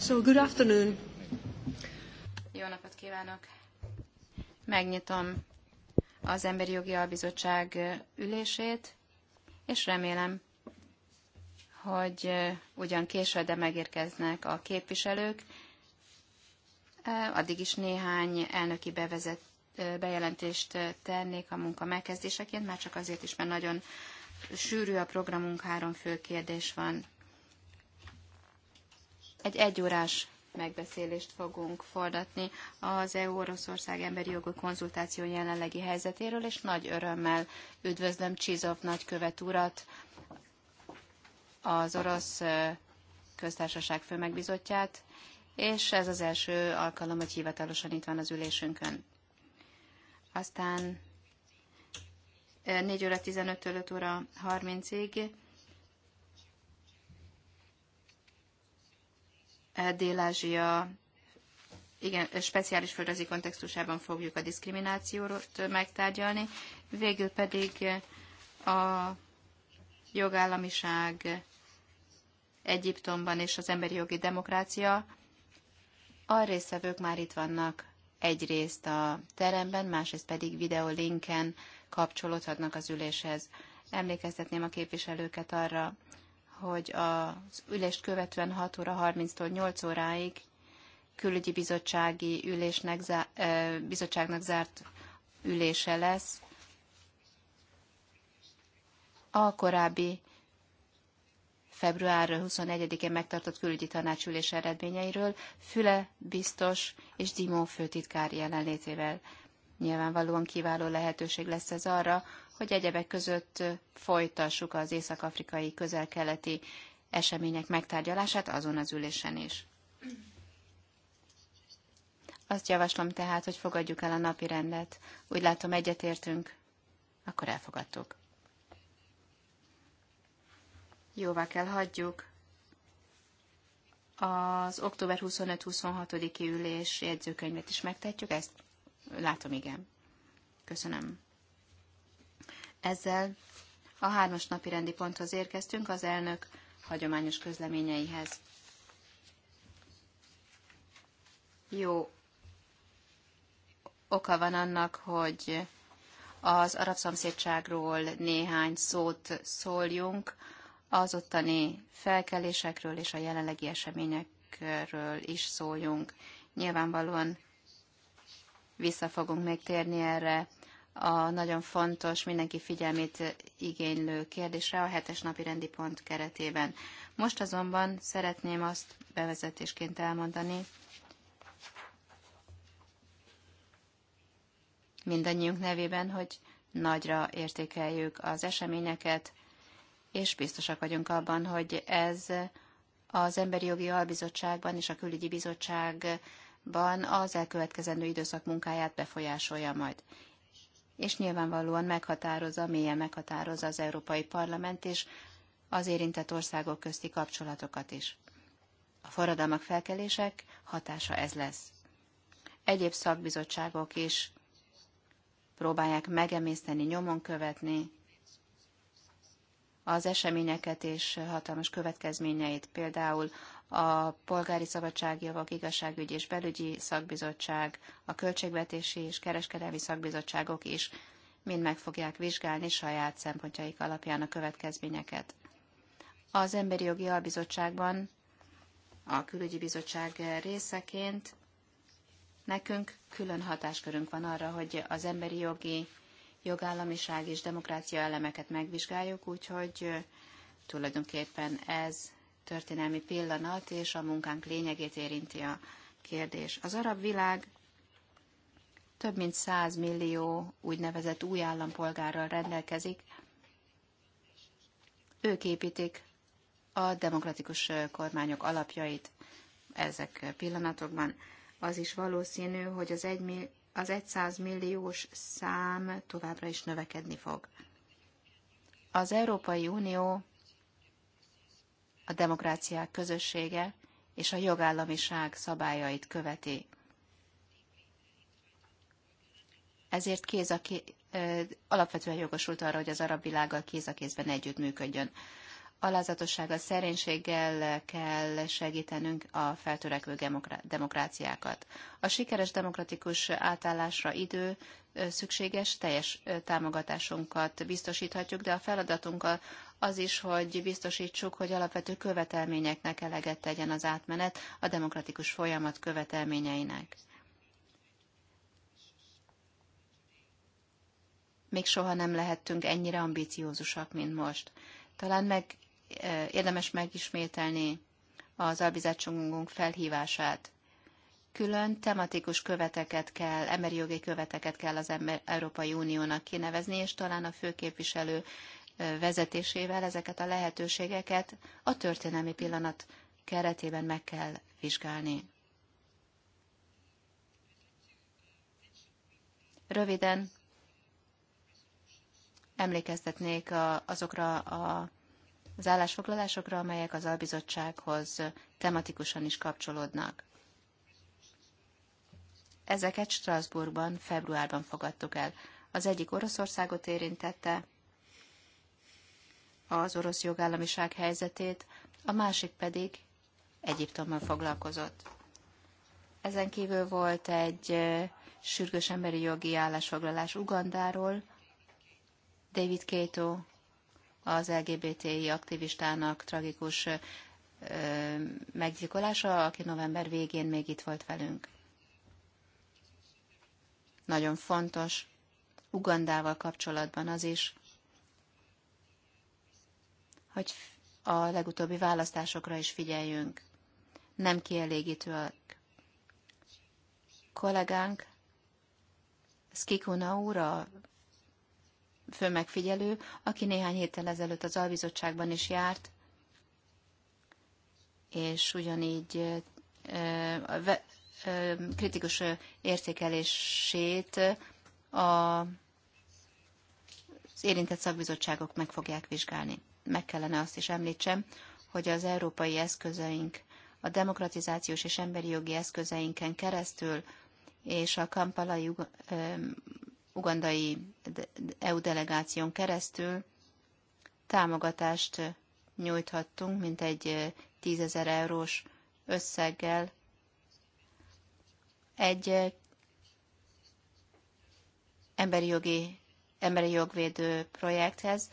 So, good afternoon. Jó napot kívánok! Megnyitom az Emberi Jogi Albizottság ülését, és remélem, hogy ugyan késő, de megérkeznek a képviselők. Addig is néhány elnöki bevezet, bejelentést tennék a munka megkezdéseként, már csak azért is, mert nagyon sűrű a programunk, három fő kérdés van. Egy egyórás megbeszélést fogunk fordatni az EU-Oroszország emberi jogok konzultáció jelenlegi helyzetéről, és nagy örömmel üdvözlöm Csizov nagykövet urat, az orosz köztársaság főmegbizottját, és ez az első alkalom, hogy hivatalosan itt van az ülésünkön. Aztán 4 óra 15-től 5 óra 30-ig. E, Dél-Ázsia igen, speciális földrajzi kontextusában fogjuk a diszkriminációt megtárgyalni, végül pedig a jogállamiság Egyiptomban és az emberi jogi demokrácia. A részvevők már itt vannak egyrészt a teremben, másrészt pedig videolinken kapcsolódhatnak az üléshez. Emlékeztetném a képviselőket arra, hogy az ülést követően 6 óra 30-tól 8 óráig külügyi bizottsági ülésnek, bizottságnak zárt ülése lesz. A korábbi február 21-én megtartott külügyi tanácsülés eredményeiről Füle biztos és Dimó főtitkár jelenlétével. Nyilvánvalóan kiváló lehetőség lesz ez arra, hogy egyebek között folytassuk az észak-afrikai közel-keleti események megtárgyalását azon az ülésen is. Azt javaslom tehát, hogy fogadjuk el a napi rendet. Úgy látom, egyetértünk, akkor elfogadtuk. Jóvá kell hagyjuk az október 25-26-i ülés jegyzőkönyvet is megtetjük, ezt Látom, igen. Köszönöm. Ezzel a hármas napi rendi ponthoz érkeztünk az elnök hagyományos közleményeihez. Jó oka van annak, hogy az arab szomszédságról néhány szót szóljunk, az ottani felkelésekről és a jelenlegi eseményekről is szóljunk. Nyilvánvalóan vissza fogunk még térni erre a nagyon fontos, mindenki figyelmét igénylő kérdésre a hetes napi rendi pont keretében. Most azonban szeretném azt bevezetésként elmondani, mindannyiunk nevében, hogy nagyra értékeljük az eseményeket, és biztosak vagyunk abban, hogy ez az Emberi Jogi Albizottságban és a Külügyi Bizottság ban az elkövetkezendő időszak munkáját befolyásolja majd. És nyilvánvalóan meghatározza, mélyen meghatározza az Európai Parlament és az érintett országok közti kapcsolatokat is. A forradalmak felkelések hatása ez lesz. Egyéb szakbizottságok is próbálják megemészteni, nyomon követni az eseményeket és hatalmas következményeit, például a Polgári Szabadságjogok Igazságügyi és Belügyi Szakbizottság, a Költségvetési és Kereskedelmi Szakbizottságok is mind meg fogják vizsgálni saját szempontjaik alapján a következményeket. Az Emberi Jogi Albizottságban, a Külügyi Bizottság részeként nekünk külön hatáskörünk van arra, hogy az emberi jogi, jogállamiság és demokrácia elemeket megvizsgáljuk, úgyhogy tulajdonképpen ez történelmi pillanat, és a munkánk lényegét érinti a kérdés. Az arab világ több mint 100 millió úgynevezett új állampolgárral rendelkezik. Ők építik a demokratikus kormányok alapjait ezek pillanatokban. Az is valószínű, hogy az, egy, az 100 milliós szám továbbra is növekedni fog. Az Európai Unió a demokráciák közössége és a jogállamiság szabályait követi. Ezért kéz a ké... alapvetően jogosult arra, hogy az arab világgal kéz a kézben együttműködjön alázatossággal, szerénységgel kell segítenünk a feltörekvő demokráciákat. A sikeres demokratikus átállásra idő szükséges, teljes támogatásunkat biztosíthatjuk, de a feladatunk az is, hogy biztosítsuk, hogy alapvető követelményeknek eleget tegyen az átmenet a demokratikus folyamat követelményeinek. Még soha nem lehettünk ennyire ambiciózusak, mint most talán meg érdemes megismételni az albizottságunk felhívását. Külön tematikus követeket kell, emberi jogi követeket kell az Európai Uniónak kinevezni, és talán a főképviselő vezetésével ezeket a lehetőségeket a történelmi pillanat keretében meg kell vizsgálni. Röviden emlékeztetnék a, azokra a az állásfoglalásokra, amelyek az albizottsághoz tematikusan is kapcsolódnak. Ezeket Strasbourgban februárban fogadtuk el. Az egyik Oroszországot érintette, az orosz jogállamiság helyzetét, a másik pedig Egyiptommal foglalkozott. Ezen kívül volt egy sürgős emberi jogi állásfoglalás Ugandáról, David Kato az LGBTI aktivistának tragikus meggyilkolása, aki november végén még itt volt velünk. Nagyon fontos Ugandával kapcsolatban az is, hogy a legutóbbi választásokra is figyeljünk. Nem a Kollégánk Skikuna úr, a főmegfigyelő, aki néhány héttel ezelőtt az albizottságban is járt, és ugyanígy kritikus értékelését a az érintett szakbizottságok meg fogják vizsgálni. Meg kellene azt is említsem, hogy az európai eszközeink, a demokratizációs és emberi jogi eszközeinken keresztül és a kampalai ugandai EU e delegáción keresztül támogatást nyújthattunk, mint egy tízezer eurós összeggel egy emberi jogi, emberi jogvédő projekthez,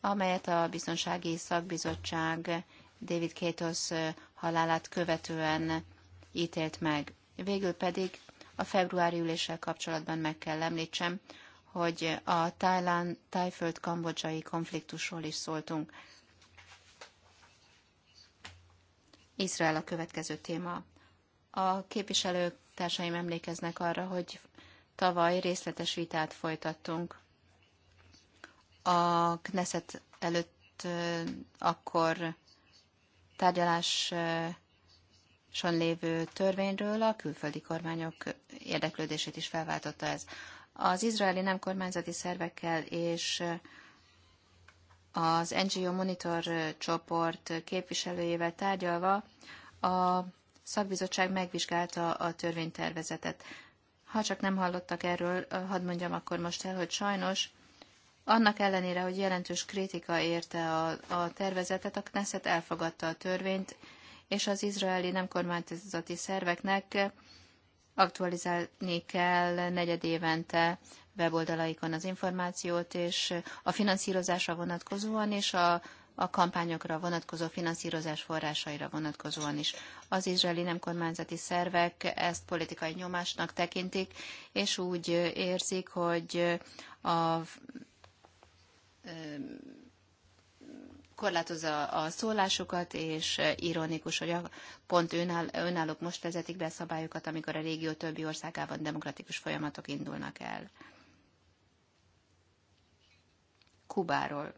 amelyet a Biztonsági Szakbizottság David Kétos halálát követően ítélt meg. Végül pedig a februári üléssel kapcsolatban meg kell említsem, hogy a Tájlán, tájföld kambodzsai konfliktusról is szóltunk. Izrael a következő téma. A képviselőtársaim emlékeznek arra, hogy tavaly részletes vitát folytattunk a Knesset előtt akkor tárgyalás lévő törvényről a külföldi kormányok érdeklődését is felváltotta ez. Az izraeli nem kormányzati szervekkel és az NGO Monitor csoport képviselőjével tárgyalva a szakbizottság megvizsgálta a törvénytervezetet. Ha csak nem hallottak erről, hadd mondjam akkor most el, hogy sajnos annak ellenére, hogy jelentős kritika érte a, a tervezetet, a Knesset elfogadta a törvényt, és az izraeli nem kormányzati szerveknek aktualizálni kell negyed évente weboldalaikon az információt, és a finanszírozásra vonatkozóan, és a a kampányokra vonatkozó finanszírozás forrásaira vonatkozóan is. Az izraeli nem kormányzati szervek ezt politikai nyomásnak tekintik, és úgy érzik, hogy a korlátozza a szólásokat, és eh, ironikus, hogy a, pont önáll, önállók most vezetik be a szabályokat, amikor a régió többi országában demokratikus folyamatok indulnak el. Kubáról.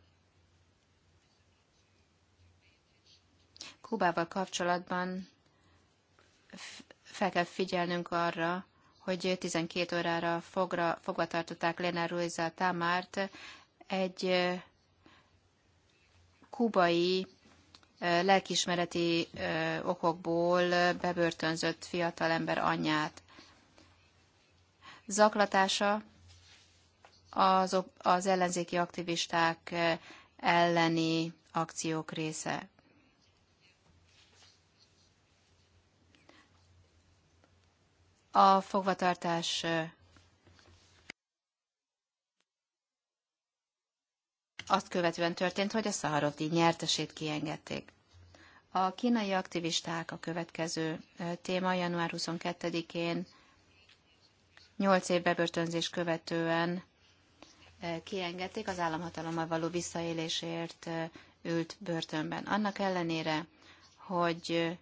Kubával kapcsolatban fel kell figyelnünk arra, hogy 12 órára fogra, fogva tartották Lena Ruiz Tamárt, egy eh, kubai lelkismereti okokból bebörtönzött fiatalember anyját. Zaklatása az, az ellenzéki aktivisták elleni akciók része. A fogvatartás azt követően történt, hogy a Szaharovdi nyertesét kiengedték. A kínai aktivisták a következő téma január 22-én 8 év bebörtönzés követően kiengedték, az államhatalommal való visszaélésért ült börtönben. Annak ellenére, hogy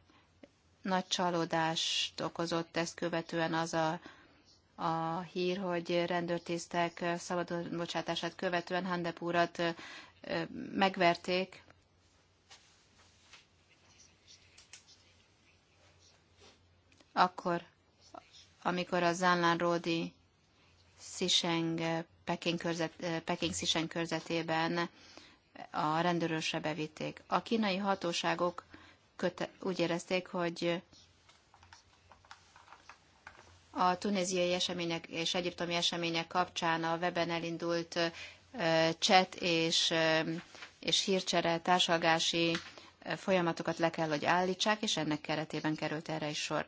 nagy csalódást okozott ezt követően az a a hír, hogy rendőrtisztek szabadon követően Handep úrat megverték, akkor, amikor a Zánlán Ródi Sziseng, Peking, körzet, Peking Sziseng körzetében a rendőrösre bevitték. A kínai hatóságok köte, úgy érezték, hogy a tunéziai események és egyiptomi események kapcsán a weben elindult chat és, és hírcsere társalgási folyamatokat le kell, hogy állítsák, és ennek keretében került erre is sor.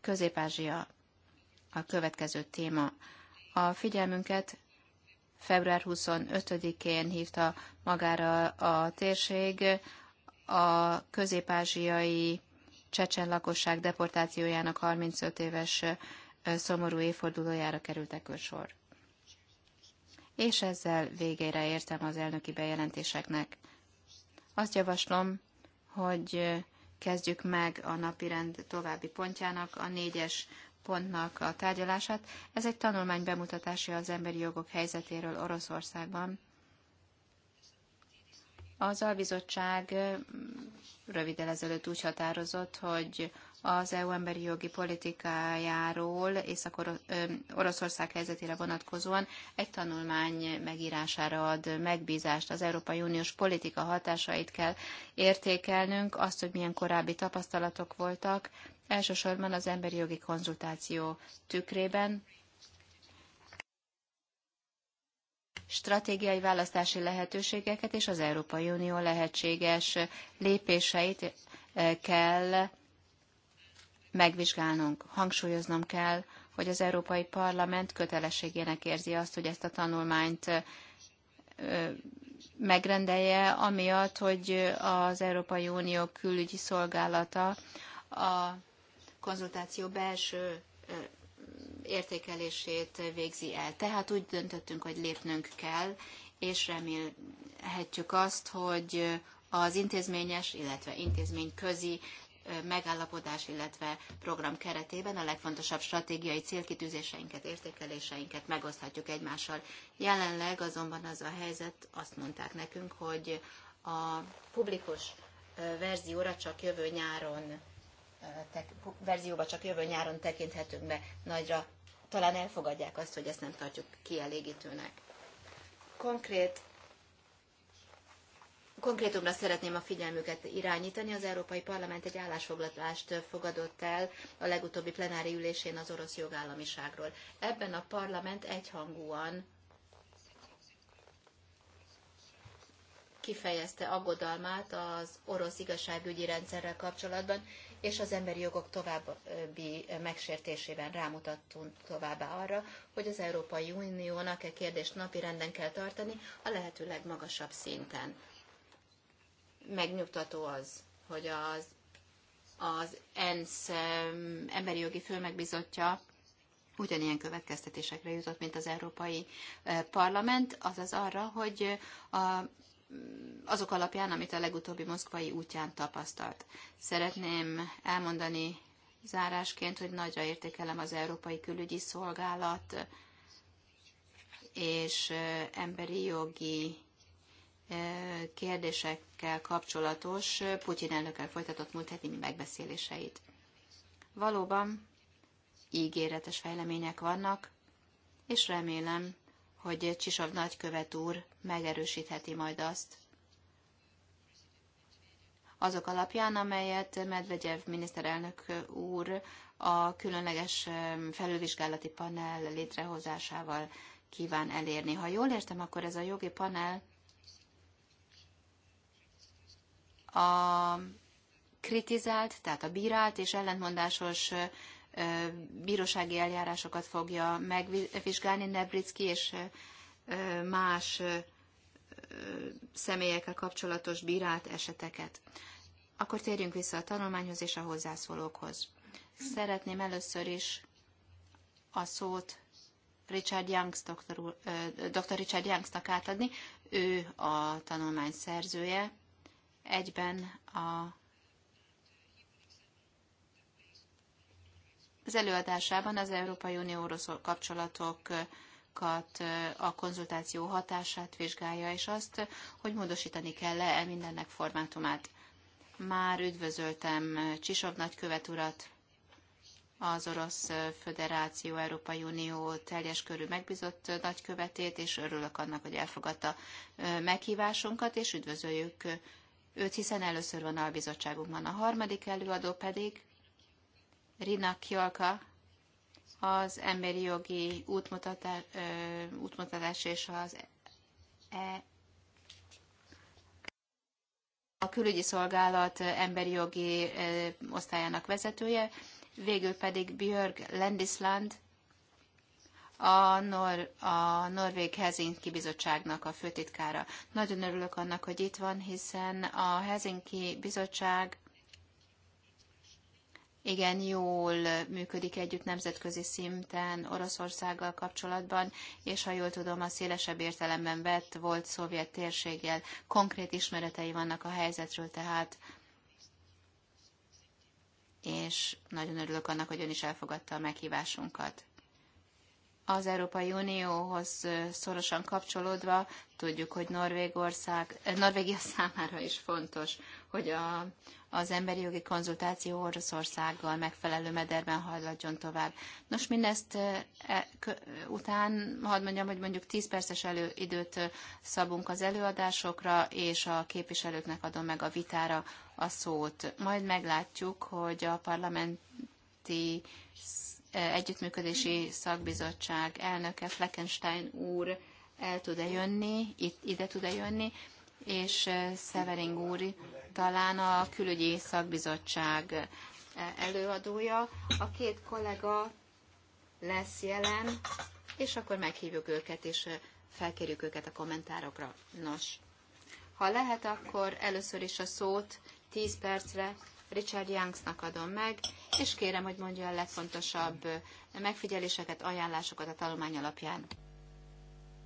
Közép-Ázsia a következő téma. A figyelmünket február 25-én hívta magára a térség a közép-ázsiai csecsen lakosság deportációjának 35 éves szomorú évfordulójára kerültek ő sor. És ezzel végére értem az elnöki bejelentéseknek. Azt javaslom, hogy kezdjük meg a napirend további pontjának, a négyes pontnak a tárgyalását. Ez egy tanulmány bemutatása az emberi jogok helyzetéről Oroszországban. Az albizottság röviddel ezelőtt úgy határozott, hogy az EU emberi jogi politikájáról akkor oroszország helyzetére vonatkozóan egy tanulmány megírására ad megbízást. Az Európai Uniós politika hatásait kell értékelnünk, azt, hogy milyen korábbi tapasztalatok voltak, elsősorban az emberi jogi konzultáció tükrében, stratégiai választási lehetőségeket és az Európai Unió lehetséges lépéseit kell megvizsgálnunk. Hangsúlyoznom kell, hogy az Európai Parlament kötelességének érzi azt, hogy ezt a tanulmányt megrendelje, amiatt, hogy az Európai Unió külügyi szolgálata a konzultáció belső értékelését végzi el. Tehát úgy döntöttünk, hogy lépnünk kell, és remélhetjük azt, hogy az intézményes, illetve intézményközi megállapodás, illetve program keretében a legfontosabb stratégiai célkitűzéseinket, értékeléseinket megoszthatjuk egymással. Jelenleg azonban az a helyzet, azt mondták nekünk, hogy a publikus verzióra csak jövő nyáron tek, verzióba csak jövő nyáron tekinthetünk be nagyra. Talán elfogadják azt, hogy ezt nem tartjuk kielégítőnek. Konkrét Konkrétumra szeretném a figyelmüket irányítani. Az Európai Parlament egy állásfoglalást fogadott el a legutóbbi plenári ülésén az orosz jogállamiságról. Ebben a parlament egyhangúan kifejezte aggodalmát az orosz igazságügyi rendszerrel kapcsolatban, és az emberi jogok további megsértésében rámutattunk továbbá arra, hogy az Európai Uniónak e kérdést napirenden kell tartani a lehető legmagasabb szinten megnyugtató az, hogy az, az ENSZ emberi jogi főmegbizotja ugyanilyen következtetésekre jutott, mint az Európai e, Parlament, azaz arra, hogy a, azok alapján, amit a legutóbbi moszkvai útján tapasztalt. Szeretném elmondani zárásként, hogy nagyra értékelem az Európai Külügyi Szolgálat és e, emberi jogi kérdésekkel kapcsolatos Putyin elnökkel folytatott múlt heti megbeszéléseit. Valóban ígéretes fejlemények vannak, és remélem, hogy Csisov nagykövet úr megerősítheti majd azt, azok alapján, amelyet Medvegyev miniszterelnök úr a különleges felülvizsgálati panel létrehozásával kíván elérni. Ha jól értem, akkor ez a jogi panel a kritizált, tehát a bírált és ellentmondásos bírósági eljárásokat fogja megvizsgálni Nebricki és más személyekkel kapcsolatos bírált eseteket. Akkor térjünk vissza a tanulmányhoz és a hozzászólókhoz. Szeretném először is a szót Richard, Youngs, doktor, dr. Richard Youngsnak átadni. Ő a tanulmány szerzője, egyben a Az előadásában az Európai Unióról kapcsolatokat, a konzultáció hatását vizsgálja, és azt, hogy módosítani kell-e e mindennek formátumát. Már üdvözöltem Csisov nagykövet urat, az Orosz Föderáció Európai Unió teljes körű megbízott nagykövetét, és örülök annak, hogy elfogadta meghívásunkat, és üdvözöljük Őt hiszen először van a bizottságunkban. A harmadik előadó pedig Rina Kjolka, az emberi jogi útmutatás, útmutatás és az e, a külügyi szolgálat emberi jogi osztályának vezetője, végül pedig Björg Lendisland, a, Nor- a Norvég Helsinki Bizottságnak a főtitkára. Nagyon örülök annak, hogy itt van, hiszen a Helsinki Bizottság igen jól működik együtt nemzetközi szinten Oroszországgal kapcsolatban, és ha jól tudom, a szélesebb értelemben vett volt szovjet térséggel. Konkrét ismeretei vannak a helyzetről tehát, és nagyon örülök annak, hogy ön is elfogadta a meghívásunkat az Európai Unióhoz szorosan kapcsolódva tudjuk, hogy Norvégország, Norvégia számára is fontos, hogy a, az emberi jogi konzultáció Oroszországgal megfelelő mederben hajladjon tovább. Nos, mindezt e, kö, után, hadd mondjam, hogy mondjuk 10 perces elő, időt szabunk az előadásokra, és a képviselőknek adom meg a vitára a szót. Majd meglátjuk, hogy a parlamenti Együttműködési Szakbizottság elnöke Fleckenstein úr el tud-e jönni, itt, ide tud-e jönni, és Severing úr talán a külügyi szakbizottság előadója. A két kollega lesz jelen, és akkor meghívjuk őket, és felkérjük őket a kommentárokra. Nos, ha lehet, akkor először is a szót 10 percre Richard Youngsnak adom meg, és kérem, hogy mondja a legfontosabb megfigyeléseket, ajánlásokat a tanulmány alapján.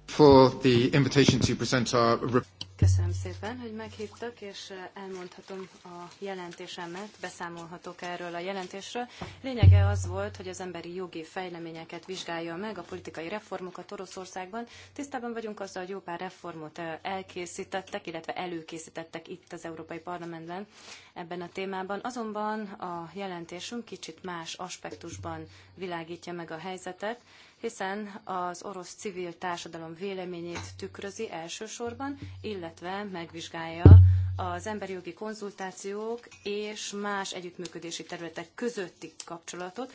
For the invitation to present our... Köszönöm szépen, hogy meghívtak, és elmondhatom a jelentésemet, beszámolhatok erről a jelentésről. Lényege az volt, hogy az emberi jogi fejleményeket vizsgálja meg, a politikai reformokat Oroszországban. Tisztában vagyunk azzal, hogy jó pár reformot elkészítettek, illetve előkészítettek itt az Európai Parlamentben ebben a témában, azonban a jelentésünk kicsit más aspektusban világítja meg a helyzetet, hiszen az orosz civil társadalom véleményét tükrözi elsősorban, illetve megvizsgálja az emberi jogi konzultációk és más együttműködési területek közötti kapcsolatot,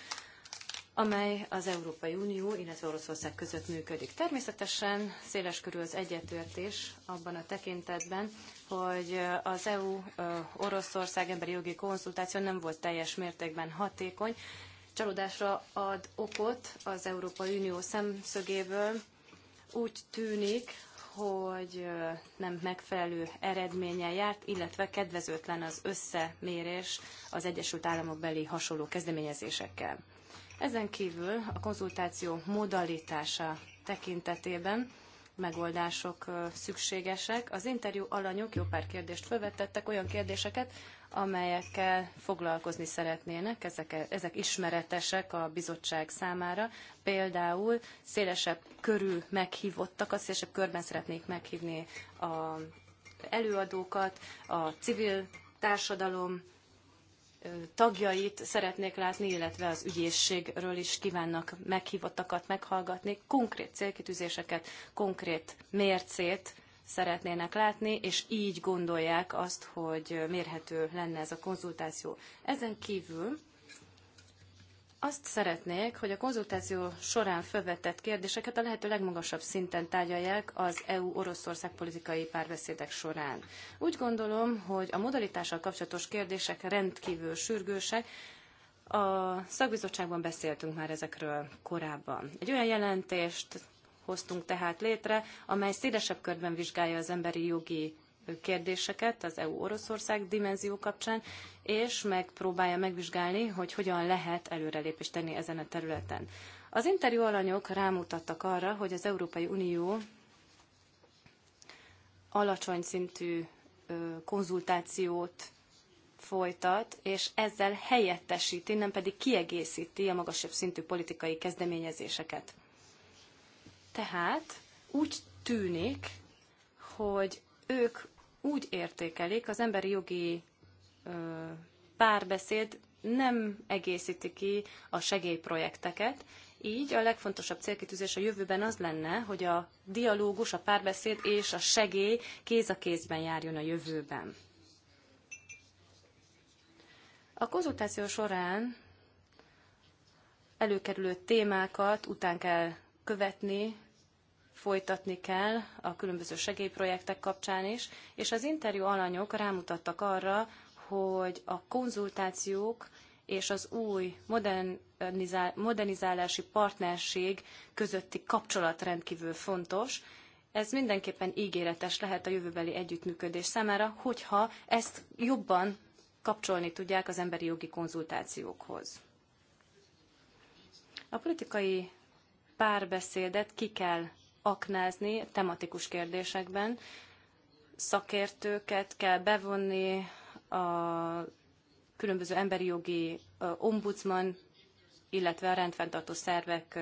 amely az Európai Unió, illetve Oroszország között működik. Természetesen széles körül az egyetértés abban a tekintetben, hogy az EU-Oroszország emberi jogi konzultáció nem volt teljes mértékben hatékony. Csalódásra ad okot az Európai Unió szemszögéből. Úgy tűnik, hogy nem megfelelő eredménnyel járt, illetve kedvezőtlen az összemérés az Egyesült Államok beli hasonló kezdeményezésekkel. Ezen kívül a konzultáció modalitása tekintetében megoldások szükségesek. Az interjú alanyok jó pár kérdést felvetettek, olyan kérdéseket, amelyekkel foglalkozni szeretnének, ezek, ezek ismeretesek a bizottság számára. Például szélesebb körű a szélesebb körben szeretnék meghívni a előadókat, a civil társadalom tagjait szeretnék látni, illetve az ügyészségről is kívánnak meghívottakat meghallgatni, konkrét célkitűzéseket, konkrét mércét szeretnének látni, és így gondolják azt, hogy mérhető lenne ez a konzultáció. Ezen kívül azt szeretnék, hogy a konzultáció során felvetett kérdéseket a lehető legmagasabb szinten tárgyalják az EU-Oroszország politikai párbeszédek során. Úgy gondolom, hogy a modalitással kapcsolatos kérdések rendkívül sürgősek, a szakbizottságban beszéltünk már ezekről korábban. Egy olyan jelentést hoztunk tehát létre, amely szélesebb körben vizsgálja az emberi jogi kérdéseket az EU-Oroszország dimenzió kapcsán, és megpróbálja megvizsgálni, hogy hogyan lehet előrelépést tenni ezen a területen. Az interjú alanyok rámutattak arra, hogy az Európai Unió alacsony szintű konzultációt folytat, és ezzel helyettesíti, nem pedig kiegészíti a magasabb szintű politikai kezdeményezéseket. Tehát úgy tűnik, hogy ők úgy értékelik, az emberi jogi párbeszéd nem egészíti ki a segélyprojekteket, így a legfontosabb célkitűzés a jövőben az lenne, hogy a dialógus, a párbeszéd és a segély kéz a kézben járjon a jövőben. A konzultáció során előkerülő témákat után kell követni, folytatni kell a különböző segélyprojektek kapcsán is, és az interjú alanyok rámutattak arra, hogy a konzultációk és az új modernizál, modernizálási partnerség közötti kapcsolat rendkívül fontos. Ez mindenképpen ígéretes lehet a jövőbeli együttműködés számára, hogyha ezt jobban kapcsolni tudják az emberi jogi konzultációkhoz. A politikai párbeszédet ki kell aknázni tematikus kérdésekben. Szakértőket kell bevonni, a különböző emberi jogi ombudsman, illetve a rendfenntartó szervek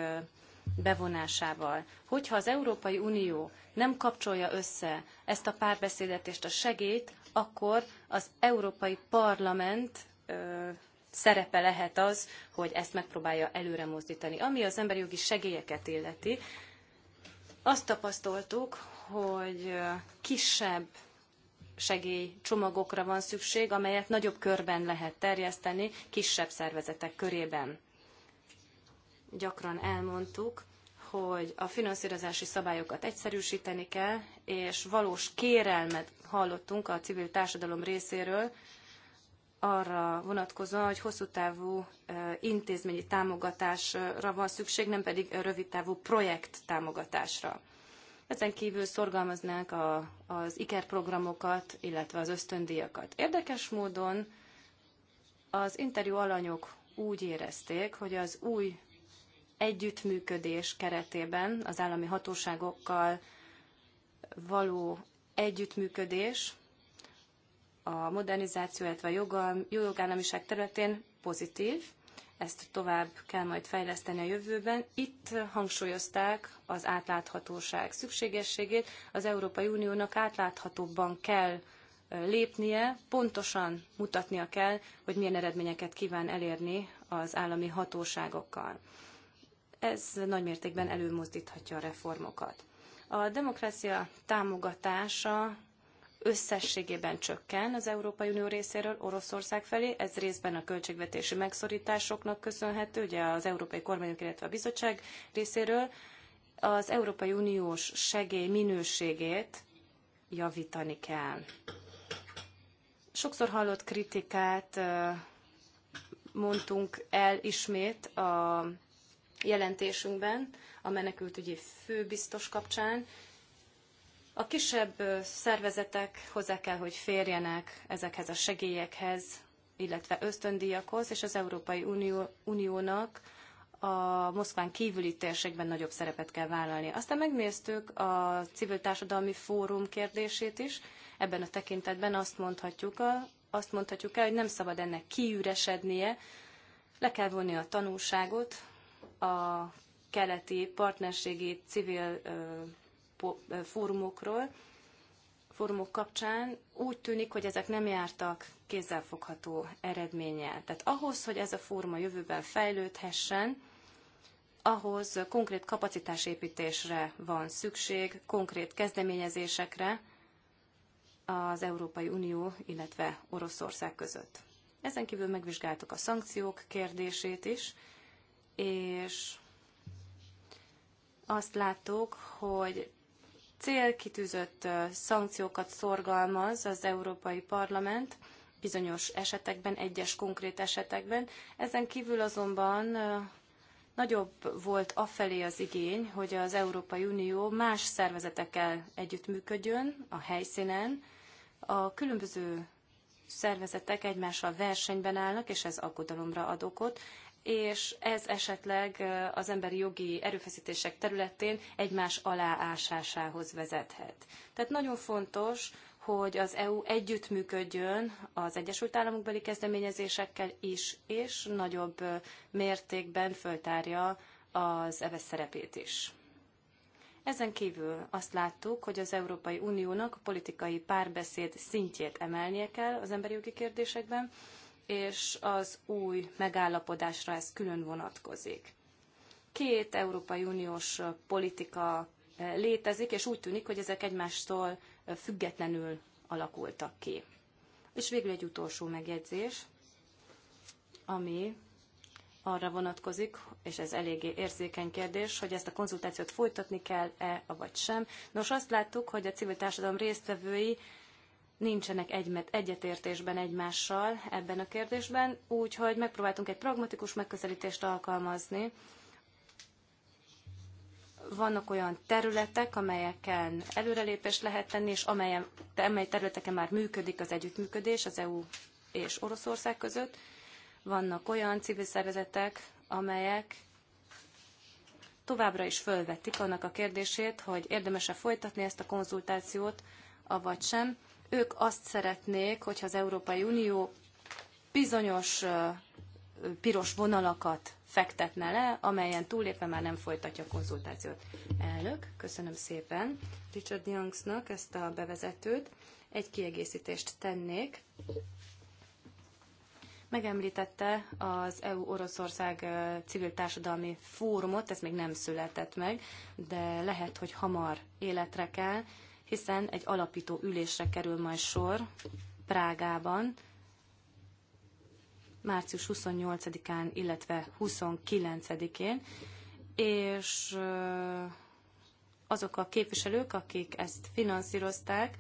bevonásával. Hogyha az Európai Unió nem kapcsolja össze ezt a párbeszédet és a segélyt, akkor az Európai Parlament szerepe lehet az, hogy ezt megpróbálja előre mozdítani. Ami az emberi jogi segélyeket illeti, azt tapasztaltuk, hogy kisebb segélycsomagokra van szükség, amelyet nagyobb körben lehet terjeszteni, kisebb szervezetek körében. Gyakran elmondtuk, hogy a finanszírozási szabályokat egyszerűsíteni kell, és valós kérelmet hallottunk a civil társadalom részéről, arra vonatkozóan, hogy hosszú távú intézményi támogatásra van szükség, nem pedig rövid távú projekt támogatásra. Ezen kívül szorgalmaznánk a, az IKER programokat, illetve az ösztöndíjakat. Érdekes módon az interjú alanyok úgy érezték, hogy az új együttműködés keretében az állami hatóságokkal való együttműködés a modernizáció, illetve a jogállamiság területén pozitív, ezt tovább kell majd fejleszteni a jövőben. Itt hangsúlyozták az átláthatóság szükségességét. Az Európai Uniónak átláthatóbban kell lépnie, pontosan mutatnia kell, hogy milyen eredményeket kíván elérni az állami hatóságokkal. Ez nagymértékben előmozdíthatja a reformokat. A demokrácia támogatása összességében csökken az Európai Unió részéről Oroszország felé. Ez részben a költségvetési megszorításoknak köszönhető, ugye az európai kormányok, illetve a bizottság részéről. Az Európai Uniós segély minőségét javítani kell. Sokszor hallott kritikát mondtunk el ismét a jelentésünkben a menekültügyi főbiztos kapcsán, a kisebb szervezetek hozzá kell, hogy férjenek ezekhez a segélyekhez, illetve ösztöndíjakhoz, és az Európai Unió, Uniónak a Moszkván kívüli térségben nagyobb szerepet kell vállalni. Aztán megnéztük a civil társadalmi fórum kérdését is. Ebben a tekintetben azt mondhatjuk, a, azt mondhatjuk el, hogy nem szabad ennek kiüresednie, le kell vonni a tanulságot a keleti partnerségi civil fórumokról, fórumok kapcsán úgy tűnik, hogy ezek nem jártak kézzelfogható eredménnyel. Tehát ahhoz, hogy ez a fórum a jövőben fejlődhessen, ahhoz konkrét kapacitásépítésre van szükség, konkrét kezdeményezésekre az Európai Unió, illetve Oroszország között. Ezen kívül megvizsgáltuk a szankciók kérdését is, és azt láttuk, hogy célkitűzött szankciókat szorgalmaz az Európai Parlament bizonyos esetekben, egyes konkrét esetekben. Ezen kívül azonban nagyobb volt afelé az igény, hogy az Európai Unió más szervezetekkel együttműködjön a helyszínen. A különböző szervezetek egymással versenyben állnak, és ez aggodalomra ad okot és ez esetleg az emberi jogi erőfeszítések területén egymás aláásásához vezethet. Tehát nagyon fontos, hogy az EU együttműködjön az Egyesült Államok beli kezdeményezésekkel is, és nagyobb mértékben föltárja az EVE e szerepét is. Ezen kívül azt láttuk, hogy az Európai Uniónak a politikai párbeszéd szintjét emelnie kell az emberi jogi kérdésekben, és az új megállapodásra ez külön vonatkozik. Két Európai Uniós politika eh, létezik, és úgy tűnik, hogy ezek egymástól eh, függetlenül alakultak ki. És végül egy utolsó megjegyzés, ami arra vonatkozik, és ez eléggé érzékeny kérdés, hogy ezt a konzultációt folytatni kell-e, vagy sem. Nos, azt láttuk, hogy a civil társadalom résztvevői nincsenek egymet, egyetértésben egymással ebben a kérdésben, úgyhogy megpróbáltunk egy pragmatikus megközelítést alkalmazni. Vannak olyan területek, amelyeken előrelépést lehet tenni, és amelyen, amely területeken már működik az együttműködés az EU és Oroszország között. Vannak olyan civil szervezetek, amelyek továbbra is fölvetik annak a kérdését, hogy érdemese folytatni ezt a konzultációt, avagy sem ők azt szeretnék, hogyha az Európai Unió bizonyos piros vonalakat fektetne le, amelyen túlépve már nem folytatja a konzultációt. Elnök, köszönöm szépen Richard Youngsnak ezt a bevezetőt. Egy kiegészítést tennék. Megemlítette az EU-Oroszország civil társadalmi fórumot, ez még nem született meg, de lehet, hogy hamar életre kell, hiszen egy alapító ülésre kerül majd sor Prágában, március 28-án, illetve 29-én, és azok a képviselők, akik ezt finanszírozták,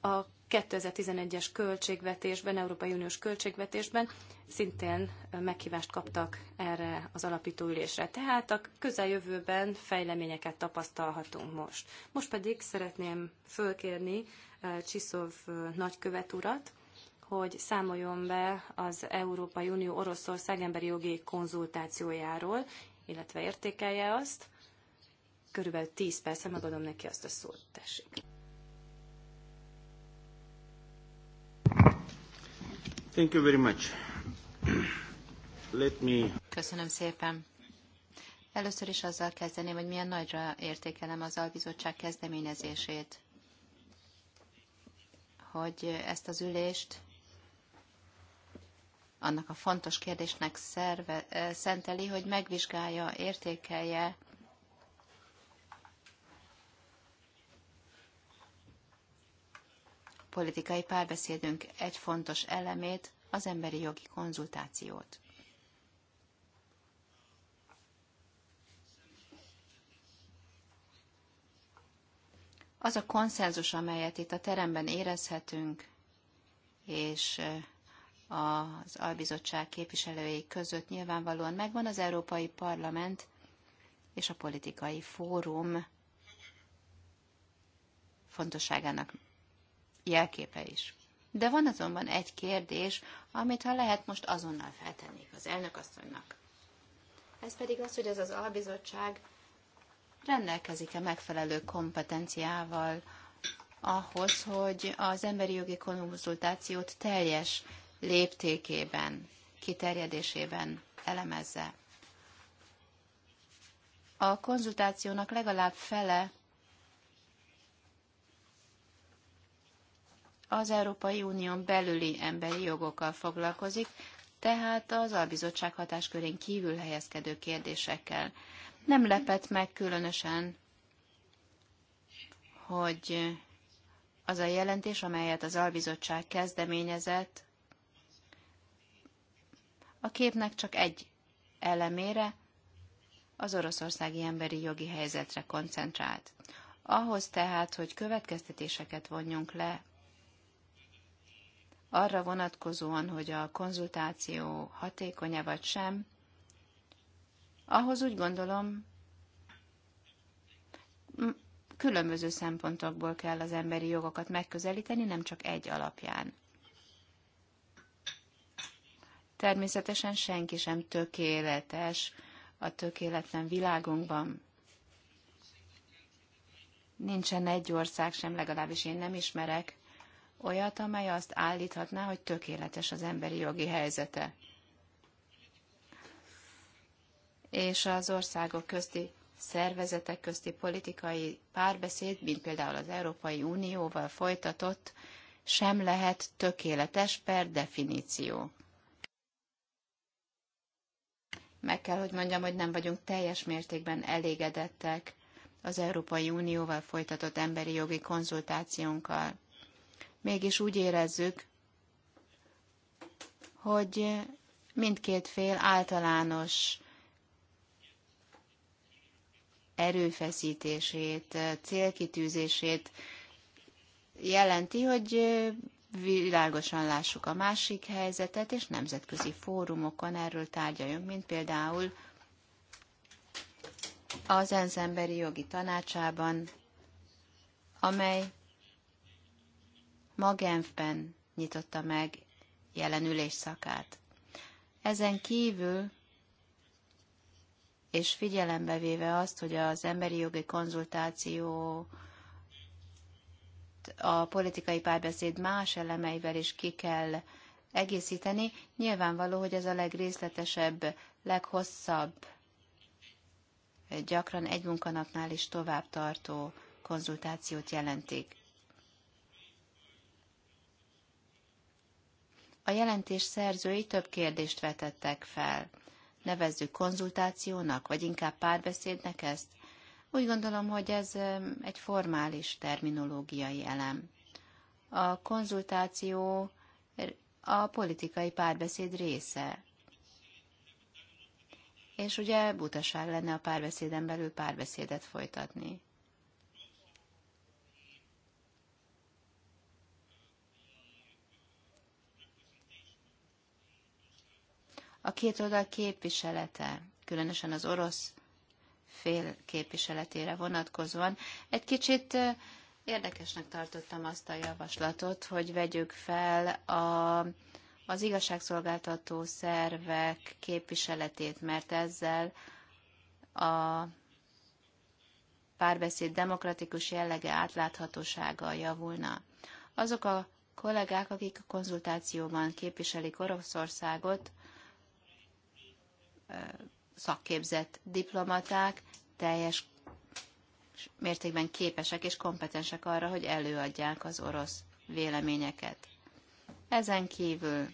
a 2011-es költségvetésben, Európai Uniós költségvetésben szintén meghívást kaptak erre az alapítóülésre. Tehát a közeljövőben fejleményeket tapasztalhatunk most. Most pedig szeretném fölkérni eh, Csiszov eh, nagykövet urat, hogy számoljon be az Európai Unió Oroszország emberi jogi konzultációjáról, illetve értékelje azt. Körülbelül 10 perc, megadom neki azt a szót, tessék. Thank you very much. Let me... Köszönöm szépen. Először is azzal kezdeném, hogy milyen nagyra értékelem az albizottság kezdeményezését, hogy ezt az ülést annak a fontos kérdésnek szerve, szenteli, hogy megvizsgálja, értékelje politikai párbeszédünk egy fontos elemét, az emberi jogi konzultációt. Az a konszenzus, amelyet itt a teremben érezhetünk, és eh, az albizottság képviselői között nyilvánvalóan megvan az Európai Parlament és a politikai fórum fontosságának jelképe is. De van azonban egy kérdés, amit ha lehet most azonnal feltennék az elnökasszonynak. Ez pedig az, hogy ez az albizottság rendelkezik-e megfelelő kompetenciával ahhoz, hogy az emberi jogi konzultációt teljes léptékében, kiterjedésében elemezze. A konzultációnak legalább fele az Európai Unión belüli emberi jogokkal foglalkozik, tehát az albizottság hatáskörén kívül helyezkedő kérdésekkel. Nem lepett meg különösen, hogy az a jelentés, amelyet az albizottság kezdeményezett, a képnek csak egy elemére, az oroszországi emberi jogi helyzetre koncentrált. Ahhoz tehát, hogy következtetéseket vonjunk le arra vonatkozóan, hogy a konzultáció hatékonya vagy sem, ahhoz úgy gondolom, különböző szempontokból kell az emberi jogokat megközelíteni, nem csak egy alapján. Természetesen senki sem tökéletes a tökéletlen világunkban. Nincsen egy ország sem, legalábbis én nem ismerek, olyat, amely azt állíthatná, hogy tökéletes az emberi jogi helyzete. És az országok közti szervezetek közti politikai párbeszéd, mint például az Európai Unióval folytatott, sem lehet tökéletes per definíció. Meg kell, hogy mondjam, hogy nem vagyunk teljes mértékben elégedettek az Európai Unióval folytatott emberi jogi konzultációnkkal mégis úgy érezzük, hogy mindkét fél általános erőfeszítését, célkitűzését jelenti, hogy világosan lássuk a másik helyzetet, és nemzetközi fórumokon erről tárgyaljunk, mint például az ENSZ emberi jogi tanácsában, amely ma Genfben nyitotta meg jelenülés szakát. Ezen kívül, és figyelembe véve azt, hogy az emberi jogi konzultáció a politikai párbeszéd más elemeivel is ki kell egészíteni, nyilvánvaló, hogy ez a legrészletesebb, leghosszabb, gyakran egy munkanapnál is tovább tartó konzultációt jelentik. A jelentés szerzői több kérdést vetettek fel. Nevezzük konzultációnak, vagy inkább párbeszédnek ezt? Úgy gondolom, hogy ez egy formális terminológiai elem. A konzultáció a politikai párbeszéd része. És ugye butaság lenne a párbeszéden belül párbeszédet folytatni. A két oldal képviselete, különösen az orosz fél képviseletére vonatkozóan, egy kicsit érdekesnek tartottam azt a javaslatot, hogy vegyük fel a, az igazságszolgáltató szervek képviseletét, mert ezzel a párbeszéd demokratikus jellege átláthatósága javulna. Azok a kollégák, akik a konzultációban képviselik Oroszországot, szakképzett diplomaták teljes mértékben képesek és kompetensek arra, hogy előadják az orosz véleményeket. Ezen kívül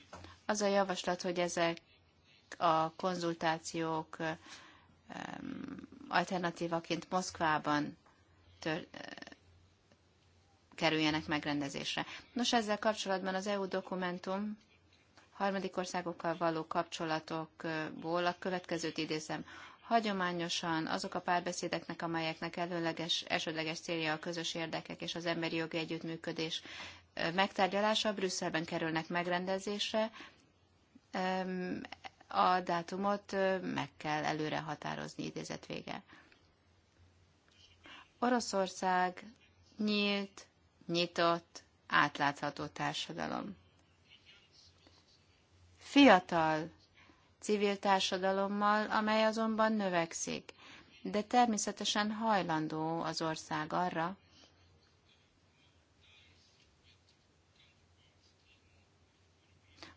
az a javaslat, hogy ezek a konzultációk alternatívaként Moszkvában tör, kerüljenek megrendezésre. Nos, ezzel kapcsolatban az EU dokumentum harmadik országokkal való kapcsolatokból a következőt idézem. Hagyományosan azok a párbeszédeknek, amelyeknek előleges, elsődleges célja a közös érdekek és az emberi jogi együttműködés megtárgyalása Brüsszelben kerülnek megrendezésre. A dátumot meg kell előre határozni, idézet vége. Oroszország nyílt, nyitott, átlátható társadalom fiatal civil társadalommal, amely azonban növekszik. De természetesen hajlandó az ország arra,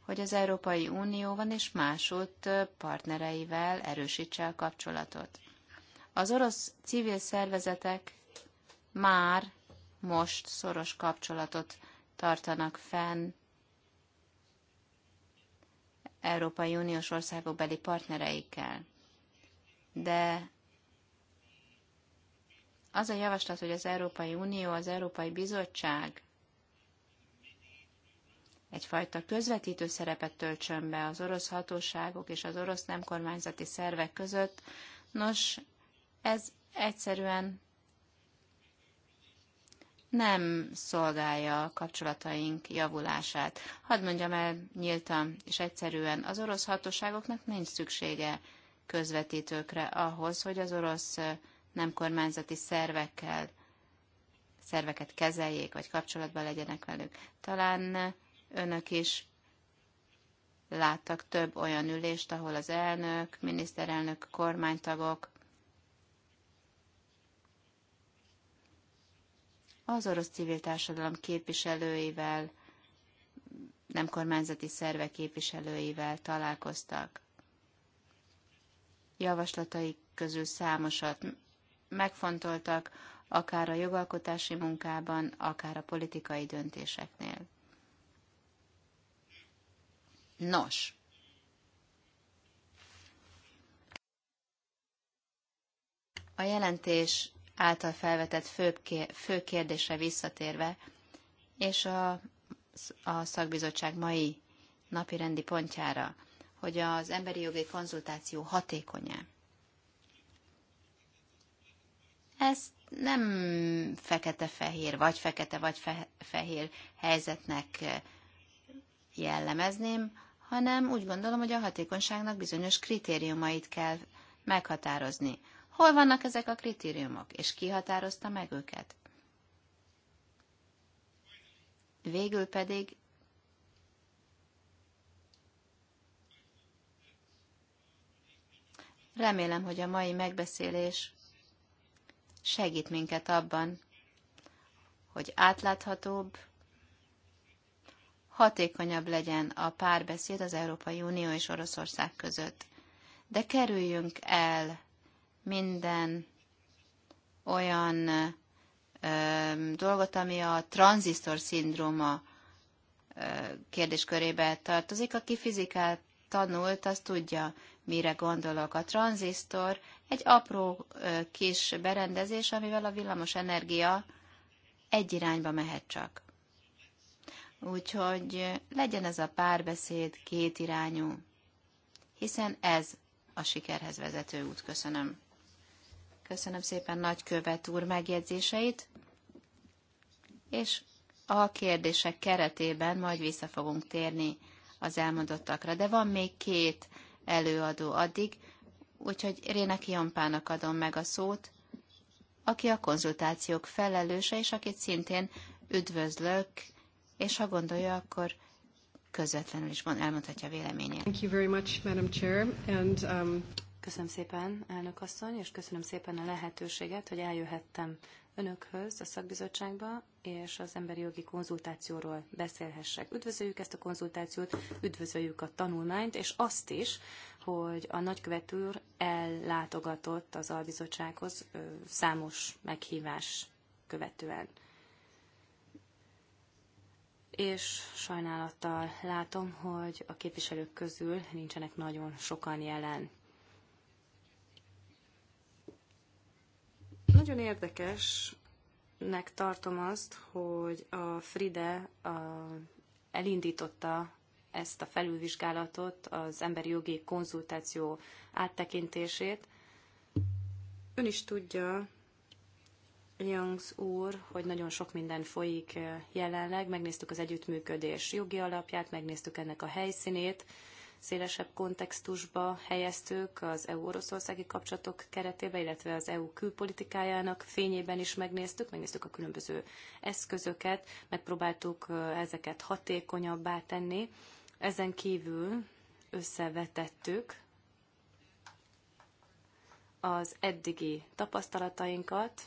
hogy az Európai Unióban és másút partnereivel erősítse a kapcsolatot. Az orosz civil szervezetek már most szoros kapcsolatot tartanak fenn Európai Uniós országok beli partnereikkel. De az a javaslat, hogy az Európai Unió, az Európai Bizottság egyfajta közvetítő szerepet töltsön be az orosz hatóságok és az orosz nem kormányzati szervek között, nos, ez egyszerűen nem szolgálja a kapcsolataink javulását. Hadd mondjam el nyíltan és egyszerűen, az orosz hatóságoknak nincs szüksége közvetítőkre ahhoz, hogy az orosz nem kormányzati szervekkel szerveket kezeljék, vagy kapcsolatban legyenek velük. Talán önök is láttak több olyan ülést, ahol az elnök, miniszterelnök, kormánytagok az orosz civil társadalom képviselőivel, nem kormányzati szervek képviselőivel találkoztak. Javaslataik közül számosat megfontoltak, akár a jogalkotási munkában, akár a politikai döntéseknél. Nos, a jelentés által felvetett fő, kérdésre visszatérve, és a, a szakbizottság mai napi rendi pontjára, hogy az emberi jogi konzultáció hatékony Ez nem fekete-fehér, vagy fekete, vagy fe- fehér helyzetnek jellemezném, hanem úgy gondolom, hogy a hatékonyságnak bizonyos kritériumait kell meghatározni. Hol vannak ezek a kritériumok, és ki határozta meg őket? Végül pedig remélem, hogy a mai megbeszélés segít minket abban, hogy átláthatóbb, hatékonyabb legyen a párbeszéd az Európai Unió és Oroszország között. De kerüljünk el minden olyan ö, dolgot, ami a tranzisztor szindróma kérdéskörébe tartozik. Aki fizikát tanult, az tudja, mire gondolok. A tranzisztor egy apró ö, kis berendezés, amivel a villamos energia egy irányba mehet csak. Úgyhogy legyen ez a párbeszéd kétirányú, hiszen ez a sikerhez vezető út. Köszönöm. Köszönöm szépen nagykövet úr megjegyzéseit, és a kérdések keretében majd vissza fogunk térni az elmondottakra. De van még két előadó addig, úgyhogy Rének Jampának adom meg a szót, aki a konzultációk felelőse, és akit szintén üdvözlök, és ha gondolja, akkor közvetlenül is elmondhatja véleményét. Thank you very much, Madam Chair, and, um... Köszönöm szépen, elnök asszony, és köszönöm szépen a lehetőséget, hogy eljöhettem önökhöz a szakbizottságba, és az emberi jogi konzultációról beszélhessek. Üdvözöljük ezt a konzultációt, üdvözöljük a tanulmányt, és azt is, hogy a nagykövetőr ellátogatott az albizottsághoz számos meghívás követően. És sajnálattal látom, hogy a képviselők közül nincsenek nagyon sokan jelen. Nagyon érdekesnek tartom azt, hogy a Fride a, elindította ezt a felülvizsgálatot, az emberi jogi konzultáció áttekintését. Ön is tudja, Youngs úr, hogy nagyon sok minden folyik eh, jelenleg. Megnéztük az együttműködés jogi alapját, megnéztük ennek a helyszínét, szélesebb kontextusba helyeztük az EU-oroszországi kapcsolatok keretében, illetve az EU külpolitikájának fényében is megnéztük, megnéztük a különböző eszközöket, megpróbáltuk ezeket hatékonyabbá tenni. Ezen kívül összevetettük az eddigi tapasztalatainkat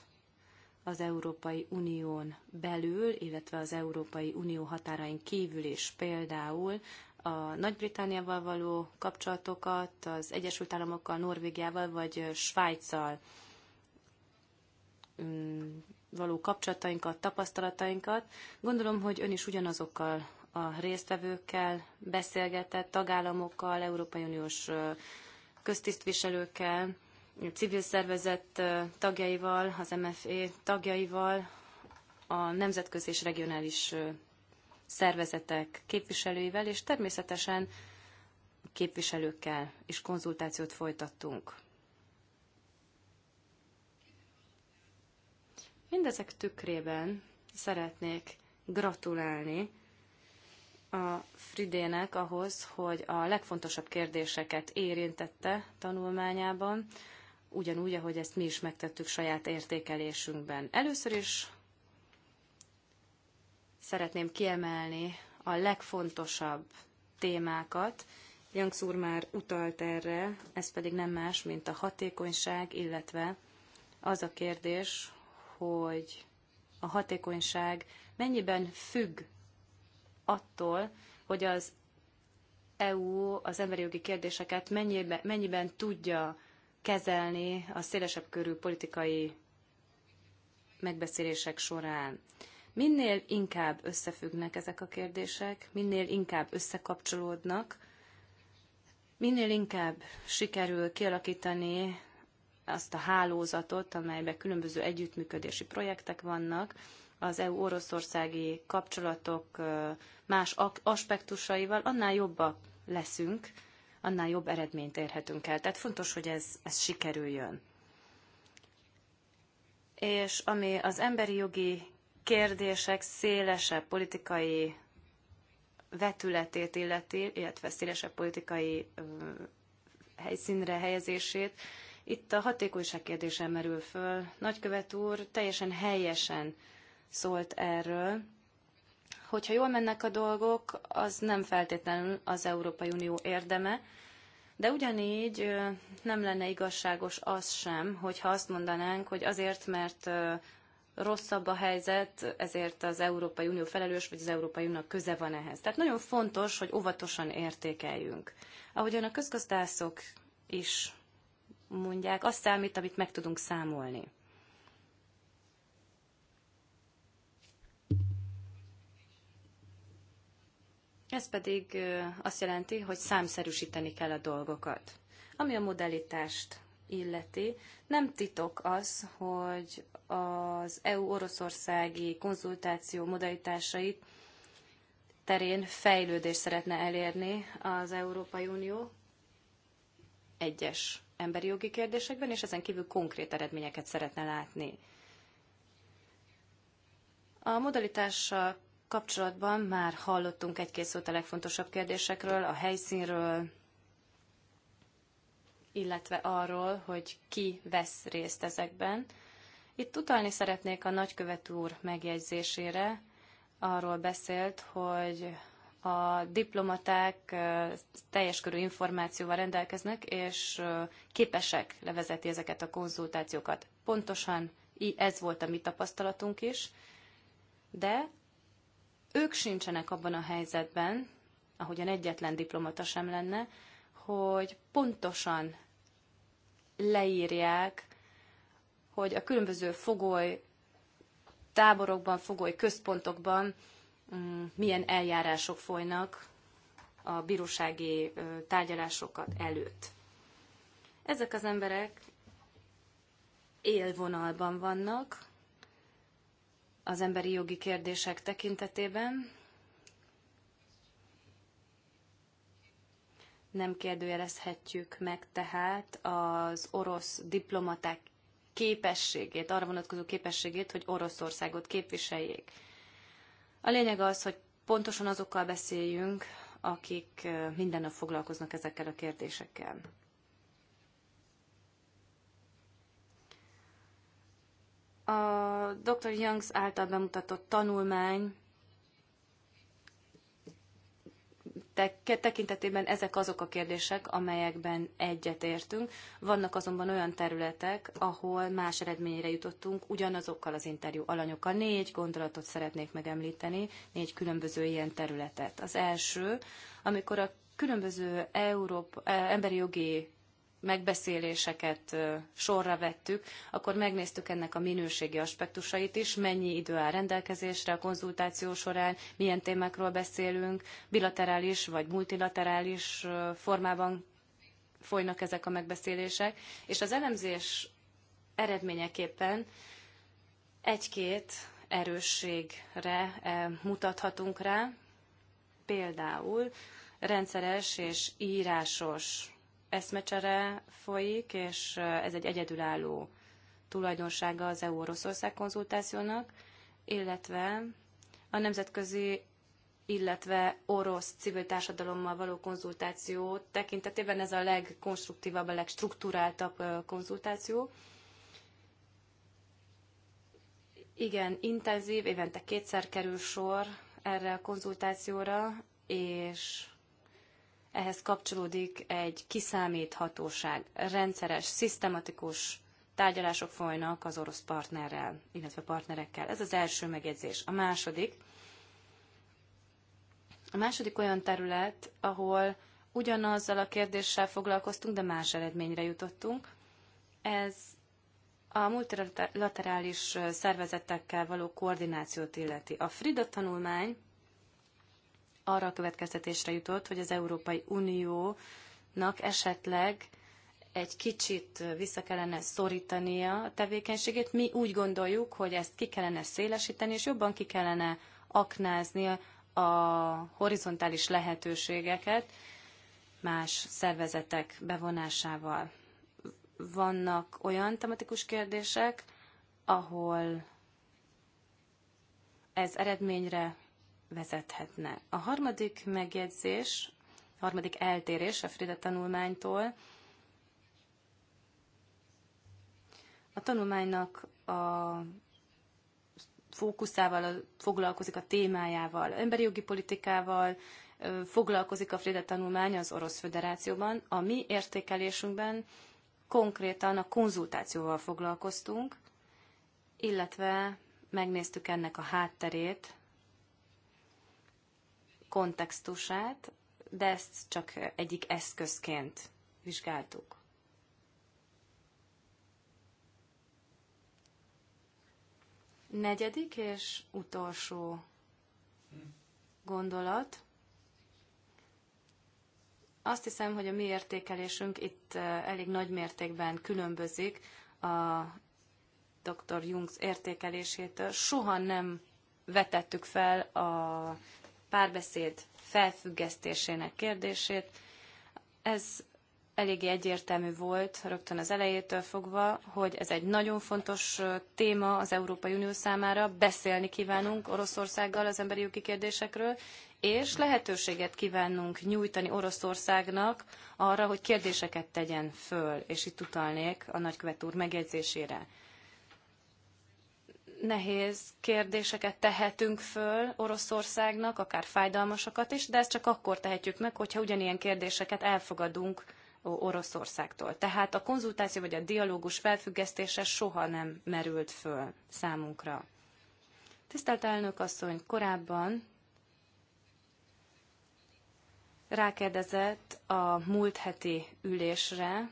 az Európai Unión belül, illetve az Európai Unió határain kívül is például a Nagy-Britániával való kapcsolatokat, az Egyesült Államokkal, Norvégiával vagy Svájccal mm, való kapcsolatainkat, tapasztalatainkat. Gondolom, hogy ön is ugyanazokkal a résztvevőkkel beszélgetett, tagállamokkal, Európai Uniós köztisztviselőkkel, civil szervezet tagjaival, az MFE tagjaival, a nemzetközi és regionális szervezetek képviselőivel, és természetesen képviselőkkel is konzultációt folytattunk. Mindezek tükrében szeretnék gratulálni a Fridének ahhoz, hogy a legfontosabb kérdéseket érintette tanulmányában, ugyanúgy, ahogy ezt mi is megtettük saját értékelésünkben. Először is szeretném kiemelni a legfontosabb témákat. Janks úr már utalt erre, ez pedig nem más, mint a hatékonyság, illetve az a kérdés, hogy a hatékonyság mennyiben függ attól, hogy az EU az emberi jogi kérdéseket mennyiben, mennyiben tudja kezelni a szélesebb körű politikai megbeszélések során. Minél inkább összefüggnek ezek a kérdések, minél inkább összekapcsolódnak, minél inkább sikerül kialakítani azt a hálózatot, amelyben különböző együttműködési projektek vannak, az EU-oroszországi kapcsolatok más aspektusaival, annál jobbak leszünk, annál jobb eredményt érhetünk el. Tehát fontos, hogy ez, ez sikerüljön. És ami az emberi jogi kérdések szélesebb politikai vetületét illeti, illetve szélesebb politikai helyszínre helyezését. Itt a hatékonyság kérdése merül föl. Nagykövet úr teljesen helyesen szólt erről. Hogyha jól mennek a dolgok, az nem feltétlenül az Európai Unió érdeme, de ugyanígy nem lenne igazságos az sem, hogyha azt mondanánk, hogy azért, mert rosszabb a helyzet, ezért az Európai Unió felelős, vagy az Európai Uniónak köze van ehhez. Tehát nagyon fontos, hogy óvatosan értékeljünk. Ahogyan a közgazdászok is mondják, azt számít, amit meg tudunk számolni. Ez pedig azt jelenti, hogy számszerűsíteni kell a dolgokat. Ami a modellitást illeti, nem titok az, hogy az EU-Oroszországi konzultáció modalitásait terén fejlődést szeretne elérni az Európai Unió egyes emberi jogi kérdésekben, és ezen kívül konkrét eredményeket szeretne látni. A modalitással kapcsolatban már hallottunk egy-két szót a legfontosabb kérdésekről, a helyszínről, illetve arról, hogy ki vesz részt ezekben. Itt utalni szeretnék a nagykövet úr megjegyzésére. Arról beszélt, hogy a diplomaták teljes körű információval rendelkeznek, és képesek levezetni ezeket a konzultációkat. Pontosan ez volt a mi tapasztalatunk is, de ők sincsenek abban a helyzetben, ahogyan egyetlen diplomata sem lenne, hogy pontosan leírják, hogy a különböző fogoly táborokban, fogoly központokban mm, milyen eljárások folynak a bírósági tárgyalásokat előtt. Ezek az emberek élvonalban vannak az emberi jogi kérdések tekintetében, Nem kérdőjelezhetjük meg tehát az orosz diplomaták képességét, arra vonatkozó képességét, hogy Oroszországot képviseljék. A lényeg az, hogy pontosan azokkal beszéljünk, akik minden nap foglalkoznak ezekkel a kérdésekkel. A dr. Youngs által bemutatott tanulmány tekintetében ezek azok a kérdések, amelyekben egyetértünk. Vannak azonban olyan területek, ahol más eredményre jutottunk ugyanazokkal az interjú alanyokkal. Négy gondolatot szeretnék megemlíteni, négy különböző ilyen területet. Az első, amikor a különböző Európa, e, emberi jogi megbeszéléseket sorra vettük, akkor megnéztük ennek a minőségi aspektusait is, mennyi idő áll rendelkezésre a konzultáció során, milyen témákról beszélünk, bilaterális vagy multilaterális formában folynak ezek a megbeszélések, és az elemzés eredményeképpen egy-két erősségre e, mutathatunk rá, például rendszeres és írásos eszmecsere folyik, és ez egy egyedülálló tulajdonsága az EU-Oroszország konzultációnak, illetve a nemzetközi, illetve orosz civil társadalommal való konzultáció tekintetében ez a legkonstruktívabb, a legstruktúráltabb konzultáció. Igen, intenzív, évente kétszer kerül sor erre a konzultációra, és ehhez kapcsolódik egy kiszámíthatóság, rendszeres, szisztematikus tárgyalások folynak az orosz partnerrel, illetve partnerekkel. Ez az első megjegyzés. A második, a második olyan terület, ahol ugyanazzal a kérdéssel foglalkoztunk, de más eredményre jutottunk. Ez a multilaterális szervezetekkel való koordinációt illeti. A Frida tanulmány arra a következtetésre jutott, hogy az Európai Uniónak esetleg egy kicsit vissza kellene szorítania a tevékenységét. Mi úgy gondoljuk, hogy ezt ki kellene szélesíteni, és jobban ki kellene aknázni a horizontális lehetőségeket más szervezetek bevonásával. Vannak olyan tematikus kérdések, ahol ez eredményre vezethetne. A harmadik megjegyzés, a harmadik eltérés a Frida tanulmánytól, a tanulmánynak a fókuszával foglalkozik, a témájával, emberi jogi politikával, foglalkozik a Frida tanulmány az Orosz Föderációban. A mi értékelésünkben konkrétan a konzultációval foglalkoztunk, illetve megnéztük ennek a hátterét, kontextusát, de ezt csak egyik eszközként vizsgáltuk. Negyedik és utolsó gondolat. Azt hiszem, hogy a mi értékelésünk itt elég nagy mértékben különbözik a dr. Jungs értékelésétől. Soha nem vetettük fel a párbeszéd felfüggesztésének kérdését. Ez eléggé egyértelmű volt rögtön az elejétől fogva, hogy ez egy nagyon fontos téma az Európai Unió számára. Beszélni kívánunk Oroszországgal az emberi jogi kérdésekről, és lehetőséget kívánunk nyújtani Oroszországnak arra, hogy kérdéseket tegyen föl, és itt utalnék a nagykövet úr megjegyzésére nehéz kérdéseket tehetünk föl Oroszországnak, akár fájdalmasakat is, de ezt csak akkor tehetjük meg, hogyha ugyanilyen kérdéseket elfogadunk Oroszországtól. Tehát a konzultáció vagy a dialógus felfüggesztése soha nem merült föl számunkra. Tisztelt elnök asszony, korábban rákérdezett a múlt heti ülésre,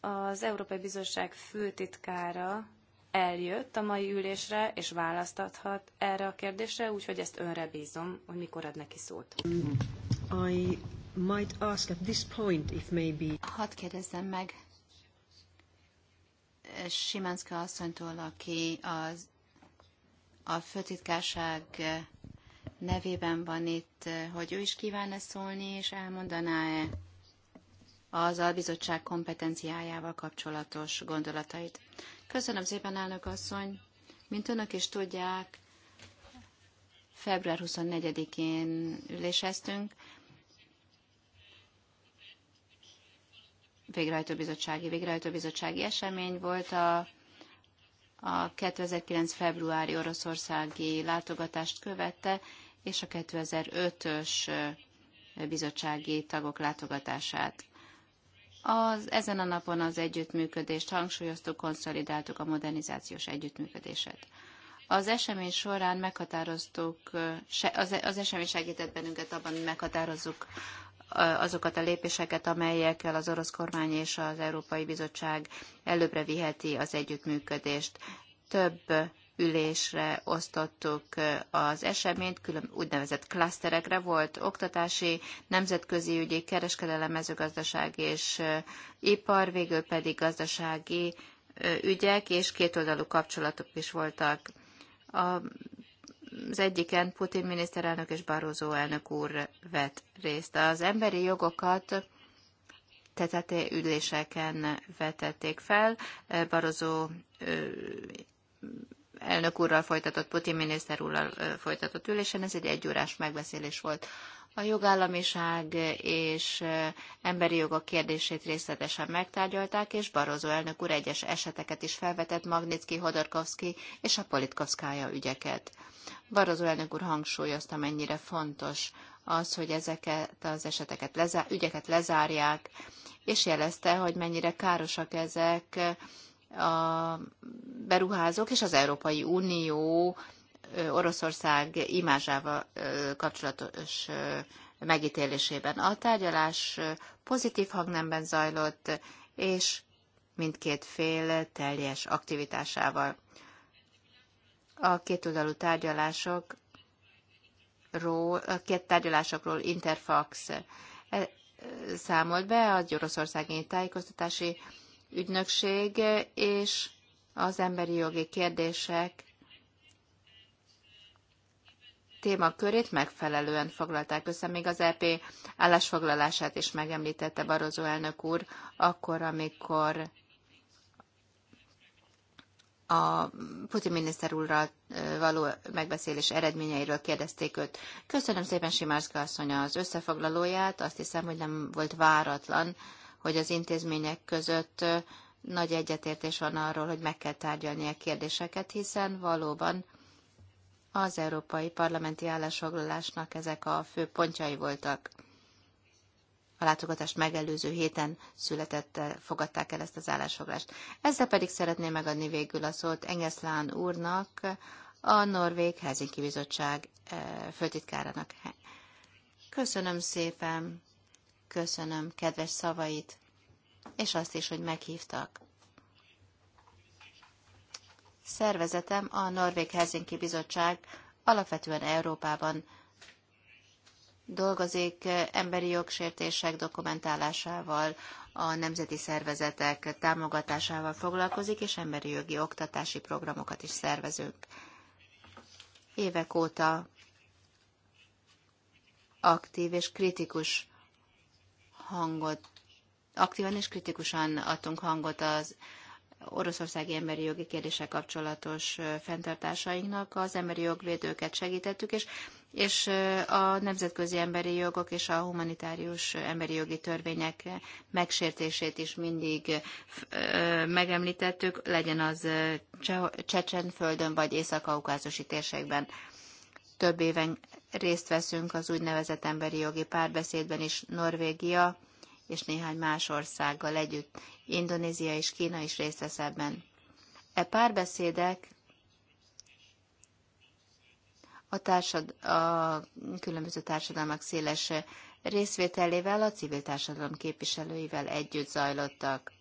az Európai Bizottság főtitkára eljött a mai ülésre, és választathat erre a kérdésre, úgyhogy ezt önre bízom, hogy mikor ad neki szót. I might ask at this point if maybe... Hadd kérdezzem meg eh, Simánszka asszonytól, aki az, a főtitkárság eh, nevében van itt, eh, hogy ő is kíván-e szólni, és elmondaná-e az albizottság kompetenciájával kapcsolatos gondolatait. Köszönöm szépen, elnök asszony! Mint önök is tudják, február 24-én üléseztünk, végrehajtóbizottsági, végrehajtóbizottsági esemény volt a, a 2009. februári oroszországi látogatást követte, és a 2005-ös bizottsági tagok látogatását. Az, ezen a napon az együttműködést hangsúlyoztuk, konszolidáltuk a modernizációs együttműködéset. Az esemény során meghatároztuk, az, esemény segített bennünket abban, hogy meghatározzuk azokat a lépéseket, amelyekkel az orosz kormány és az Európai Bizottság előbbre viheti az együttműködést. Több ülésre osztottuk az eseményt, külön úgynevezett klaszterekre volt oktatási, nemzetközi ügyi, kereskedelem, mezőgazdaság és ipar, végül pedig gazdasági ügyek és kétoldalú kapcsolatok is voltak. A, az egyiken Putin miniszterelnök és Barroso elnök úr vett részt. Az emberi jogokat teteté üléseken vetették fel. Barroso elnök úrral folytatott, Putin miniszter úrral folytatott ülésen, ez egy egyórás megbeszélés volt. A jogállamiság és emberi jogok kérdését részletesen megtárgyalták, és Barozó elnök úr egyes eseteket is felvetett Magnitsky, Hodorkovsky és a politkovskája ügyeket. Barozó elnök úr hangsúlyozta, mennyire fontos az, hogy ezeket az eseteket lezá- ügyeket lezárják, és jelezte, hogy mennyire károsak ezek a beruházók és az Európai Unió Oroszország imázsával kapcsolatos megítélésében. A tárgyalás pozitív hangnemben zajlott, és mindkét fél teljes aktivitásával. A kétoldalú tárgyalások a két tárgyalásokról Interfax számolt be az oroszországi tájékoztatási ügynökség és az emberi jogi kérdések témakörét megfelelően foglalták össze, még az EP állásfoglalását is megemlítette Barozó elnök úr, akkor, amikor a Putin miniszter úrral való megbeszélés eredményeiről kérdezték őt. Köszönöm szépen Simárszka asszonya az összefoglalóját, azt hiszem, hogy nem volt váratlan, hogy az intézmények között nagy egyetértés van arról, hogy meg kell tárgyalni a kérdéseket, hiszen valóban az európai parlamenti állásfoglalásnak ezek a fő pontjai voltak. A látogatást megelőző héten született, fogadták el ezt az állásfoglalást. Ezzel pedig szeretném megadni végül a szót Engeszlán úrnak, a Norvég Helsinki Bizottság főtitkárának. Köszönöm szépen! Köszönöm kedves szavait, és azt is, hogy meghívtak. Szervezetem a Norvég Helsinki Bizottság alapvetően Európában dolgozik emberi jogsértések dokumentálásával, a nemzeti szervezetek támogatásával foglalkozik, és emberi jogi oktatási programokat is szervezünk. Évek óta aktív és kritikus hangot, aktívan és kritikusan adtunk hangot az oroszországi emberi jogi kérdése kapcsolatos fenntartásainknak, az emberi jogvédőket segítettük, és, és a nemzetközi emberi jogok és a humanitárius emberi jogi törvények megsértését is mindig megemlítettük, legyen az Csecsenföldön vagy észak-kaukázusi térségben. Több éven részt veszünk az úgynevezett emberi jogi párbeszédben is Norvégia és néhány más országgal együtt. Indonézia és Kína is részt vesz ebben. E párbeszédek a, társad, a különböző társadalmak széles részvételével, a civil társadalom képviselőivel együtt zajlottak.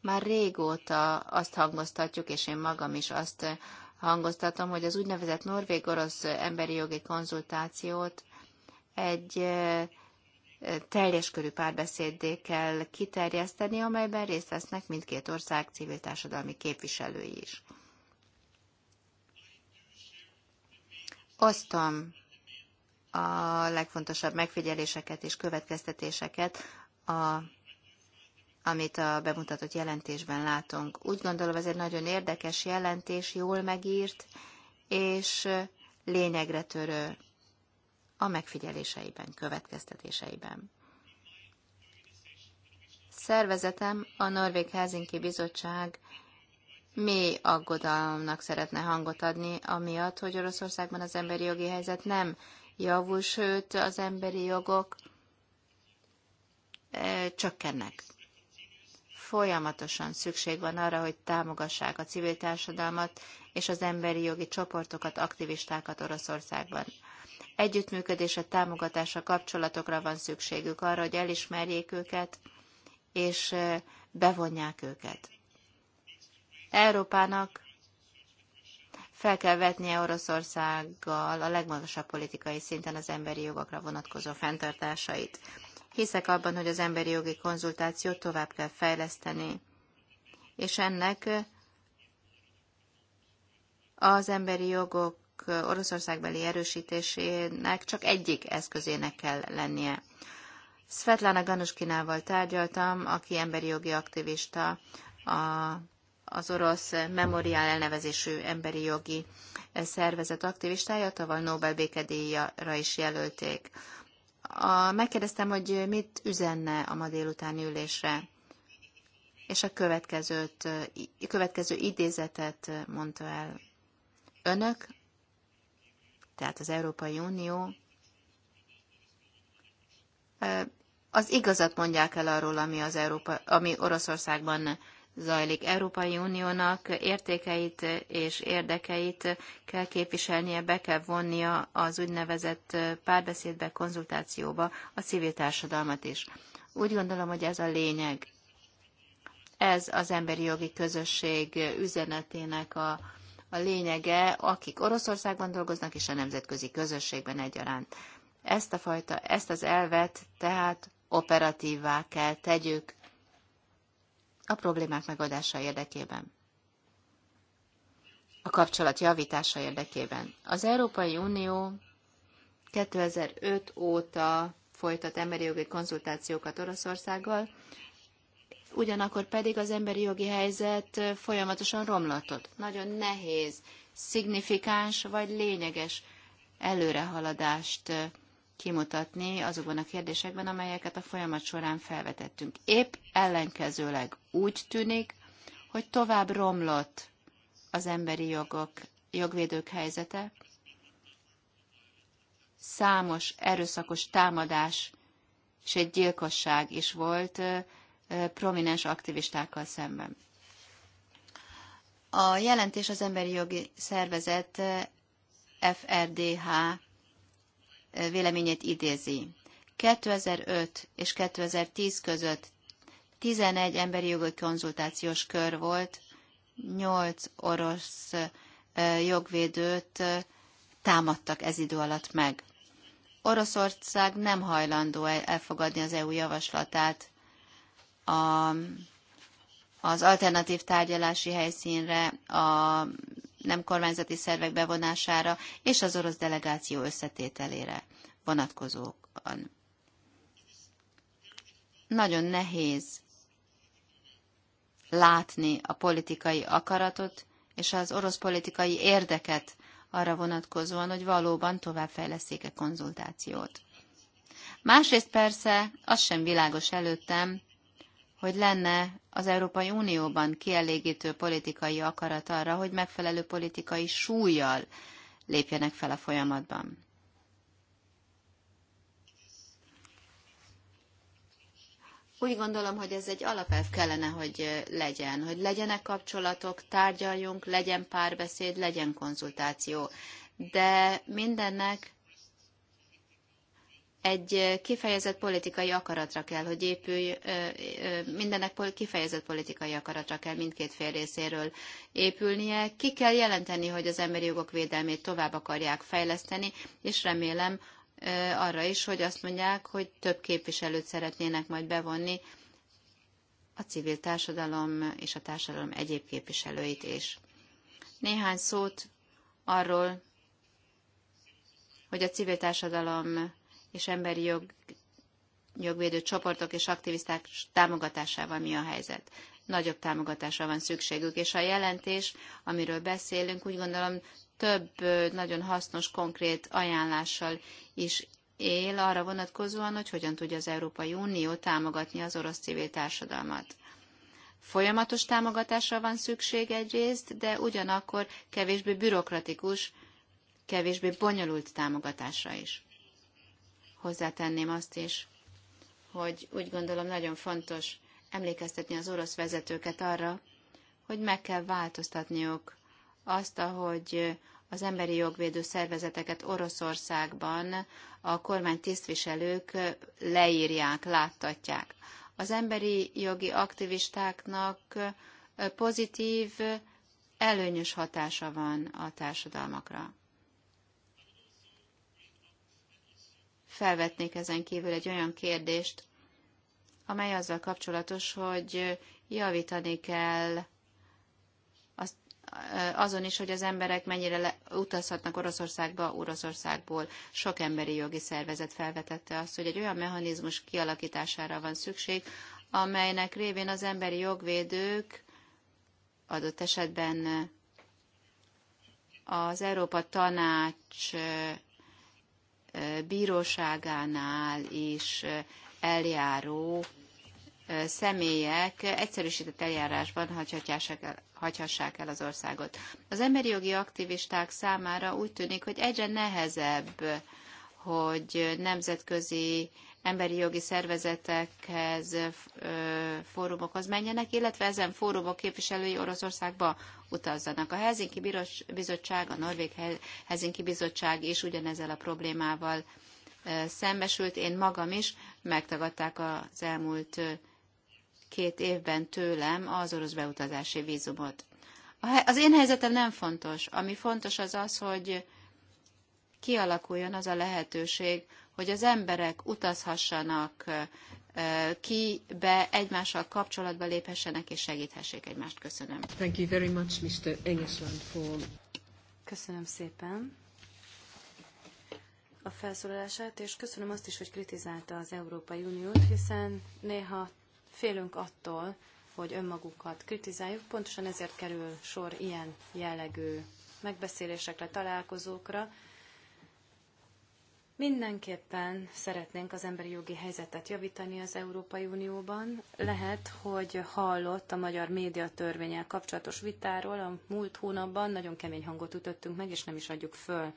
Már régóta azt hangoztatjuk, és én magam is azt hangoztatom, hogy az úgynevezett norvég-orosz emberi jogi konzultációt egy teljes körű párbeszéddé kell kiterjeszteni, amelyben részt vesznek mindkét ország civil társadalmi képviselői is. Osztom a legfontosabb megfigyeléseket és következtetéseket a amit a bemutatott jelentésben látunk. Úgy gondolom, ez egy nagyon érdekes jelentés, jól megírt, és lényegre törő a megfigyeléseiben, következtetéseiben. Szervezetem a Norvég Helsinki Bizottság mély aggodalomnak szeretne hangot adni, amiatt, hogy Oroszországban az emberi jogi helyzet nem javul, sőt az emberi jogok eh, csökkennek folyamatosan szükség van arra, hogy támogassák a civil társadalmat és az emberi jogi csoportokat, aktivistákat Oroszországban. Együttműködésre, támogatásra, kapcsolatokra van szükségük arra, hogy elismerjék őket, és bevonják őket. Európának fel kell vetnie Oroszországgal a legmagasabb politikai szinten az emberi jogokra vonatkozó fenntartásait. Hiszek abban, hogy az emberi jogi konzultációt tovább kell fejleszteni, és ennek az emberi jogok Oroszországbeli erősítésének csak egyik eszközének kell lennie. Svetlana Ganuskinával tárgyaltam, aki emberi jogi aktivista, a, az orosz memoriál elnevezésű emberi jogi szervezet aktivistája, tavaly Nobel békedíjra is jelölték a, megkérdeztem, hogy mit üzenne a ma délutáni ülésre, és a következőt, következő idézetet mondta el. Önök, tehát az Európai Unió, az igazat mondják el arról, ami, az Európa, ami Oroszországban zajlik. Európai Uniónak értékeit és érdekeit kell képviselnie, be kell vonnia az úgynevezett párbeszédbe, konzultációba a civil társadalmat is. Úgy gondolom, hogy ez a lényeg. Ez az emberi jogi közösség üzenetének a, a lényege, akik Oroszországban dolgoznak, és a nemzetközi közösségben egyaránt. Ezt a fajta, ezt az elvet tehát operatívvá kell tegyük a problémák megoldása érdekében. A kapcsolat javítása érdekében. Az Európai Unió 2005 óta folytat emberi jogi konzultációkat Oroszországgal, ugyanakkor pedig az emberi jogi helyzet folyamatosan romlatott. Nagyon nehéz, szignifikáns vagy lényeges előrehaladást kimutatni azokban a kérdésekben, amelyeket a folyamat során felvetettünk. Épp ellenkezőleg úgy tűnik, hogy tovább romlott az emberi jogok, jogvédők helyzete, számos erőszakos támadás és egy gyilkosság is volt prominens aktivistákkal szemben. A jelentés az emberi jogi szervezet FRDH véleményét idézi. 2005 és 2010 között 11 emberi jogi konzultációs kör volt, 8 orosz jogvédőt támadtak ez idő alatt meg. Oroszország nem hajlandó elfogadni az EU javaslatát a, az alternatív tárgyalási helyszínre a nem kormányzati szervek bevonására és az orosz delegáció összetételére vonatkozóan. Nagyon nehéz látni a politikai akaratot és az orosz politikai érdeket arra vonatkozóan, hogy valóban továbbfejleszték e konzultációt. Másrészt persze az sem világos előttem, hogy lenne az Európai Unióban kielégítő politikai akarat arra, hogy megfelelő politikai súlyjal lépjenek fel a folyamatban. Úgy gondolom, hogy ez egy alapelv kellene, hogy legyen, hogy legyenek kapcsolatok, tárgyaljunk, legyen párbeszéd, legyen konzultáció. De mindennek egy kifejezett politikai akaratra kell, hogy épülj, mindennek kifejezett politikai akaratra kell mindkét fél részéről épülnie. Ki kell jelenteni, hogy az emberi jogok védelmét tovább akarják fejleszteni, és remélem arra is, hogy azt mondják, hogy több képviselőt szeretnének majd bevonni a civil társadalom és a társadalom egyéb képviselőit is. Néhány szót arról, hogy a civil társadalom és emberi jog, jogvédő csoportok és aktivisták támogatásával mi a helyzet. Nagyobb támogatásra van szükségük, és a jelentés, amiről beszélünk, úgy gondolom több nagyon hasznos, konkrét ajánlással is él arra vonatkozóan, hogy hogyan tudja az Európai Unió támogatni az orosz civil társadalmat. Folyamatos támogatásra van szükség egyrészt, de ugyanakkor kevésbé bürokratikus, kevésbé bonyolult támogatásra is. Hozzátenném azt is, hogy úgy gondolom nagyon fontos emlékeztetni az orosz vezetőket arra, hogy meg kell változtatniuk azt, ahogy az emberi jogvédő szervezeteket Oroszországban a kormány tisztviselők leírják, láttatják. Az emberi jogi aktivistáknak pozitív, előnyös hatása van a társadalmakra. felvetnék ezen kívül egy olyan kérdést, amely azzal kapcsolatos, hogy javítani kell azon is, hogy az emberek mennyire le, utazhatnak Oroszországba, Oroszországból. Sok emberi jogi szervezet felvetette azt, hogy egy olyan mechanizmus kialakítására van szükség, amelynek révén az emberi jogvédők adott esetben az Európa Tanács bíróságánál is eljáró személyek egyszerűsített eljárásban hagyhassák el az országot. Az emberi jogi aktivisták számára úgy tűnik, hogy egyre nehezebb, hogy nemzetközi emberi jogi szervezetekhez, fórumokhoz menjenek, illetve ezen fórumok képviselői Oroszországba utazzanak. A Helsinki Bizottság, a Norvég Helsinki Bizottság is ugyanezzel a problémával szembesült. Én magam is megtagadták az elmúlt két évben tőlem az orosz beutazási vízumot. Az én helyzetem nem fontos. Ami fontos az az, hogy kialakuljon az a lehetőség, hogy az emberek utazhassanak, be egymással kapcsolatba léphessenek és segíthessék egymást. Köszönöm. Thank you very much, Mr. Engesland, for... Köszönöm szépen a felszólalását, és köszönöm azt is, hogy kritizálta az Európai Uniót, hiszen néha félünk attól, hogy önmagukat kritizáljuk, pontosan ezért kerül sor ilyen jellegű megbeszélésekre, találkozókra, Mindenképpen szeretnénk az emberi jogi helyzetet javítani az Európai Unióban. Lehet, hogy hallott a magyar média törvényel kapcsolatos vitáról a múlt hónapban, nagyon kemény hangot ütöttünk meg, és nem is adjuk föl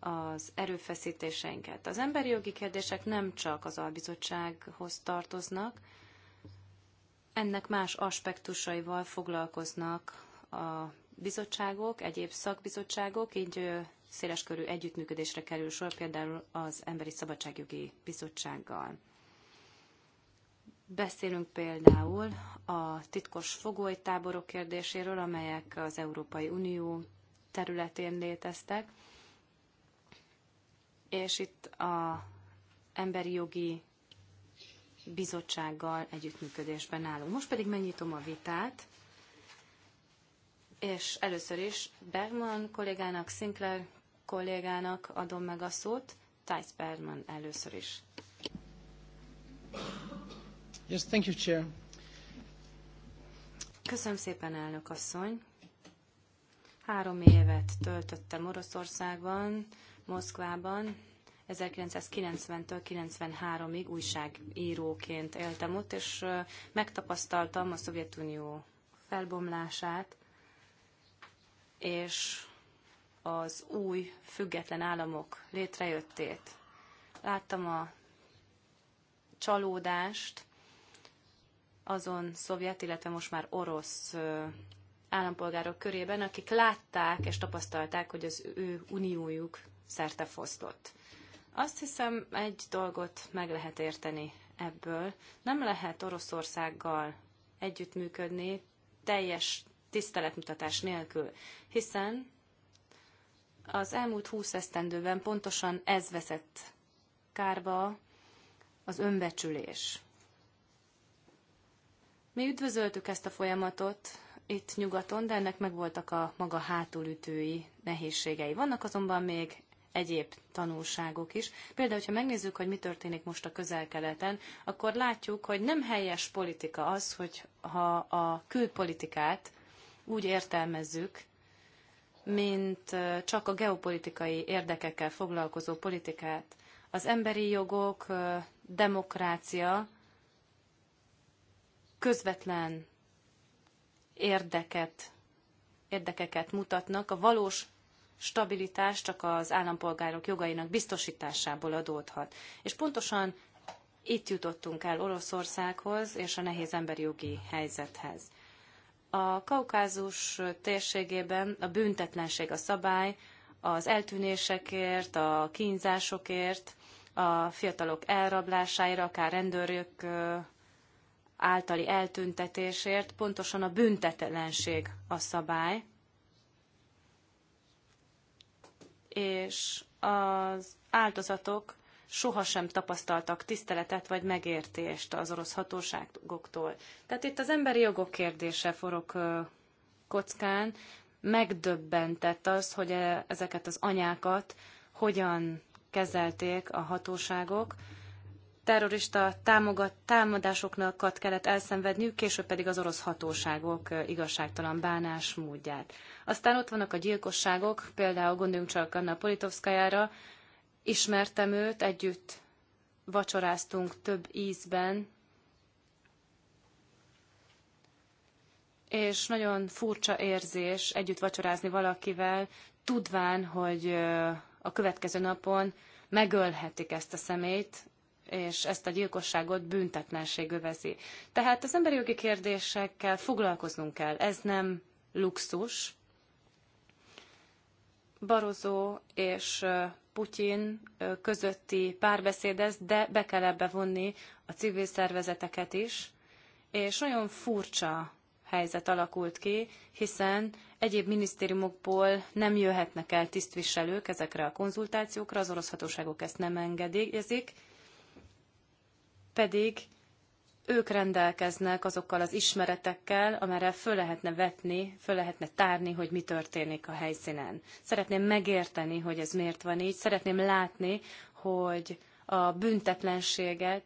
az erőfeszítéseinket. Az emberi jogi kérdések nem csak az albizottsághoz tartoznak, ennek más aspektusaival foglalkoznak a bizottságok, egyéb szakbizottságok, így széleskörű együttműködésre kerül sor, például az Emberi Szabadságjogi Bizottsággal. Beszélünk például a titkos fogolytáborok kérdéséről, amelyek az Európai Unió területén léteztek, és itt a Emberi Jogi Bizottsággal együttműködésben állunk. Most pedig megnyitom a vitát, és először is Bergman kollégának, Sinclair kollégának adom meg a szót, Thijs Perman először is. Yes, thank you, Chair. Köszönöm szépen, elnök asszony. Három évet töltöttem Oroszországban, Moszkvában, 1990-től 93-ig újságíróként éltem ott, és megtapasztaltam a Szovjetunió felbomlását, és az új független államok létrejöttét. Láttam a csalódást azon szovjet, illetve most már orosz állampolgárok körében, akik látták és tapasztalták, hogy az ő uniójuk szerte fosztott. Azt hiszem, egy dolgot meg lehet érteni ebből. Nem lehet Oroszországgal együttműködni teljes tiszteletmutatás nélkül, hiszen az elmúlt húsz esztendőben pontosan ez veszett kárba az önbecsülés. Mi üdvözöltük ezt a folyamatot itt nyugaton, de ennek megvoltak a maga hátulütői nehézségei. Vannak azonban még egyéb tanulságok is. Például, ha megnézzük, hogy mi történik most a közel-keleten, akkor látjuk, hogy nem helyes politika az, hogy ha a külpolitikát úgy értelmezzük, mint csak a geopolitikai érdekekkel foglalkozó politikát. Az emberi jogok, demokrácia közvetlen érdeket, érdekeket mutatnak, a valós stabilitás csak az állampolgárok jogainak biztosításából adódhat. És pontosan itt jutottunk el Oroszországhoz és a nehéz emberi jogi helyzethez. A Kaukázus térségében a büntetlenség a szabály, az eltűnésekért, a kínzásokért, a fiatalok elrablásáira, akár rendőrök általi eltüntetésért, pontosan a büntetlenség a szabály. És az áldozatok sohasem tapasztaltak tiszteletet vagy megértést az orosz hatóságoktól. Tehát itt az emberi jogok kérdése forog kockán. Megdöbbentett az, hogy e, ezeket az anyákat hogyan kezelték a hatóságok. Terrorista támogat, támadásoknak kellett elszenvedniük, később pedig az orosz hatóságok igazságtalan bánásmódját. Aztán ott vannak a gyilkosságok, például gondoljunk csak Anna Politovszkajára, Ismertem őt, együtt vacsoráztunk több ízben, és nagyon furcsa érzés együtt vacsorázni valakivel, tudván, hogy a következő napon megölhetik ezt a szemét, és ezt a gyilkosságot büntetlenség övezi. Tehát az emberi jogi kérdésekkel foglalkoznunk kell. Ez nem luxus. Barozó és Putyin közötti párbeszédhez, de be kell ebbe vonni a civil szervezeteket is, és nagyon furcsa helyzet alakult ki, hiszen egyéb minisztériumokból nem jöhetnek el tisztviselők ezekre a konzultációkra, az orosz hatóságok ezt nem engedélyezik, pedig ők rendelkeznek azokkal az ismeretekkel, amelyre föl lehetne vetni, föl lehetne tárni, hogy mi történik a helyszínen. Szeretném megérteni, hogy ez miért van így, szeretném látni, hogy a büntetlenséget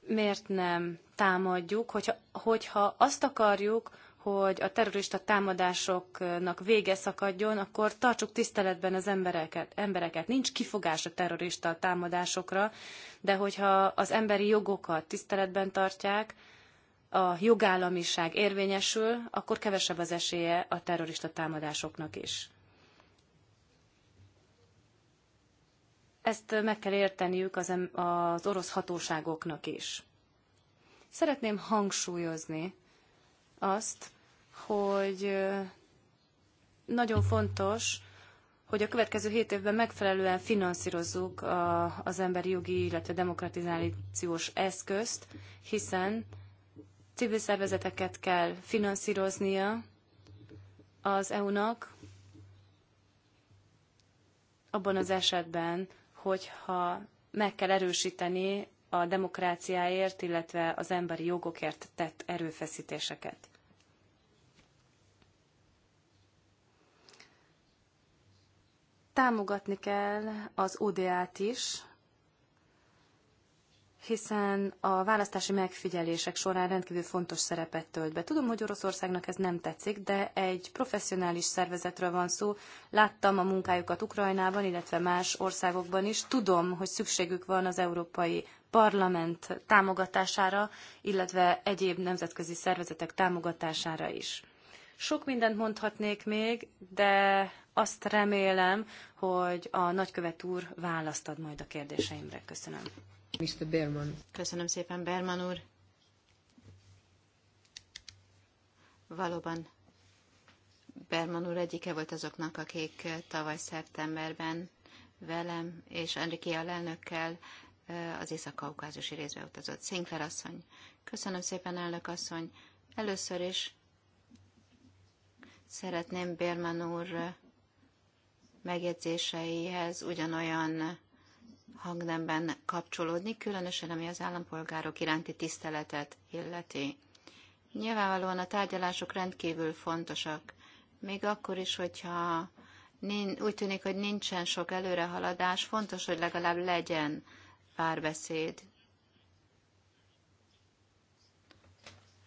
miért nem támadjuk, hogyha, hogyha azt akarjuk, hogy a terrorista támadásoknak vége szakadjon, akkor tartsuk tiszteletben az embereket. embereket. Nincs kifogás a terrorista támadásokra, de hogyha az emberi jogokat tiszteletben tartják, a jogállamiság érvényesül, akkor kevesebb az esélye a terrorista támadásoknak is. Ezt meg kell érteniük az, az orosz hatóságoknak is. Szeretném hangsúlyozni, azt, hogy nagyon fontos, hogy a következő hét évben megfelelően finanszírozzuk a, az emberi jogi, illetve demokratizációs eszközt, hiszen civil szervezeteket kell finanszíroznia az EU-nak abban az esetben, hogyha meg kell erősíteni a demokráciáért, illetve az emberi jogokért tett erőfeszítéseket. Támogatni kell az ODA-t is, hiszen a választási megfigyelések során rendkívül fontos szerepet tölt be. Tudom, hogy Oroszországnak ez nem tetszik, de egy professzionális szervezetről van szó. Láttam a munkájukat Ukrajnában, illetve más országokban is. Tudom, hogy szükségük van az Európai Parlament támogatására, illetve egyéb nemzetközi szervezetek támogatására is. Sok mindent mondhatnék még, de azt remélem, hogy a nagykövet úr választ ad majd a kérdéseimre. Köszönöm. Mr. Berman. Köszönöm szépen, Berman úr. Valóban Berman úr egyike volt azoknak, akik tavaly szeptemberben velem és Enrique alelnökkel az észak-kaukázusi részbe utazott. Sinclair asszony. Köszönöm szépen, elnök asszony. Először is szeretném Berman úr megjegyzéseihez ugyanolyan hangnemben kapcsolódni, különösen ami az állampolgárok iránti tiszteletet illeti. Nyilvánvalóan a tárgyalások rendkívül fontosak, még akkor is, hogyha úgy tűnik, hogy nincsen sok előrehaladás, fontos, hogy legalább legyen párbeszéd.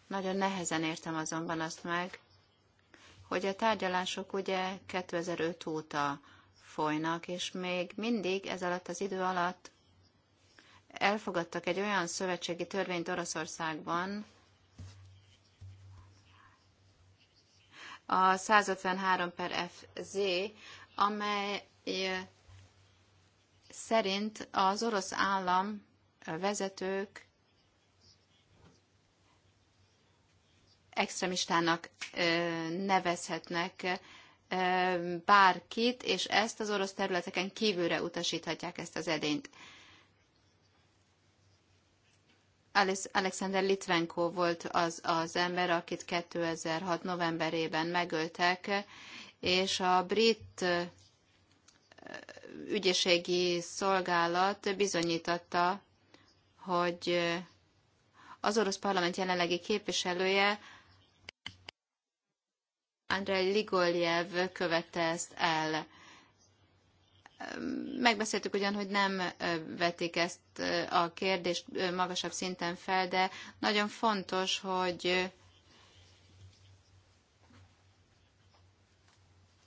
Nagyon nehezen értem azonban azt meg, hogy a tárgyalások ugye 2005 óta folynak, és még mindig ez alatt az idő alatt elfogadtak egy olyan szövetségi törvényt Oroszországban, a 153 per FZ, amely eh, szerint az orosz állam vezetők extremistának nevezhetnek bárkit, és ezt az orosz területeken kívülre utasíthatják ezt az edényt. Alexander Litvenko volt az az ember, akit 2006. novemberében megöltek, és a brit ügyészségi szolgálat bizonyította, hogy az orosz parlament jelenlegi képviselője Andrei Ligoljev követte ezt el. Megbeszéltük ugyan, hogy nem vetik ezt a kérdést magasabb szinten fel, de nagyon fontos, hogy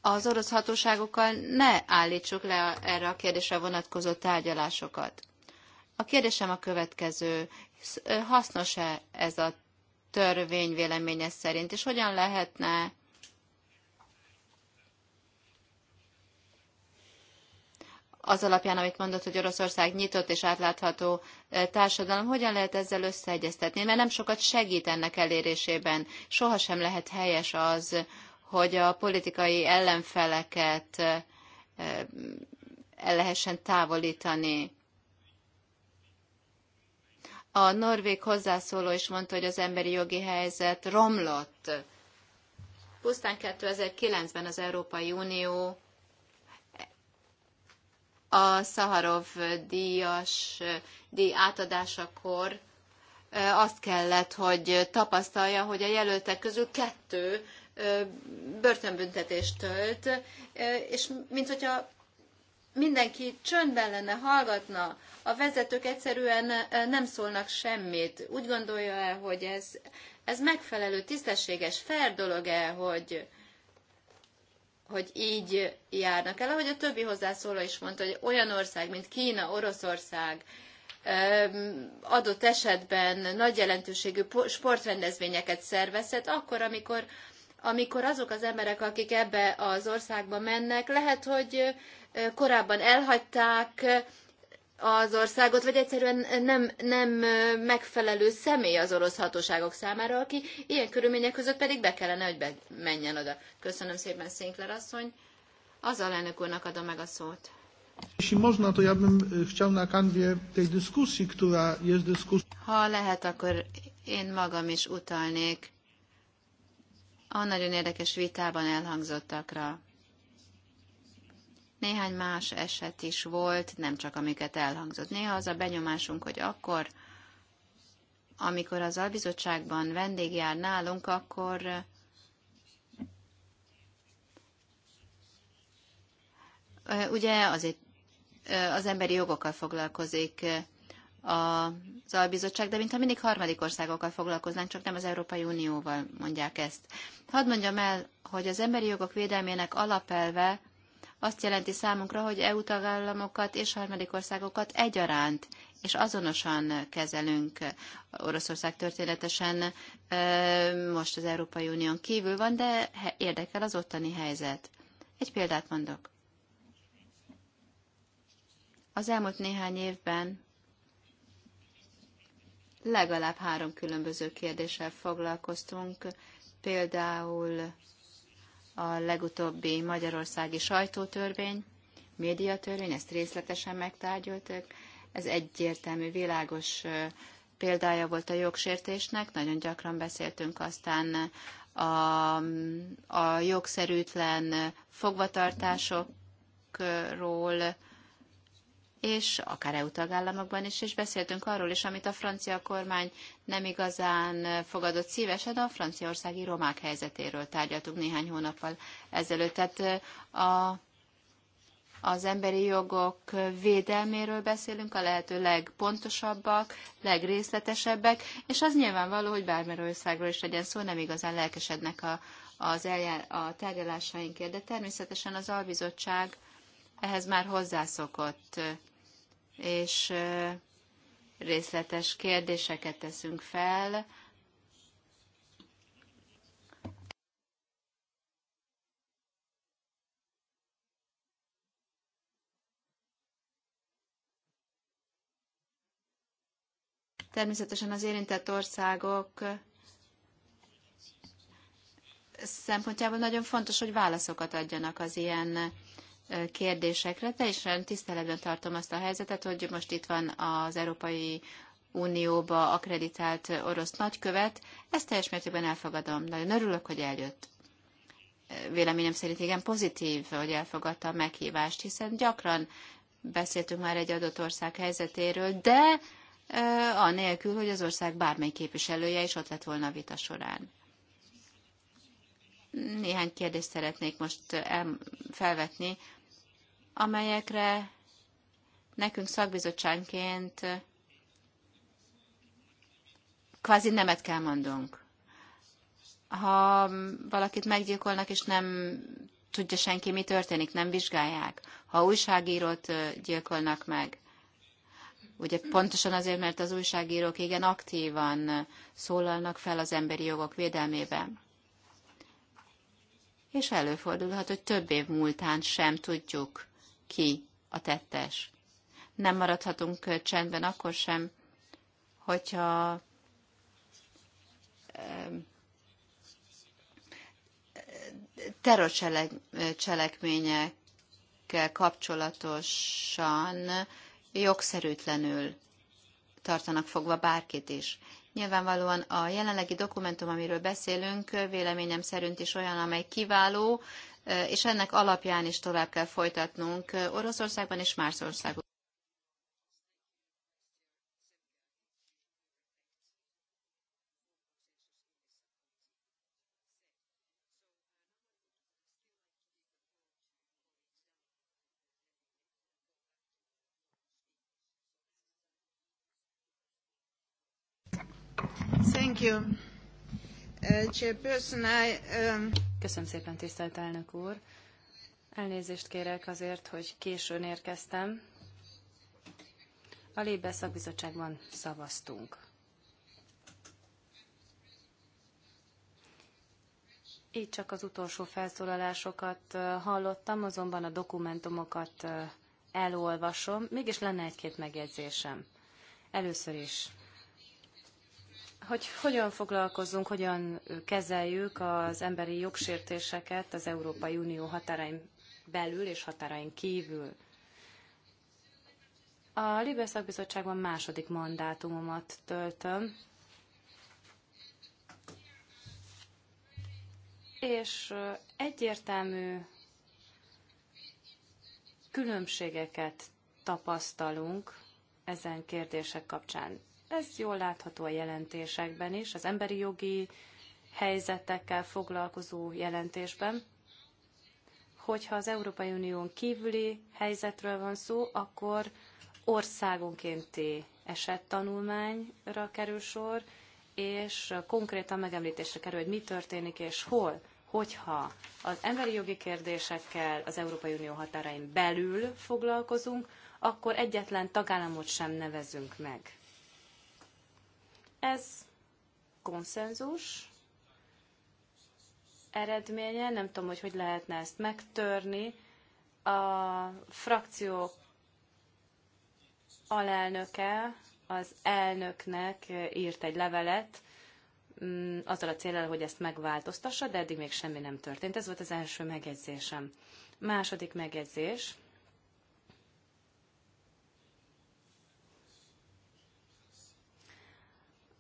az orosz hatóságokkal ne állítsuk le erre a kérdésre vonatkozó tárgyalásokat. A kérdésem a következő. Hasznos-e ez a törvény véleménye szerint, és hogyan lehetne az alapján, amit mondott, hogy Oroszország nyitott és átlátható társadalom, hogyan lehet ezzel összeegyeztetni? Mert nem sokat segít ennek elérésében. Sohasem lehet helyes az, hogy a politikai ellenfeleket el lehessen távolítani. A norvég hozzászóló is mondta, hogy az emberi jogi helyzet romlott. Pusztán 2009-ben az Európai Unió a Szaharov díjas díj átadásakor azt kellett, hogy tapasztalja, hogy a jelöltek közül kettő börtönbüntetést tölt, és mint hogyha mindenki csöndben lenne, hallgatna, a vezetők egyszerűen nem szólnak semmit. Úgy gondolja el, hogy ez, ez megfelelő, tisztességes, fair dolog el, hogy, hogy így járnak el. Ahogy a többi hozzászóló is mondta, hogy olyan ország, mint Kína, Oroszország, adott esetben nagy jelentőségű sportrendezvényeket szervezhet, akkor, amikor amikor azok az emberek, akik ebbe az országba mennek, lehet, hogy korábban elhagyták, az országot, vagy egyszerűen nem, nem megfelelő személy az orosz hatóságok számára, aki ilyen körülmények között pedig be kellene, hogy be menjen oda. Köszönöm szépen, Sinclair asszony. Az alelnök úrnak adom meg a szót. Jeśli można, to ja bym e, chciał na kanwie tej dyskusji, która jest dyskusją. Ha lehet, akkor én magam is utalnék a nagyon érdekes vitában elhangzottakra. Néhány más eset is volt, nem csak amiket elhangzott. Néha az a benyomásunk, hogy akkor, amikor az albizottságban vendég jár nálunk, akkor ugye azért az emberi jogokkal foglalkozik az albizottság, de mintha mindig harmadik országokkal foglalkoznánk, csak nem az Európai Unióval mondják ezt. Hadd mondjam el, hogy az emberi jogok védelmének alapelve azt jelenti számunkra, hogy EU tagállamokat és harmadik országokat egyaránt és azonosan kezelünk. Oroszország történetesen most az Európai Unión kívül van, de érdekel az ottani helyzet. Egy példát mondok. Az elmúlt néhány évben legalább három különböző kérdéssel foglalkoztunk, például a legutóbbi magyarországi sajtótörvény, médiatörvény, ezt részletesen megtárgyaltuk. Ez egyértelmű, világos példája volt a jogsértésnek, nagyon gyakran beszéltünk aztán a, a jogszerűtlen fogvatartásokról, és akár EU tagállamokban is, és beszéltünk arról is, amit a francia kormány nem igazán fogadott szívesen, a franciaországi romák helyzetéről tárgyaltuk néhány hónappal ezelőtt. Tehát a, az emberi jogok védelméről beszélünk, a lehető legpontosabbak, legrészletesebbek, és az nyilvánvaló, hogy bármely országról is legyen szó, nem igazán lelkesednek a, az eljár, a tárgyalásainkért, de természetesen az albizottság ehhez már hozzászokott és részletes kérdéseket teszünk fel. Természetesen az érintett országok szempontjából nagyon fontos, hogy válaszokat adjanak az ilyen kérdésekre. Teljesen tiszteletben tartom azt a helyzetet, hogy most itt van az Európai Unióba akreditált orosz nagykövet. Ezt teljes mértékben elfogadom. Nagyon örülök, hogy eljött. Véleményem szerint igen pozitív, hogy elfogadta a meghívást, hiszen gyakran beszéltünk már egy adott ország helyzetéről, de anélkül, hogy az ország bármely képviselője is ott lett volna a vita során. Néhány kérdést szeretnék most felvetni amelyekre nekünk szakbizottságként kvázi nemet kell mondunk. Ha valakit meggyilkolnak, és nem tudja senki, mi történik, nem vizsgálják. Ha újságírót gyilkolnak meg, ugye pontosan azért, mert az újságírók igen aktívan szólalnak fel az emberi jogok védelmében. És előfordulhat, hogy több év múltán sem tudjuk, ki a tettes. Nem maradhatunk csendben akkor sem, hogyha terrorcselekményekkel kapcsolatosan jogszerűtlenül tartanak fogva bárkit is. Nyilvánvalóan a jelenlegi dokumentum, amiről beszélünk, véleményem szerint is olyan, amely kiváló, és ennek alapján is tovább kell folytatnunk Oroszországban és más országokban. Thank you. Uh, um, Köszönöm szépen, tisztelt elnök úr. Elnézést kérek azért, hogy későn érkeztem. A Lébe szakbizottságban szavaztunk. Így csak az utolsó felszólalásokat uh, hallottam, azonban a dokumentumokat uh, elolvasom. Mégis lenne egy-két megjegyzésem. Először is hogy hogyan foglalkozzunk, hogyan kezeljük az emberi jogsértéseket az Európai Unió határain belül és határain kívül. A Libe Szakbizottságban második mandátumomat töltöm, és egyértelmű különbségeket tapasztalunk ezen kérdések kapcsán. Ez jól látható a jelentésekben is, az emberi jogi helyzetekkel foglalkozó jelentésben. Hogyha az Európai Unión kívüli helyzetről van szó, akkor országonkénti esettanulmányra kerül sor, és konkrétan megemlítésre kerül, hogy mi történik és hol, hogyha az emberi jogi kérdésekkel az Európai Unió határain belül foglalkozunk, akkor egyetlen tagállamot sem nevezünk meg. Ez konszenzus eredménye, nem tudom, hogy hogy lehetne ezt megtörni. A frakció alelnöke az elnöknek írt egy levelet, mm, azzal a célral, hogy ezt megváltoztassa, de eddig még semmi nem történt. Ez volt az első megjegyzésem. Második megjegyzés.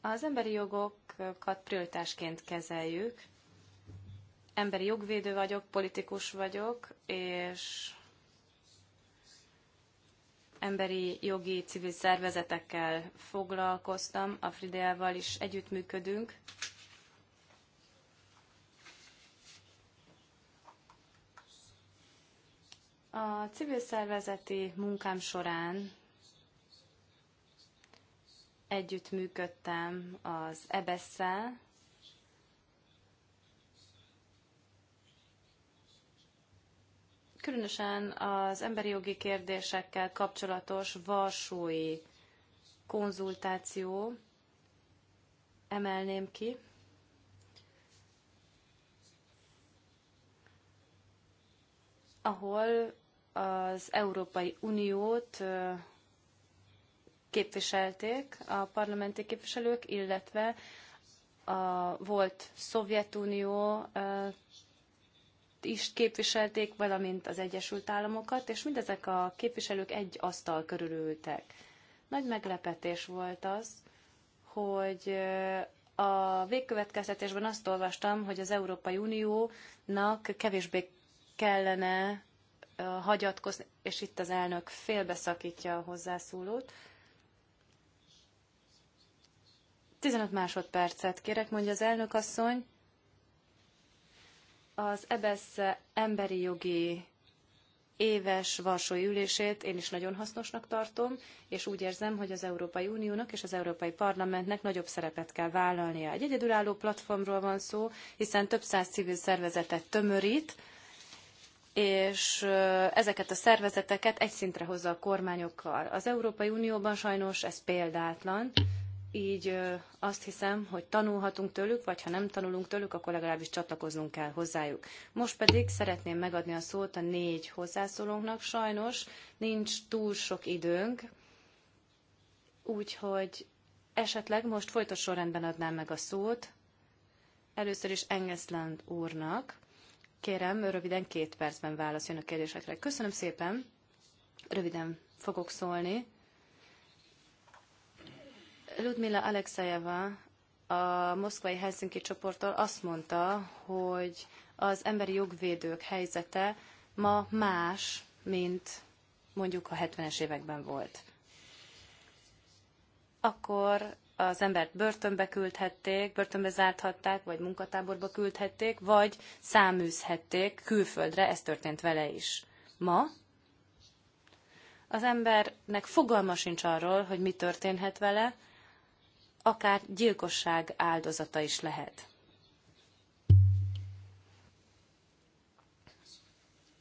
Az emberi jogokat prioritásként kezeljük. Emberi jogvédő vagyok, politikus vagyok, és emberi jogi civil szervezetekkel foglalkoztam, a Frideával is együttműködünk. A civil szervezeti munkám során együttműködtem az EBESZ-szel, különösen az emberi jogi kérdésekkel kapcsolatos varsói konzultáció emelném ki. ahol az Európai Uniót képviselték a parlamenti képviselők, illetve a volt Szovjetunió is képviselték, valamint az Egyesült Államokat, és mindezek a képviselők egy asztal körül ültek. Nagy meglepetés volt az, hogy a végkövetkeztetésben azt olvastam, hogy az Európai Uniónak kevésbé kellene hagyatkozni, és itt az elnök félbeszakítja a hozzászólót. 15 másodpercet kérek, mondja az elnök asszony. Az EBSZ e emberi jogi éves Varsói ülését én is nagyon hasznosnak tartom, és úgy érzem, hogy az Európai Uniónak és az Európai Parlamentnek nagyobb szerepet kell vállalnia. Egy egyedülálló platformról van szó, hiszen több száz civil szervezetet tömörít, és ezeket a szervezeteket egy szintre hozza a kormányokkal. Az Európai Unióban sajnos ez példátlan így azt hiszem, hogy tanulhatunk tőlük, vagy ha nem tanulunk tőlük, akkor legalábbis csatlakoznunk kell hozzájuk. Most pedig szeretném megadni a szót a négy hozzászólónknak. Sajnos nincs túl sok időnk, úgyhogy esetleg most folytos sorrendben adnám meg a szót. Először is Engeszland úrnak. Kérem, röviden két percben válaszoljon a kérdésekre. Köszönöm szépen. Röviden fogok szólni Ludmila Alexejeva a moszkvai Helsinki csoporttól azt mondta, hogy az emberi jogvédők helyzete ma más, mint mondjuk a 70-es években volt. Akkor az embert börtönbe küldhették, börtönbe zárthatták, vagy munkatáborba küldhették, vagy száműzhették külföldre, ez történt vele is. Ma az embernek fogalma sincs arról, hogy mi történhet vele, akár gyilkosság áldozata is lehet.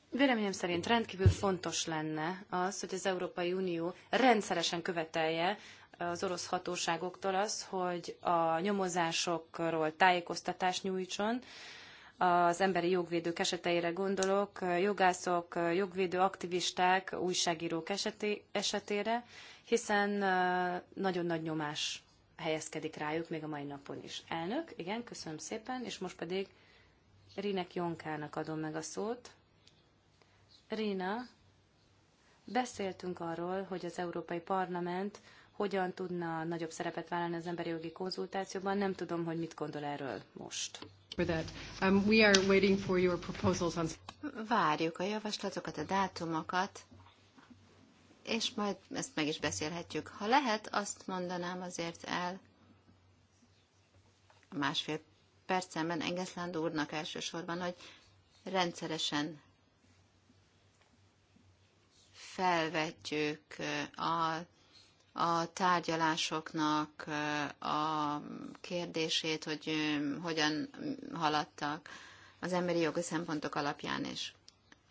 Véleményem szerint rendkívül fontos lenne az, hogy az Európai Unió rendszeresen követelje az orosz hatóságoktól az, hogy a nyomozásokról tájékoztatást nyújtson, az emberi jogvédők eseteire gondolok, jogászok, jogvédő aktivisták, újságírók esetére, hiszen nagyon nagy nyomás helyezkedik rájuk még a mai napon is. Elnök, igen, köszönöm szépen, és most pedig Rinek Jonkának adom meg a szót. Rina, beszéltünk arról, hogy az Európai Parlament hogyan tudna nagyobb szerepet vállalni az emberi jogi konzultációban. Nem tudom, hogy mit gondol erről most. Um, Várjuk a javaslatokat, a dátumokat és majd ezt meg is beszélhetjük. Ha lehet, azt mondanám azért el másfél percemben Engeszlánd úrnak elsősorban, hogy rendszeresen felvetjük a, a tárgyalásoknak a kérdését, hogy hogyan haladtak az emberi jogi szempontok alapján is.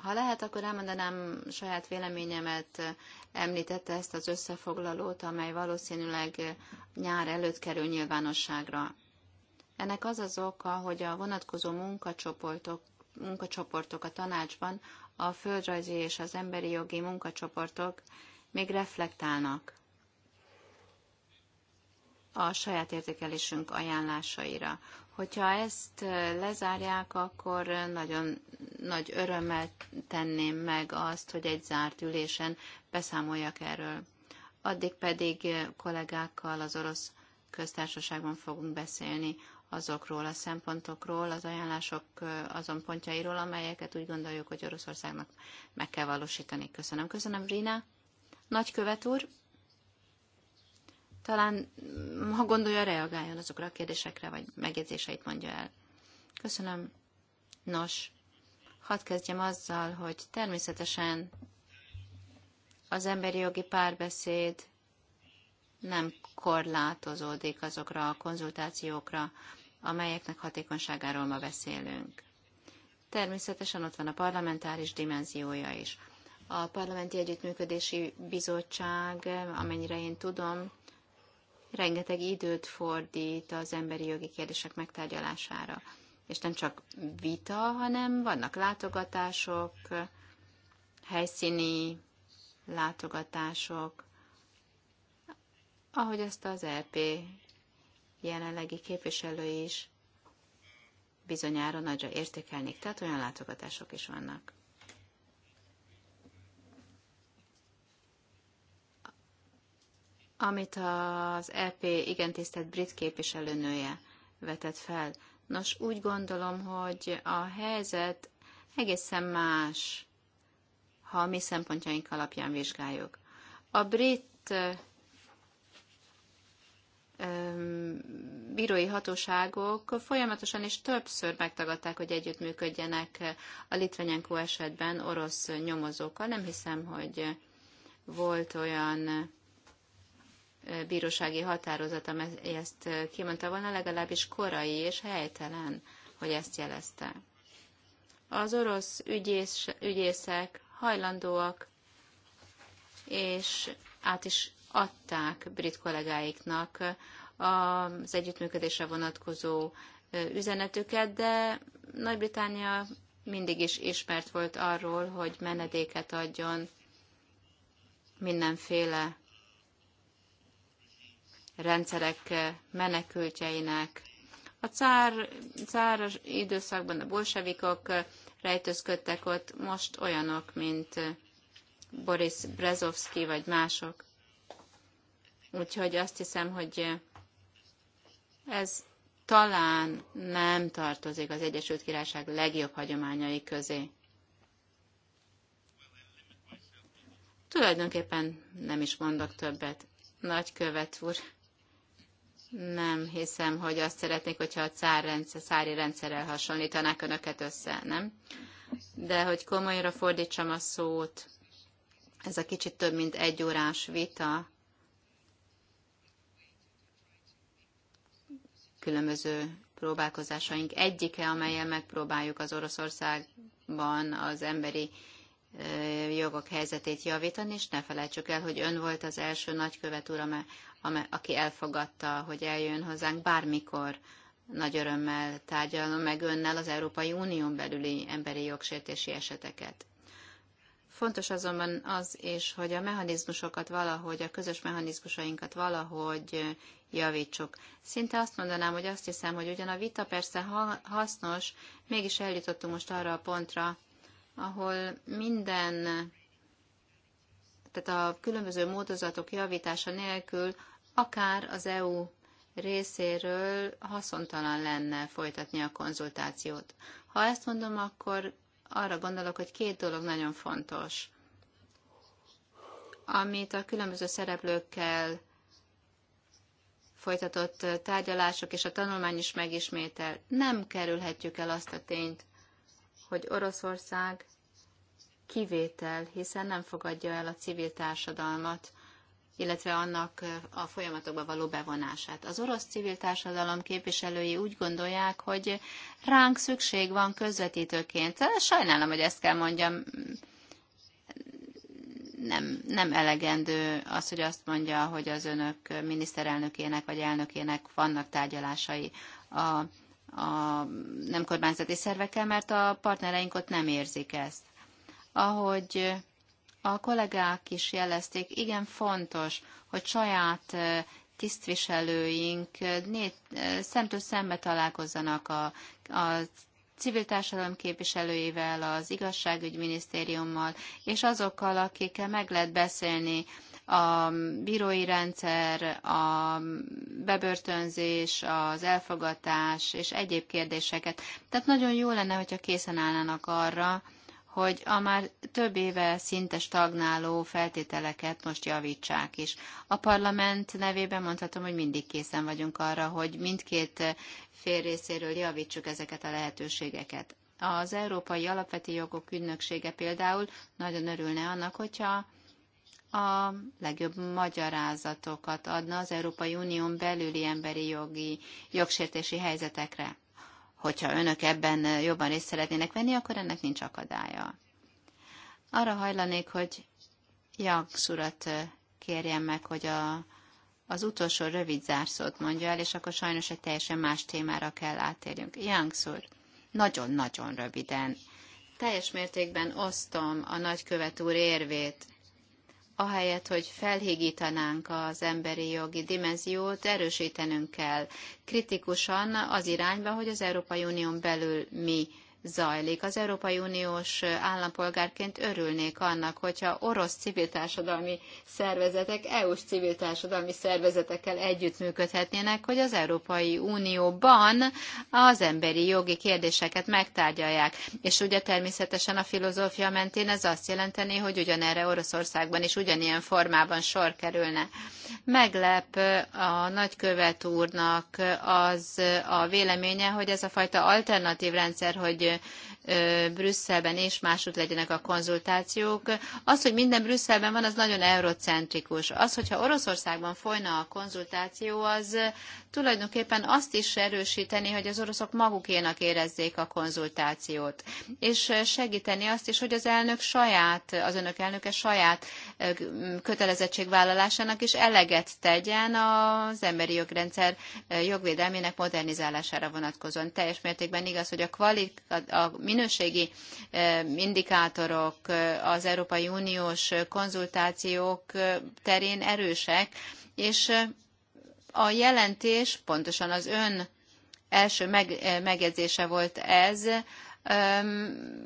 Ha lehet, akkor elmondanám saját véleményemet, említette ezt az összefoglalót, amely valószínűleg nyár előtt kerül nyilvánosságra. Ennek az az oka, hogy a vonatkozó munkacsoportok, munkacsoportok a tanácsban, a földrajzi és az emberi jogi munkacsoportok még reflektálnak a saját értékelésünk ajánlásaira. Hogyha ezt lezárják, akkor nagyon nagy örömmel tenném meg azt, hogy egy zárt ülésen beszámoljak erről. Addig pedig kollégákkal az orosz köztársaságban fogunk beszélni azokról a szempontokról, az ajánlások azon pontjairól, amelyeket úgy gondoljuk, hogy Oroszországnak meg kell valósítani. Köszönöm. Köszönöm, Rina. Nagykövet úr talán, ha gondolja, reagáljon azokra a kérdésekre, vagy megjegyzéseit mondja el. Köszönöm. Nos, hadd kezdjem azzal, hogy természetesen az emberi jogi párbeszéd nem korlátozódik azokra a konzultációkra, amelyeknek hatékonyságáról ma beszélünk. Természetesen ott van a parlamentáris dimenziója is. A Parlamenti Együttműködési Bizottság, amennyire én tudom, rengeteg időt fordít az emberi jogi kérdések megtárgyalására. És nem csak vita, hanem vannak látogatások, helyszíni látogatások, ahogy ezt az RP e jelenlegi képviselő is bizonyára nagyra értékelnék, tehát olyan látogatások is vannak. amit az EP igen tisztelt brit képviselőnője vetett fel. Nos, úgy gondolom, hogy a helyzet egészen más, ha a mi szempontjaink alapján vizsgáljuk. A brit bírói hatóságok folyamatosan és többször megtagadták, hogy együttműködjenek a Litvenyenko esetben orosz nyomozókkal. Nem hiszem, hogy volt olyan bírósági határozat, amely ezt kimondta volna, legalábbis korai és helytelen, hogy ezt jelezte. Az orosz ügyész, ügyészek hajlandóak, és át is adták brit kollégáiknak az együttműködésre vonatkozó üzenetüket, de Nagy-Britannia mindig is ismert volt arról, hogy menedéket adjon mindenféle rendszerek menekültjeinek. A cár, cár időszakban a bolsevikok rejtőzködtek ott, most olyanok, mint Boris Brezovski vagy mások. Úgyhogy azt hiszem, hogy ez talán nem tartozik az Egyesült Királyság legjobb hagyományai közé. Tulajdonképpen nem is mondok többet. követ úr. Nem hiszem, hogy azt szeretnék, hogyha a rendszer, szári rendszerrel hasonlítanák önöket össze, nem? De hogy komolyra fordítsam a szót, ez a kicsit több mint egy órás vita, különböző próbálkozásaink egyike, amelyen megpróbáljuk az Oroszországban az emberi jogok helyzetét javítani, és ne felejtsük el, hogy ön volt az első nagykövet úr, aki elfogadta, hogy eljön hozzánk bármikor. Nagy örömmel tárgyalom meg önnel az Európai Unión belüli emberi jogsértési eseteket. Fontos azonban az is, hogy a mechanizmusokat valahogy, a közös mechanizmusainkat valahogy javítsuk. Szinte azt mondanám, hogy azt hiszem, hogy ugyan a vita persze hasznos, mégis eljutottunk most arra a pontra, ahol minden, tehát a különböző módozatok javítása nélkül akár az EU részéről haszontalan lenne folytatni a konzultációt. Ha ezt mondom, akkor arra gondolok, hogy két dolog nagyon fontos, amit a különböző szereplőkkel folytatott tárgyalások és a tanulmány is megismétel. Nem kerülhetjük el azt a tényt, hogy Oroszország kivétel, hiszen nem fogadja el a civil társadalmat, illetve annak a folyamatokba való bevonását. Az orosz civil társadalom képviselői úgy gondolják, hogy ránk szükség van közvetítőként. Sajnálom, hogy ezt kell mondjam, nem, nem elegendő az, hogy azt mondja, hogy az önök miniszterelnökének vagy elnökének vannak tárgyalásai a a nem kormányzati szervekkel, mert a partnereink ott nem érzik ezt. Ahogy a kollégák is jelezték, igen fontos, hogy saját tisztviselőink szemtől szembe találkozzanak a, a civil társadalom képviselőivel, az igazságügyminisztériummal, és azokkal, akikkel meg lehet beszélni a bírói rendszer, a bebörtönzés, az elfogatás és egyéb kérdéseket. Tehát nagyon jó lenne, hogyha készen állnának arra, hogy a már több éve szinte stagnáló feltételeket most javítsák is. A parlament nevében mondhatom, hogy mindig készen vagyunk arra, hogy mindkét fél részéről javítsuk ezeket a lehetőségeket. Az Európai Alapvető Jogok Ügynöksége például nagyon örülne annak, hogyha a legjobb magyarázatokat adna az Európai Unión belüli emberi jogi jogsértési helyzetekre. Hogyha önök ebben jobban részt szeretnének venni, akkor ennek nincs akadálya. Arra hajlanék, hogy Jagsz urat kérjem meg, hogy a, az utolsó rövid zárszót mondja el, és akkor sajnos egy teljesen más témára kell átérjünk. Jagsz úr, nagyon-nagyon röviden. Teljes mértékben osztom a nagykövet úr érvét, ahelyett, hogy felhigítanánk az emberi jogi dimenziót, erősítenünk kell kritikusan az irányba, hogy az Európai Unión belül mi zajlik. Az Európai Uniós állampolgárként örülnék annak, hogyha orosz civil társadalmi szervezetek, EU-s civil társadalmi szervezetekkel együttműködhetnének, hogy az Európai Unióban az emberi jogi kérdéseket megtárgyalják. És ugye természetesen a filozófia mentén ez azt jelenteni, hogy ugyanerre Oroszországban is ugyanilyen formában sor kerülne. Meglep a nagykövet úrnak az a véleménye, hogy ez a fajta alternatív rendszer, hogy Brüsszelben és máshogy legyenek a konzultációk. Az, hogy minden Brüsszelben van, az nagyon eurocentrikus. Az, hogyha Oroszországban folyna a konzultáció, az tulajdonképpen azt is erősíteni, hogy az oroszok magukénak érezzék a konzultációt, és segíteni azt is, hogy az elnök saját, az önök elnöke saját kötelezettségvállalásának is eleget tegyen az emberi jogrendszer jogvédelmének modernizálására vonatkozóan. Teljes mértékben igaz, hogy a, kvali, a minőségi indikátorok az Európai Uniós konzultációk terén erősek, és a jelentés, pontosan az ön első meg, eh, megjegyzése volt ez,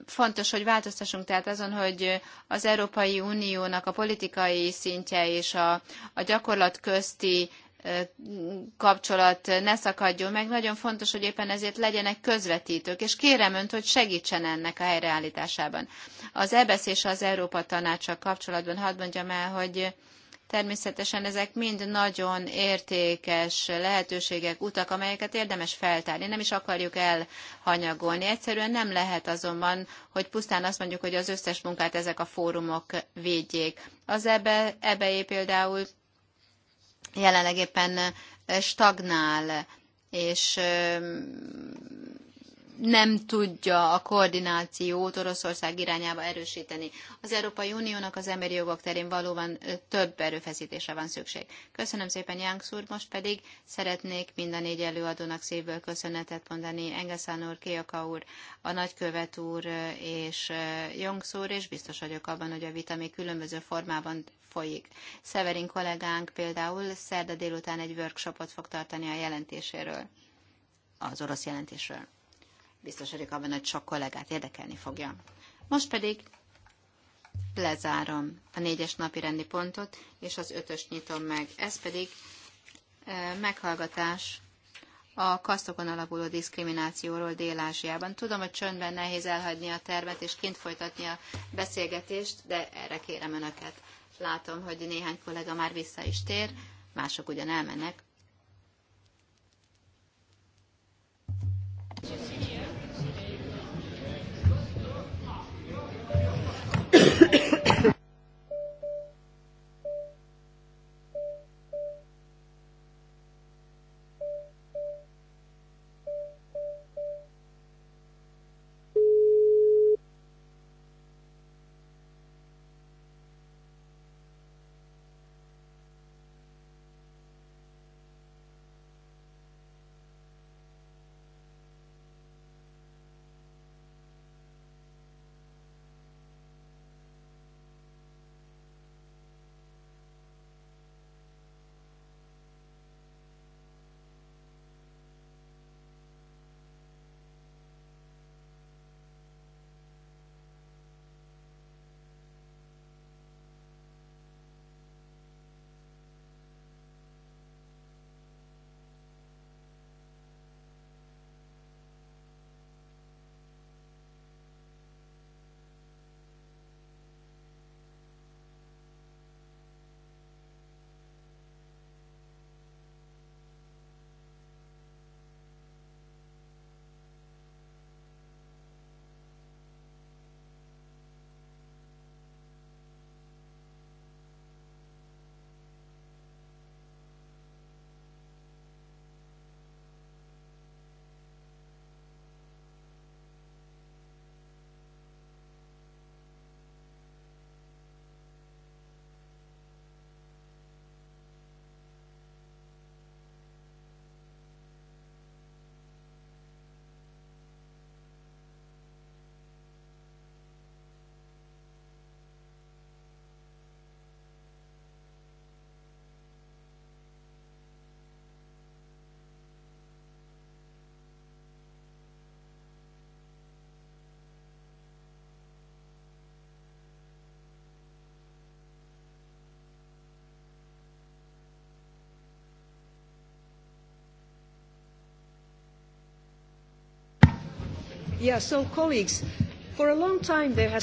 fontos, hogy változtassunk tehát azon, hogy az Európai Uniónak a politikai szintje és a, a gyakorlat közti eh, kapcsolat ne szakadjon meg. Nagyon fontos, hogy éppen ezért legyenek közvetítők, és kérem önt, hogy segítsen ennek a helyreállításában. Az EBSZ és az Európa Tanácsa kapcsolatban hadd mondjam el, hogy Természetesen ezek mind nagyon értékes lehetőségek, utak, amelyeket érdemes feltárni. Nem is akarjuk elhanyagolni. Egyszerűen nem lehet azonban, hogy pusztán azt mondjuk, hogy az összes munkát ezek a fórumok védjék. Az EBE, EBE például jelenleg éppen stagnál, és nem tudja a koordinációt Oroszország irányába erősíteni. Az Európai Uniónak az emberi jogok terén valóban több erőfeszítésre van szükség. Köszönöm szépen, Jánk úr, most pedig szeretnék mind a négy előadónak szívből köszönetet mondani, Engeszán úr, Kéjaka úr, a nagykövet úr és Jongsz úr, és biztos vagyok abban, hogy a vita még különböző formában folyik. Severin kollégánk például szerda délután egy workshopot fog tartani a jelentéséről, az orosz jelentésről. Biztos vagyok abban, hogy sok kollégát érdekelni fogja. Most pedig lezárom a négyes napi rendi pontot, és az ötös nyitom meg. Ez pedig e, meghallgatás a kasztokon alapuló diszkriminációról Dél-Ázsiában. Tudom, hogy csöndben nehéz elhagyni a termet és kint folytatni a beszélgetést, de erre kérem Önöket. Látom, hogy néhány kollega már vissza is tér, mások ugyan elmennek,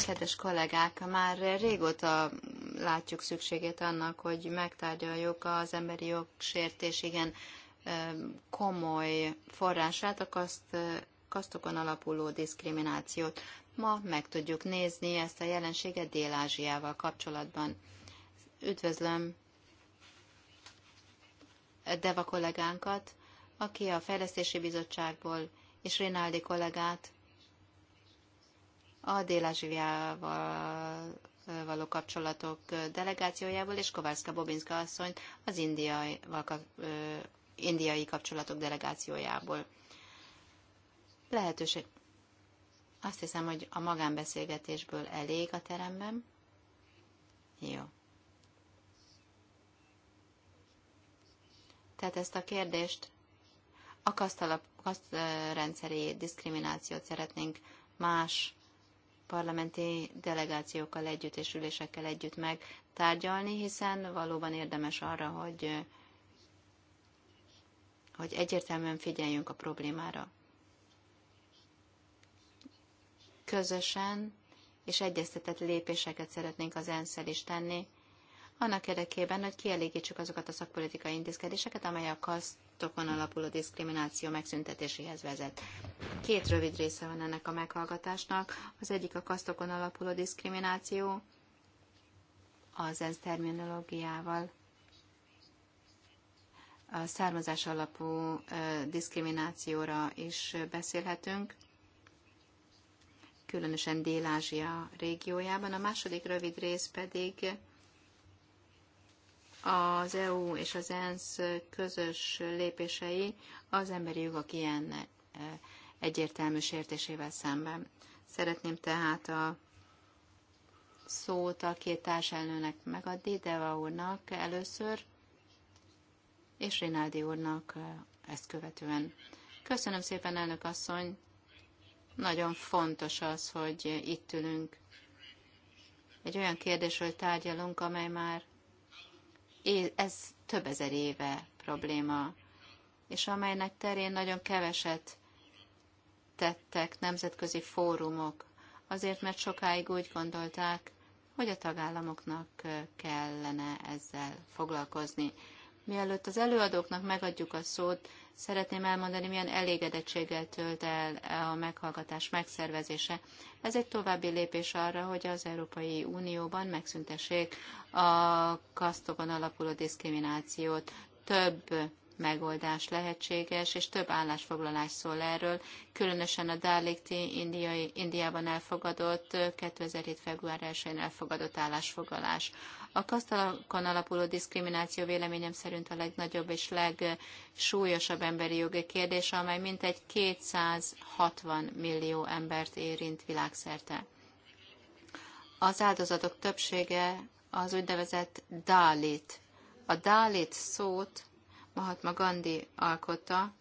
Kedves kollégák, már régóta látjuk szükségét annak, hogy megtárgyaljuk az emberi jogsértés igen komoly forrását, a kaszt, kasztokon alapuló diszkriminációt. Ma meg tudjuk nézni ezt a jelenséget Dél-Ázsiával kapcsolatban. Üdvözlöm Deva kollégánkat, aki a Fejlesztési Bizottságból, és Rinaldi kollégát, a dél való kapcsolatok delegációjából, és Kovácska Bobinska asszony az indiai, indiai kapcsolatok delegációjából. Lehetőség. Azt hiszem, hogy a magánbeszélgetésből elég a teremben. Jó. Tehát ezt a kérdést a kasztalap, kaszt rendszeri diszkriminációt szeretnénk más parlamenti delegációkkal együtt és ülésekkel együtt megtárgyalni, hiszen valóban érdemes arra, hogy, hogy egyértelműen figyeljünk a problémára. Közösen és egyeztetett lépéseket szeretnénk az ensz is tenni, annak érdekében, hogy kielégítsük azokat a szakpolitikai intézkedéseket, amely a kasztokon alapuló diszkrimináció megszüntetéséhez vezet. Két rövid része van ennek a meghallgatásnak. Az egyik a kasztokon alapuló diszkrimináció, az ENSZ terminológiával a származás alapú diszkriminációra is beszélhetünk, különösen Dél-Ázsia régiójában. A második rövid rész pedig az EU és az ENSZ közös lépései az emberi jogok ilyen e, egyértelmű sértésével szemben. Szeretném tehát a szót a két társelnőnek megadni, Deva úrnak először, és Rinaldi úrnak e, ezt követően. Köszönöm szépen, elnök asszony! Nagyon fontos az, hogy itt ülünk. Egy olyan kérdésről tárgyalunk, amely már ez több ezer éve probléma, és amelynek terén nagyon keveset tettek nemzetközi fórumok, azért mert sokáig úgy gondolták, hogy a tagállamoknak kellene ezzel foglalkozni. Mielőtt az előadóknak megadjuk a szót, szeretném elmondani, milyen elégedettséggel tölt el a meghallgatás megszervezése. Ez egy további lépés arra, hogy az Európai Unióban megszüntessék a kasztokon alapuló diszkriminációt. Több megoldás lehetséges, és több állásfoglalás szól erről, különösen a Dálikti indiai, Indiában elfogadott, 2007. február 1-én elfogadott állásfoglalás. A kasztalakon alapuló diszkrimináció véleményem szerint a legnagyobb és legsúlyosabb emberi jogi kérdés, amely mintegy 260 millió embert érint világszerte. Az áldozatok többsége az úgynevezett Dalit. A Dalit szót Mahatma Gandhi alkotta,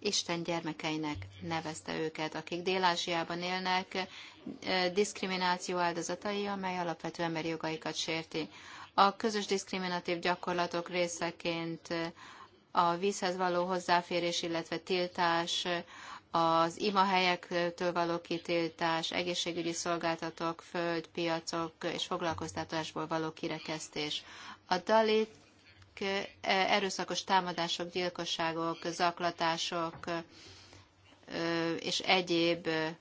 Isten gyermekeinek nevezte őket, akik Dél-Ázsiában élnek, eh, diszkrimináció áldozatai, amely alapvető emberi jogaikat sérti. A közös diszkriminatív gyakorlatok részeként eh, a vízhez való hozzáférés, illetve tiltás, eh, az imahelyektől való kitiltás, egészségügyi szolgáltatók, föld, piacok és foglalkoztatásból való kirekesztés. A dalit Eh, erőszakos támadások, gyilkosságok, zaklatások eh, és egyéb eh,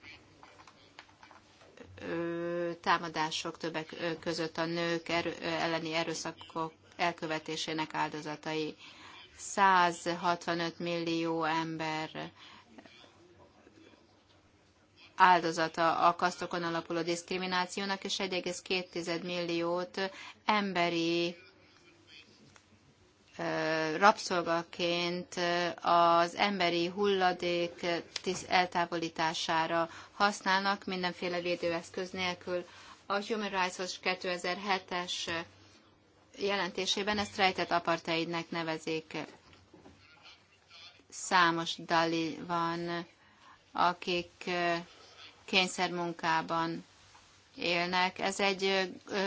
támadások többek között a nők elleni erőszakok elkövetésének áldozatai. 165 millió ember áldozata a kasztokon alapuló diszkriminációnak, és 1,2 milliót emberi rabszolgaként az emberi hulladék eltávolítására használnak mindenféle védőeszköz nélkül. A Human Rights Watch 2007-es jelentésében ezt rejtett apartheidnek nevezik. Számos dali van, akik kényszermunkában élnek. Ez egy ö,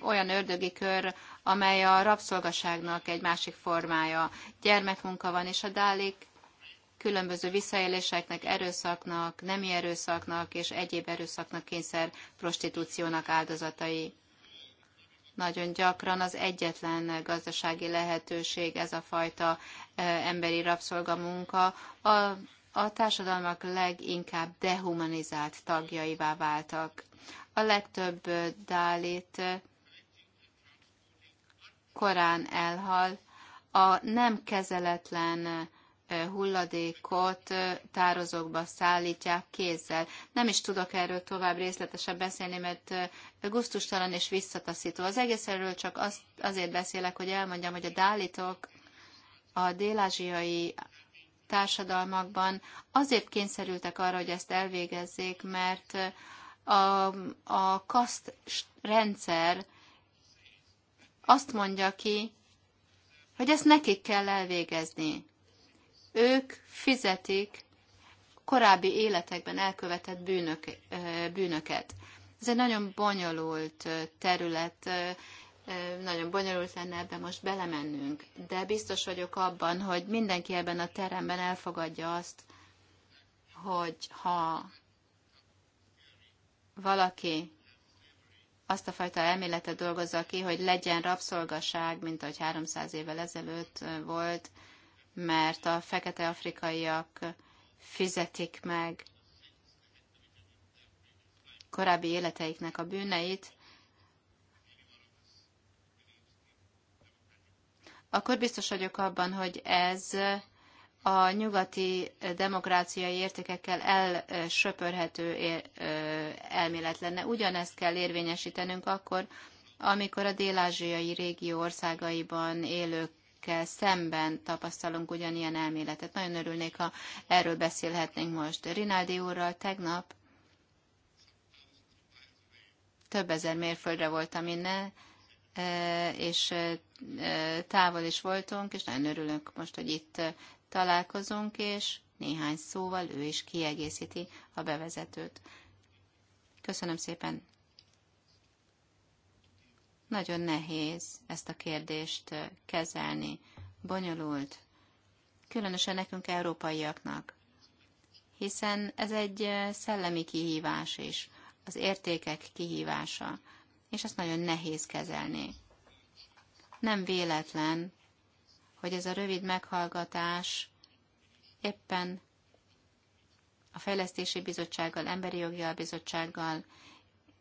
olyan ördögi kör, amely a rabszolgaságnak egy másik formája. Gyermekmunka van, és a dálik különböző visszaéléseknek, erőszaknak, nemi erőszaknak és egyéb erőszaknak, kényszer prostitúciónak áldozatai. Nagyon gyakran az egyetlen gazdasági lehetőség ez a fajta emberi rabszolgamunka. A a társadalmak leginkább dehumanizált tagjaivá váltak. A legtöbb dálit korán elhal, a nem kezeletlen hulladékot tározókba szállítják kézzel. Nem is tudok erről tovább részletesen beszélni, mert guztustalan és visszataszító. Az egész erről csak azt, azért beszélek, hogy elmondjam, hogy a dálitok a dél-ázsiai társadalmakban azért kényszerültek arra, hogy ezt elvégezzék, mert a, a kaszt rendszer azt mondja ki, hogy ezt nekik kell elvégezni. Ők fizetik korábbi életekben elkövetett bűnök, bűnöket. Ez egy nagyon bonyolult terület, nagyon bonyolult lenne ebbe most belemennünk, de biztos vagyok abban, hogy mindenki ebben a teremben elfogadja azt, hogy ha valaki azt a fajta elméletet dolgozza ki, hogy legyen rabszolgaság, mint ahogy 300 évvel ezelőtt volt, mert a fekete afrikaiak fizetik meg korábbi életeiknek a bűneit, akkor biztos vagyok abban, hogy ez a nyugati demokráciai értékekkel elsöpörhető elmélet lenne. Ugyanezt kell érvényesítenünk akkor, amikor a dél-ázsiai régió országaiban élőkkel szemben tapasztalunk ugyanilyen elméletet. Nagyon örülnék, ha erről beszélhetnénk most. Rinaldi úrral tegnap több ezer mérföldre voltam innen, és távol is voltunk, és nagyon örülök most, hogy itt találkozunk, és néhány szóval ő is kiegészíti a bevezetőt. Köszönöm szépen! Nagyon nehéz ezt a kérdést kezelni, bonyolult, különösen nekünk európaiaknak, hiszen ez egy szellemi kihívás is, az értékek kihívása és ezt nagyon nehéz kezelni. Nem véletlen, hogy ez a rövid meghallgatás éppen a Fejlesztési Bizottsággal, Emberi Jogi Bizottsággal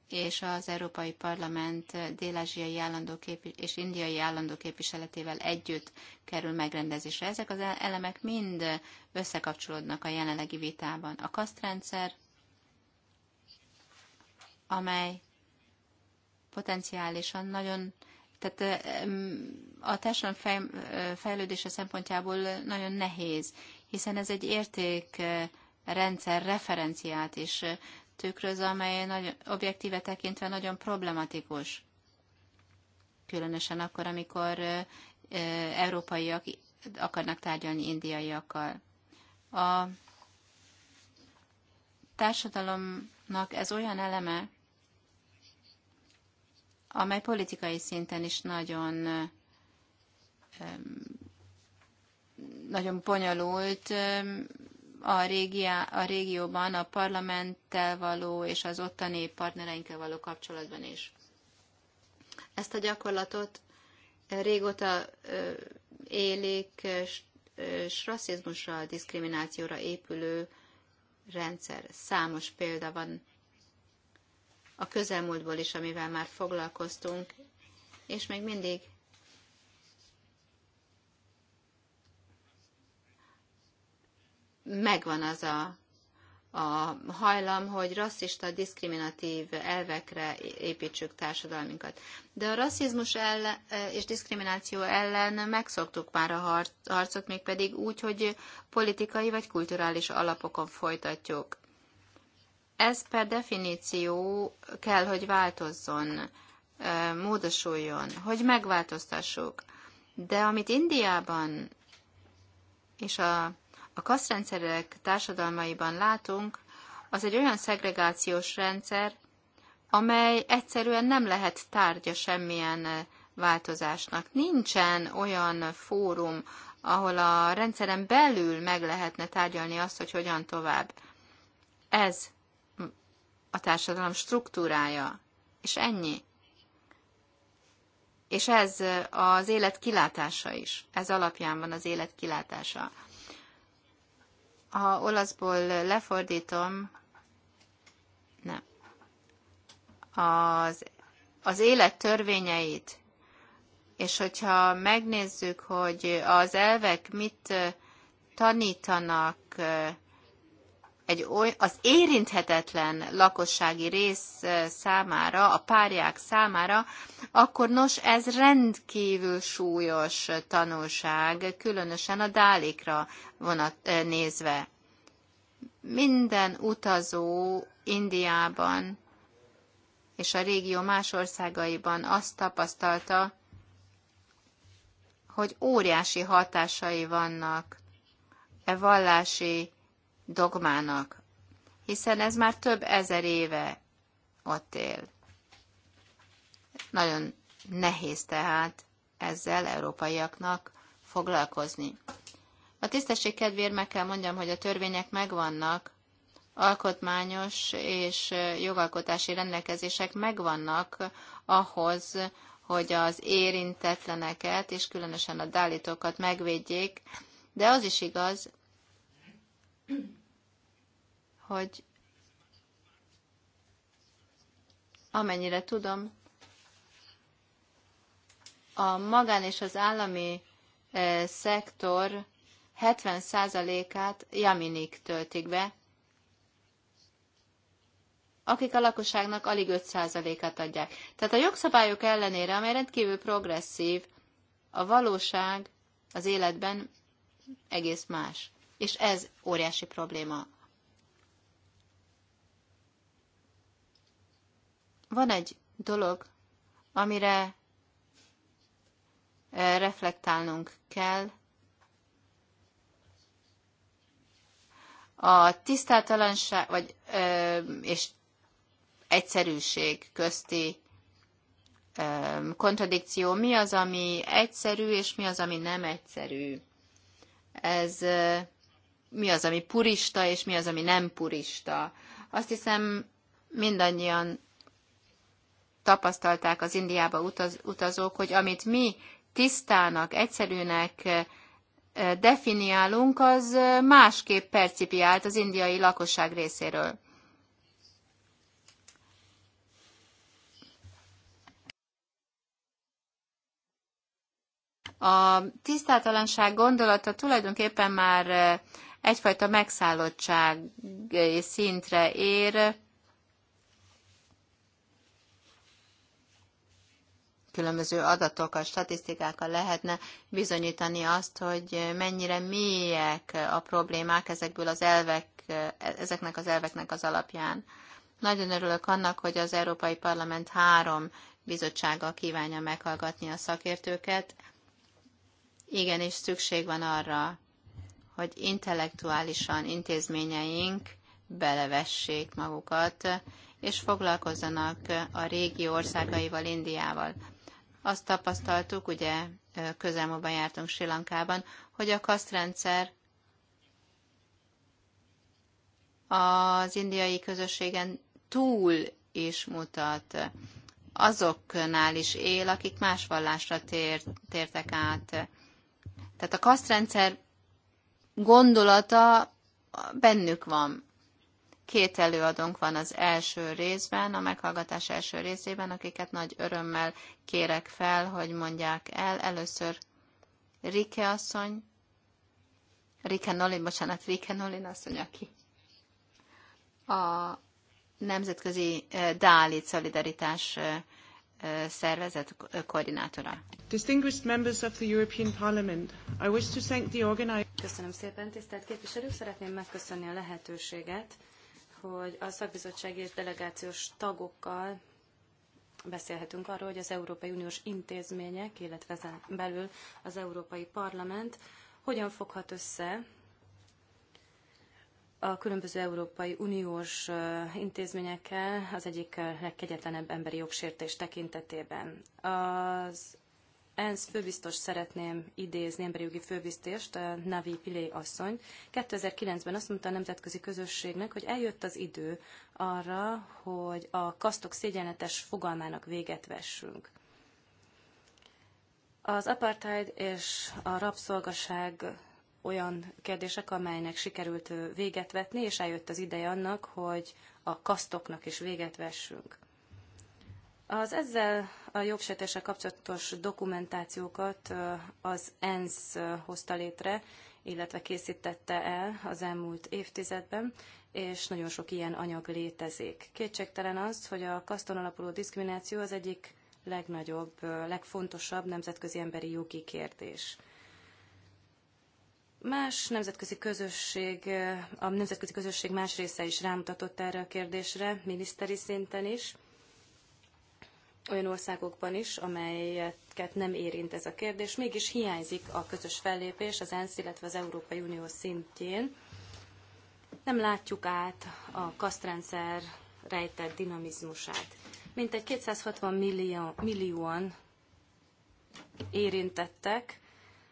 és az Európai Parlament dél-ázsiai állandó és indiai állandó képviseletével együtt kerül megrendezésre. Ezek az elemek mind összekapcsolódnak a jelenlegi vitában. A kasztrendszer, amely potenciálisan nagyon, tehát a társadalom fej, fejlődése szempontjából nagyon nehéz, hiszen ez egy értékrendszer referenciát is tükröz, amely nagyon, objektíve tekintve nagyon problematikus. Különösen akkor, amikor európaiak akarnak tárgyalni indiaiakkal. A társadalomnak ez olyan eleme, amely politikai szinten is nagyon nagyon bonyolult a, régiá, a régióban a parlamenttel való és az ottani partnereinkkel való kapcsolatban is. Ezt a gyakorlatot régóta élik és rasszizmusra, diszkriminációra épülő rendszer. Számos példa van a közelmúltból is, amivel már foglalkoztunk, és még mindig megvan az a, a hajlam, hogy rasszista, diszkriminatív elvekre építsük társadalminkat. De a rasszizmus ellen, e, és diszkrimináció ellen megszoktuk már a harcot, mégpedig úgy, hogy politikai vagy kulturális alapokon folytatjuk. Ez per definíció kell, hogy változzon, módosuljon, hogy megváltoztassuk. De amit Indiában és a, a kaszrendszerek társadalmaiban látunk, az egy olyan szegregációs rendszer, amely egyszerűen nem lehet tárgya semmilyen változásnak. Nincsen olyan fórum, ahol a rendszeren belül meg lehetne tárgyalni azt, hogy hogyan tovább. Ez a társadalom struktúrája, és ennyi. És ez az élet kilátása is. Ez alapján van az élet kilátása. Ha olaszból lefordítom, nem. Az, az élet törvényeit, és hogyha megnézzük, hogy az elvek mit tanítanak, egy oly, az érinthetetlen lakossági rész számára, a párják számára, akkor nos, ez rendkívül súlyos tanulság, különösen a dálékra vonat, nézve. Minden utazó Indiában és a régió más országaiban azt tapasztalta, hogy óriási hatásai vannak e vallási dogmának, hiszen ez már több ezer éve ott él. Nagyon nehéz tehát ezzel európaiaknak foglalkozni. A tisztesség kedvéért meg kell mondjam, hogy a törvények megvannak, alkotmányos és jogalkotási rendelkezések megvannak ahhoz, hogy az érintetleneket, és különösen a dálítókat megvédjék, de az is igaz, hogy amennyire tudom, a magán és az állami e, szektor 70%-át jaminik töltik be, akik a lakosságnak alig 5%-át adják. Tehát a jogszabályok ellenére, amely rendkívül progresszív, a valóság az életben egész más és ez óriási probléma. Van egy dolog, amire eh, reflektálnunk kell. A tisztátalanság vagy, ö, eh, és egyszerűség közti ö, eh, kontradikció, mi az, ami egyszerű, és mi az, ami nem egyszerű. Ez mi az, ami purista, és mi az, ami nem purista. Azt hiszem, mindannyian tapasztalták az Indiába utaz, utazók, hogy amit mi tisztának, egyszerűnek definiálunk, az másképp percipiált az indiai lakosság részéről. A tisztátalanság gondolata tulajdonképpen már egyfajta megszállottság eh, szintre ér, különböző adatokkal, statisztikákkal lehetne bizonyítani azt, hogy mennyire mélyek a problémák ezekből az elvek, eh, ezeknek az elveknek az alapján. Nagyon örülök annak, hogy az Európai Parlament három bizottsága kívánja meghallgatni a szakértőket. Igenis szükség van arra, hogy intellektuálisan intézményeink belevessék magukat, és foglalkozzanak a régi országaival, Indiával. Azt tapasztaltuk, ugye közelmúlban jártunk Sri Lankában, hogy a kasztrendszer az indiai közösségen túl is mutat. Azoknál is él, akik más vallásra tért, tértek át. Tehát a kasztrendszer gondolata bennük van. Két előadónk van az első részben, a meghallgatás első részében, akiket nagy örömmel kérek fel, hogy mondják el. Először Rike asszony, Rike Nolin, bocsánat, Rike Nolin asszony, aki a Nemzetközi eh, Dálit Szolidaritás eh, szervezet koordinátora. Distinguished members of the European Parliament, I wish to thank the organizer... Köszönöm szépen, tisztelt képviselők! Szeretném megköszönni a lehetőséget, hogy a szakbizottság és delegációs tagokkal beszélhetünk arról, hogy az Európai Uniós intézmények, illetve belül az Európai Parlament hogyan foghat össze a különböző Európai Uniós intézményekkel az egyik legkegyetlenebb emberi jogsértés tekintetében. Az ENSZ főbiztos szeretném idézni, emberi jogi főbiztést, Navi Pilé asszony. 2009-ben azt mondta a nemzetközi közösségnek, hogy eljött az idő arra, hogy a kasztok szégyenletes fogalmának véget vessünk. Az apartheid és a rabszolgaság olyan kérdések, amelynek sikerült véget vetni, és eljött az ideje annak, hogy a kasztoknak is véget vessünk. Az ezzel a jogsértéssel kapcsolatos dokumentációkat az ENSZ hozta létre, illetve készítette el az elmúlt évtizedben, és nagyon sok ilyen anyag létezik. Kétségtelen az, hogy a kaszton alapuló diszkrimináció az egyik legnagyobb, legfontosabb nemzetközi emberi jogi kérdés. Más nemzetközi közösség, a nemzetközi közösség más része is rámutatott erre a kérdésre, miniszteri szinten is, olyan országokban is, amelyeket nem érint ez a kérdés, mégis hiányzik a közös fellépés az ENSZ, illetve az Európai Unió szintjén. Nem látjuk át a kasztrendszer rejtett dinamizmusát. Mintegy 260 millió, millióan érintettek,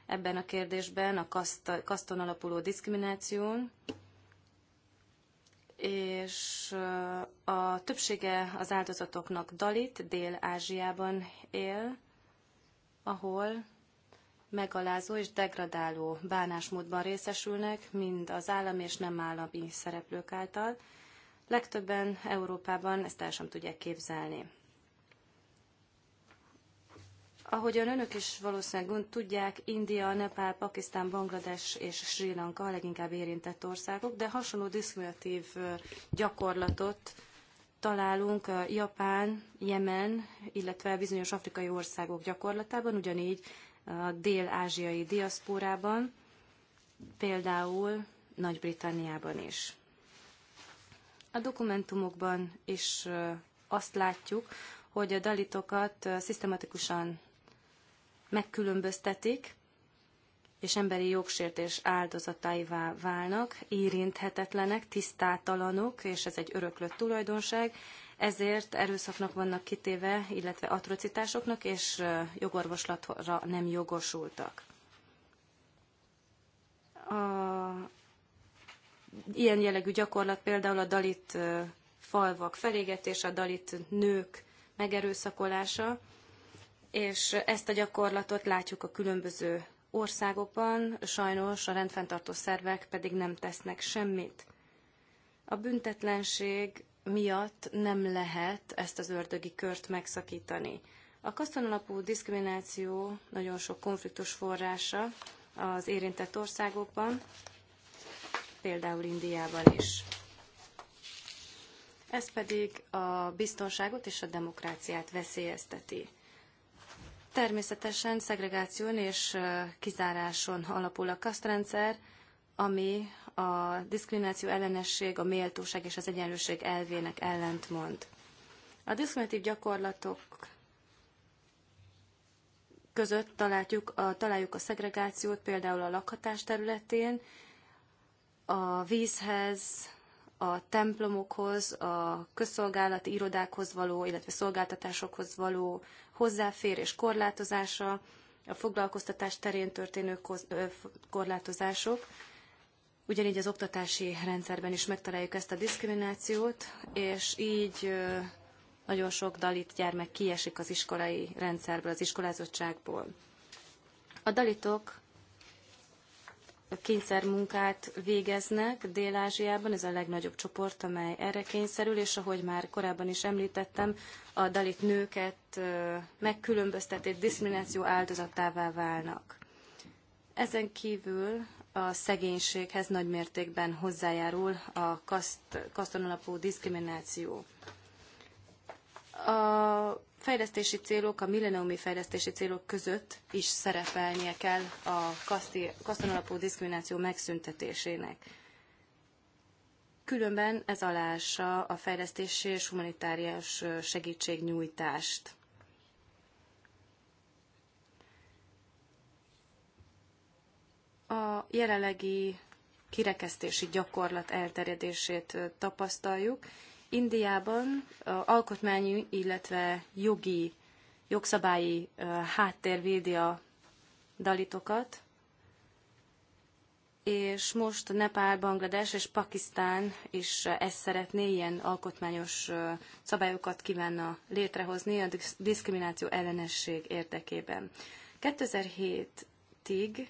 ebben a kérdésben, a kaszt, kaszton alapuló diszkrimináción, és a többsége az áldozatoknak Dalit, Dél-Ázsiában él, ahol megalázó és degradáló bánásmódban részesülnek, mind az állami és nem állami szereplők által. Legtöbben Európában ezt el sem tudják képzelni. Ahogyan önök is valószínűleg tudják, India, Nepál, Pakisztán, Banglades és Sri Lanka a leginkább érintett országok, de hasonló diszkriminatív gyakorlatot találunk Japán, Jemen, illetve bizonyos afrikai országok gyakorlatában, ugyanígy a dél-ázsiai diaszpórában, például Nagy-Britanniában is. A dokumentumokban is azt látjuk, hogy a dalitokat szisztematikusan megkülönböztetik, és emberi jogsértés áldozataivá válnak, érinthetetlenek, tisztátalanok, és ez egy öröklött tulajdonság, ezért erőszaknak vannak kitéve, illetve atrocitásoknak, és jogorvoslatra nem jogosultak. A ilyen jellegű gyakorlat például a dalit falvak felégetése, a dalit nők megerőszakolása, és ezt a gyakorlatot látjuk a különböző országokban, sajnos a rendfenntartó szervek pedig nem tesznek semmit. A büntetlenség miatt nem lehet ezt az ördögi kört megszakítani. A kasztanalapú diszkrimináció nagyon sok konfliktus forrása az érintett országokban, például Indiában is. Ez pedig a biztonságot és a demokráciát veszélyezteti. Természetesen szegregáción és kizáráson alapul a kasztrendszer, ami a diszkrimináció ellenesség, a méltóság és az egyenlőség elvének ellentmond. A diszkriminatív gyakorlatok között találjuk a, találjuk a szegregációt például a lakhatás területén, a vízhez, a templomokhoz, a közszolgálati irodákhoz való, illetve szolgáltatásokhoz való hozzáférés korlátozása, a foglalkoztatás terén történő korlátozások. Ugyanígy az oktatási rendszerben is megtaláljuk ezt a diszkriminációt, és így nagyon sok dalit gyermek kiesik az iskolai rendszerből, az iskolázottságból. A dalitok kényszermunkát végeznek Dél-Ázsiában, ez a legnagyobb csoport, amely erre kényszerül, és ahogy már korábban is említettem, a dalit nőket megkülönböztetett diszkrimináció áldozatává válnak. Ezen kívül a szegénységhez nagy mértékben hozzájárul a kaszt, kaszton alapú diszkrimináció. A fejlesztési célok, a milleniumi fejlesztési célok között is szerepelnie kell a alapú diszkrimináció megszüntetésének. Különben ez alása a fejlesztési és humanitárius segítségnyújtást. A jelenlegi kirekesztési gyakorlat elterjedését tapasztaljuk, Indiában alkotmányi, illetve jogi, jogszabályi háttér védi a dalitokat, és most Nepál, Banglades és Pakisztán is ezt szeretné, ilyen alkotmányos szabályokat kívánna létrehozni a diszkrimináció ellenesség érdekében. 2007-ig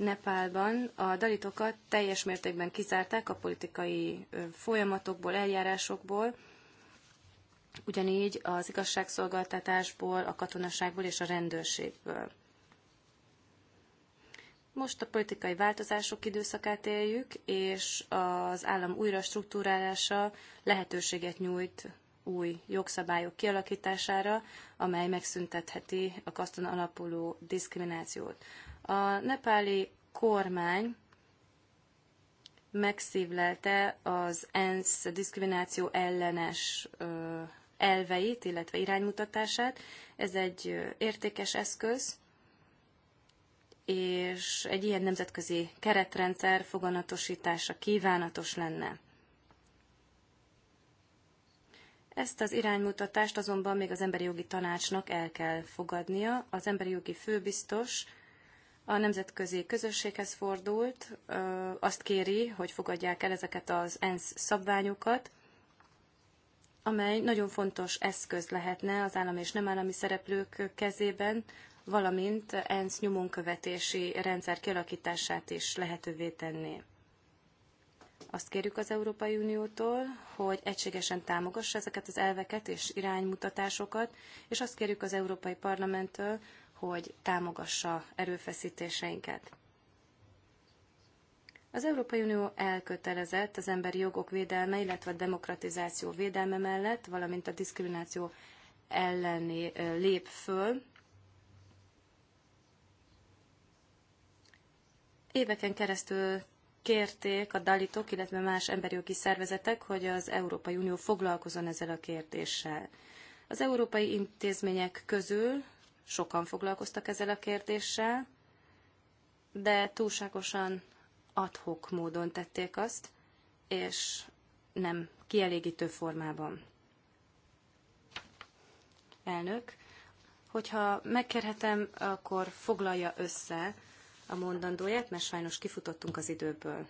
Nepálban a dalitokat teljes mértékben kizárták a politikai folyamatokból, eljárásokból, ugyanígy az igazságszolgáltatásból, a katonaságból és a rendőrségből. Most a politikai változások időszakát éljük, és az állam újra struktúrálása lehetőséget nyújt új jogszabályok kialakítására, amely megszüntetheti a kaszton alapuló diszkriminációt. A nepáli kormány megszívlelte az ENSZ diszkrimináció ellenes elveit, illetve iránymutatását. Ez egy értékes eszköz, és egy ilyen nemzetközi keretrendszer foganatosítása kívánatos lenne. Ezt az iránymutatást azonban még az emberi jogi tanácsnak el kell fogadnia. Az emberi jogi főbiztos a nemzetközi közösséghez fordult, azt kéri, hogy fogadják el ezeket az ENSZ szabványokat, amely nagyon fontos eszköz lehetne az állami és nem állami szereplők kezében, valamint ENSZ nyomonkövetési rendszer kialakítását is lehetővé tenné. Azt kérjük az Európai Uniótól, hogy egységesen támogassa ezeket az elveket és iránymutatásokat, és azt kérjük az Európai Parlamenttől, hogy támogassa erőfeszítéseinket. Az Európai Unió elkötelezett az emberi jogok védelme, illetve a demokratizáció védelme mellett, valamint a diszkrimináció elleni lép föl. Éveken keresztül kérték a dalitok, illetve más emberi jogi szervezetek, hogy az Európai Unió foglalkozon ezzel a kérdéssel. Az európai intézmények közül sokan foglalkoztak ezzel a kérdéssel, de túlságosan adhok módon tették azt, és nem kielégítő formában. Elnök, hogyha megkérhetem, akkor foglalja össze a mondandóját, mert sajnos kifutottunk az időből.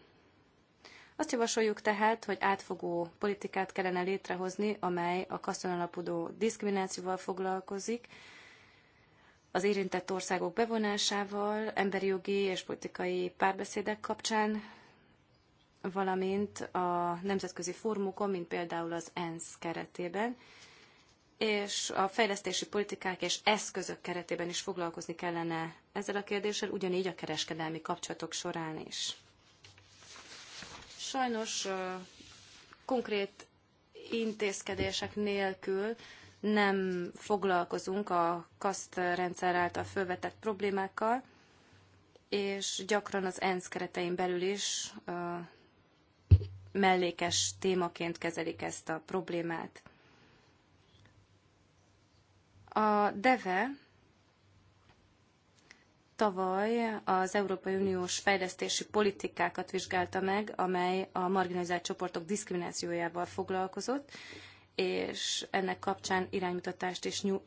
Azt javasoljuk tehát, hogy átfogó politikát kellene létrehozni, amely a kaszton diszkriminációval foglalkozik, az érintett országok bevonásával, emberi jogi és politikai párbeszédek kapcsán, valamint a nemzetközi fórumokon, mint például az ENSZ keretében, és a fejlesztési politikák és eszközök keretében is foglalkozni kellene ezzel a kérdéssel, ugyanígy a kereskedelmi kapcsolatok során is. Sajnos konkrét intézkedések nélkül nem foglalkozunk a kaszt rendszer által felvetett problémákkal, és gyakran az ENSZ keretein belül is uh, mellékes témaként kezelik ezt a problémát. A DEVE tavaly az Európai Uniós fejlesztési politikákat vizsgálta meg, amely a marginalizált csoportok diszkriminációjával foglalkozott, és ennek kapcsán iránymutatást is nyú,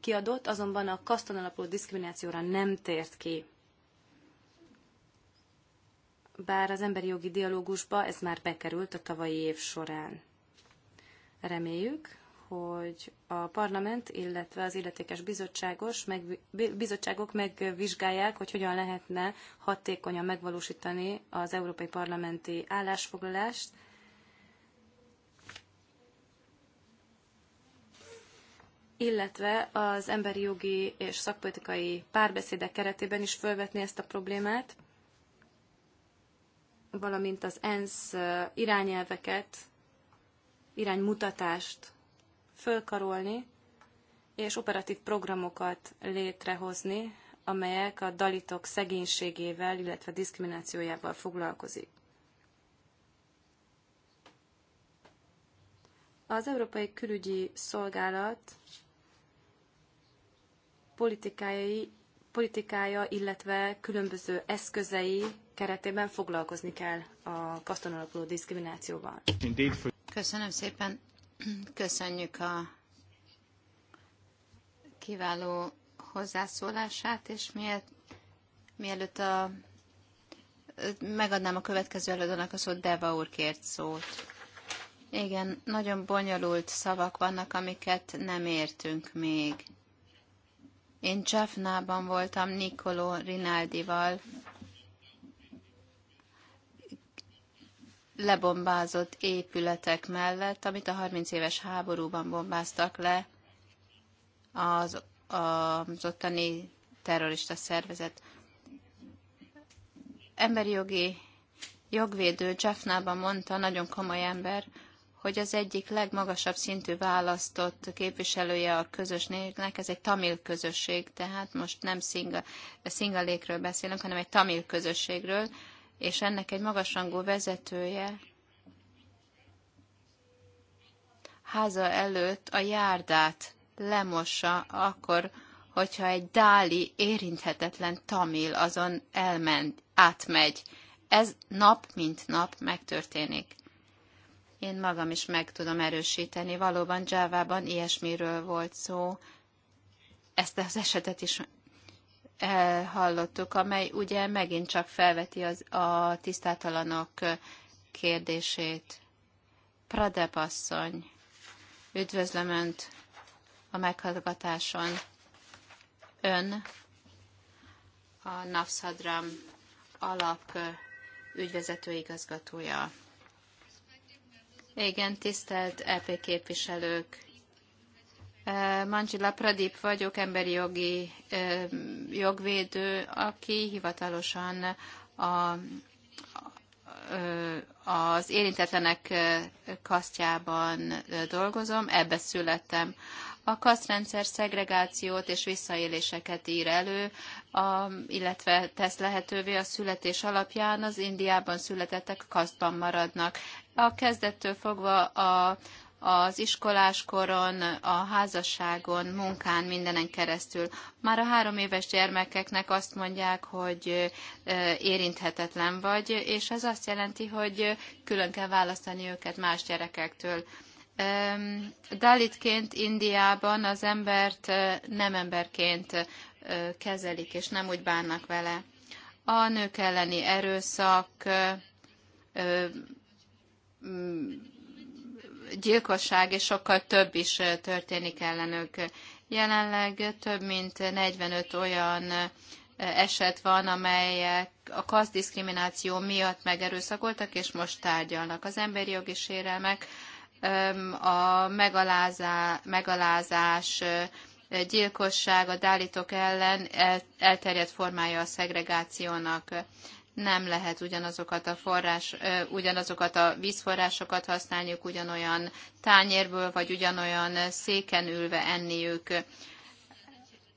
kiadott, azonban a kaszton alapuló diszkriminációra nem tért ki. Bár az emberi jogi dialógusba ez már bekerült a tavalyi év során. Reméljük, hogy a parlament, illetve az illetékes bizottságos, meg, bizottságok megvizsgálják, hogy hogyan lehetne hatékonyan megvalósítani az Európai Parlamenti állásfoglalást, illetve az emberi jogi és szakpolitikai párbeszédek keretében is felvetni ezt a problémát, valamint az ENSZ irányelveket, iránymutatást fölkarolni, és operatív programokat létrehozni, amelyek a dalitok szegénységével, illetve diszkriminációjával foglalkozik. Az Európai Külügyi Szolgálat politikai politikája, illetve különböző eszközei keretében foglalkozni kell a kaszton alapuló diszkriminációval. Köszönöm szépen. Köszönjük a kiváló hozzászólását, és miért, mielőtt a, megadnám a következő előadónak a szót, Deva úr kért szót. Igen, nagyon bonyolult szavak vannak, amiket nem értünk még. Én Csafnában voltam Nikoló Rinaldival, lebombázott épületek mellett, amit a 30 éves háborúban bombáztak le az, az ottani terrorista szervezet. Emberi jogi jogvédő Jaffnában mondta, nagyon komoly ember, hogy az egyik legmagasabb szintű választott képviselője a közös népnek, ez egy tamil közösség, tehát most nem szinga, szingalékről beszélünk, hanem egy tamil közösségről, és ennek egy magasrangú vezetője háza előtt a járdát lemossa akkor, hogyha egy dáli érinthetetlen tamil azon elment, átmegy. Ez nap mint nap megtörténik. Én magam is meg tudom erősíteni. Valóban Java-ban ilyesmiről volt szó. Ezt az esetet is hallottuk, amely ugye megint csak felveti az, a tisztátalanok kérdését. Pradeb asszony, üdvözlöm Önt a meghallgatáson. Ön a nafsadram alap ügyvezető igazgatója. Igen, tisztelt EP képviselők. Manjila Pradip vagyok, emberi jogi jogvédő, aki hivatalosan a, az érintetlenek kasztjában dolgozom, ebbe születtem. A kaszrendszer szegregációt és visszaéléseket ír elő, a, illetve tesz lehetővé a születés alapján az Indiában születettek kasztban maradnak. A kezdettől fogva a az iskoláskoron, a házasságon, munkán, mindenen keresztül. Már a három éves gyermekeknek azt mondják, hogy érinthetetlen vagy, és ez azt jelenti, hogy külön kell választani őket más gyerekektől. Dalitként Indiában az embert nem emberként kezelik, és nem úgy bánnak vele. A nők elleni erőszak, mm, gyilkosság, és sokkal több is történik ellenük. Jelenleg több mint 45 olyan eset van, amelyek a kaszdiszkrimináció miatt megerőszakoltak, és most tárgyalnak. Az emberi jogi sérelmek a megalázá, megalázás, gyilkosság a dálítok ellen elterjedt formája a szegregációnak. Nem lehet ugyanazokat a, forrás, ugyanazokat a vízforrásokat használniuk, ugyanolyan tányérből, vagy ugyanolyan széken ülve enniük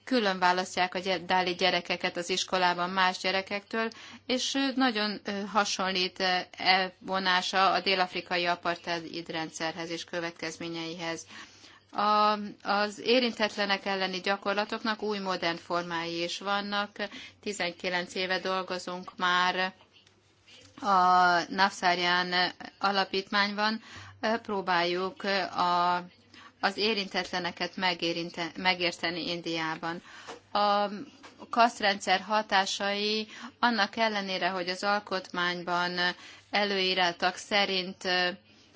külön választják a dáli gyerekeket az iskolában más gyerekektől, és nagyon hasonlít e vonása a dél-afrikai apartheid rendszerhez és következményeihez. A, az érintetlenek elleni gyakorlatoknak új modern formái is vannak. 19 éve dolgozunk már a Nafszárján alapítványban, próbáljuk a az érintetleneket megérteni Indiában. A kasztrendszer hatásai annak ellenére, hogy az alkotmányban előírtak szerint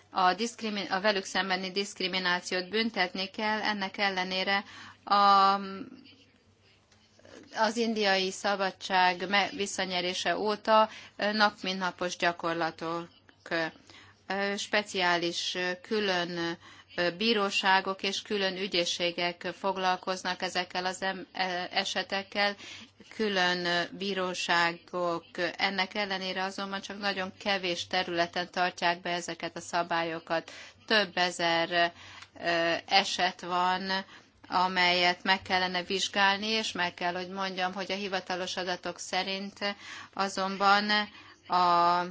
a, diszkrimi- a velük szembeni diszkriminációt büntetni kell, ennek ellenére a, az indiai szabadság visszanyerése óta nap mint napos gyakorlatok speciális külön bíróságok és külön ügyészségek foglalkoznak ezekkel az e, esetekkel, külön bíróságok. Ennek ellenére azonban csak nagyon kevés területen tartják be ezeket a szabályokat. Több ezer eset van, amelyet meg kellene vizsgálni, és meg kell, hogy mondjam, hogy a hivatalos adatok szerint azonban a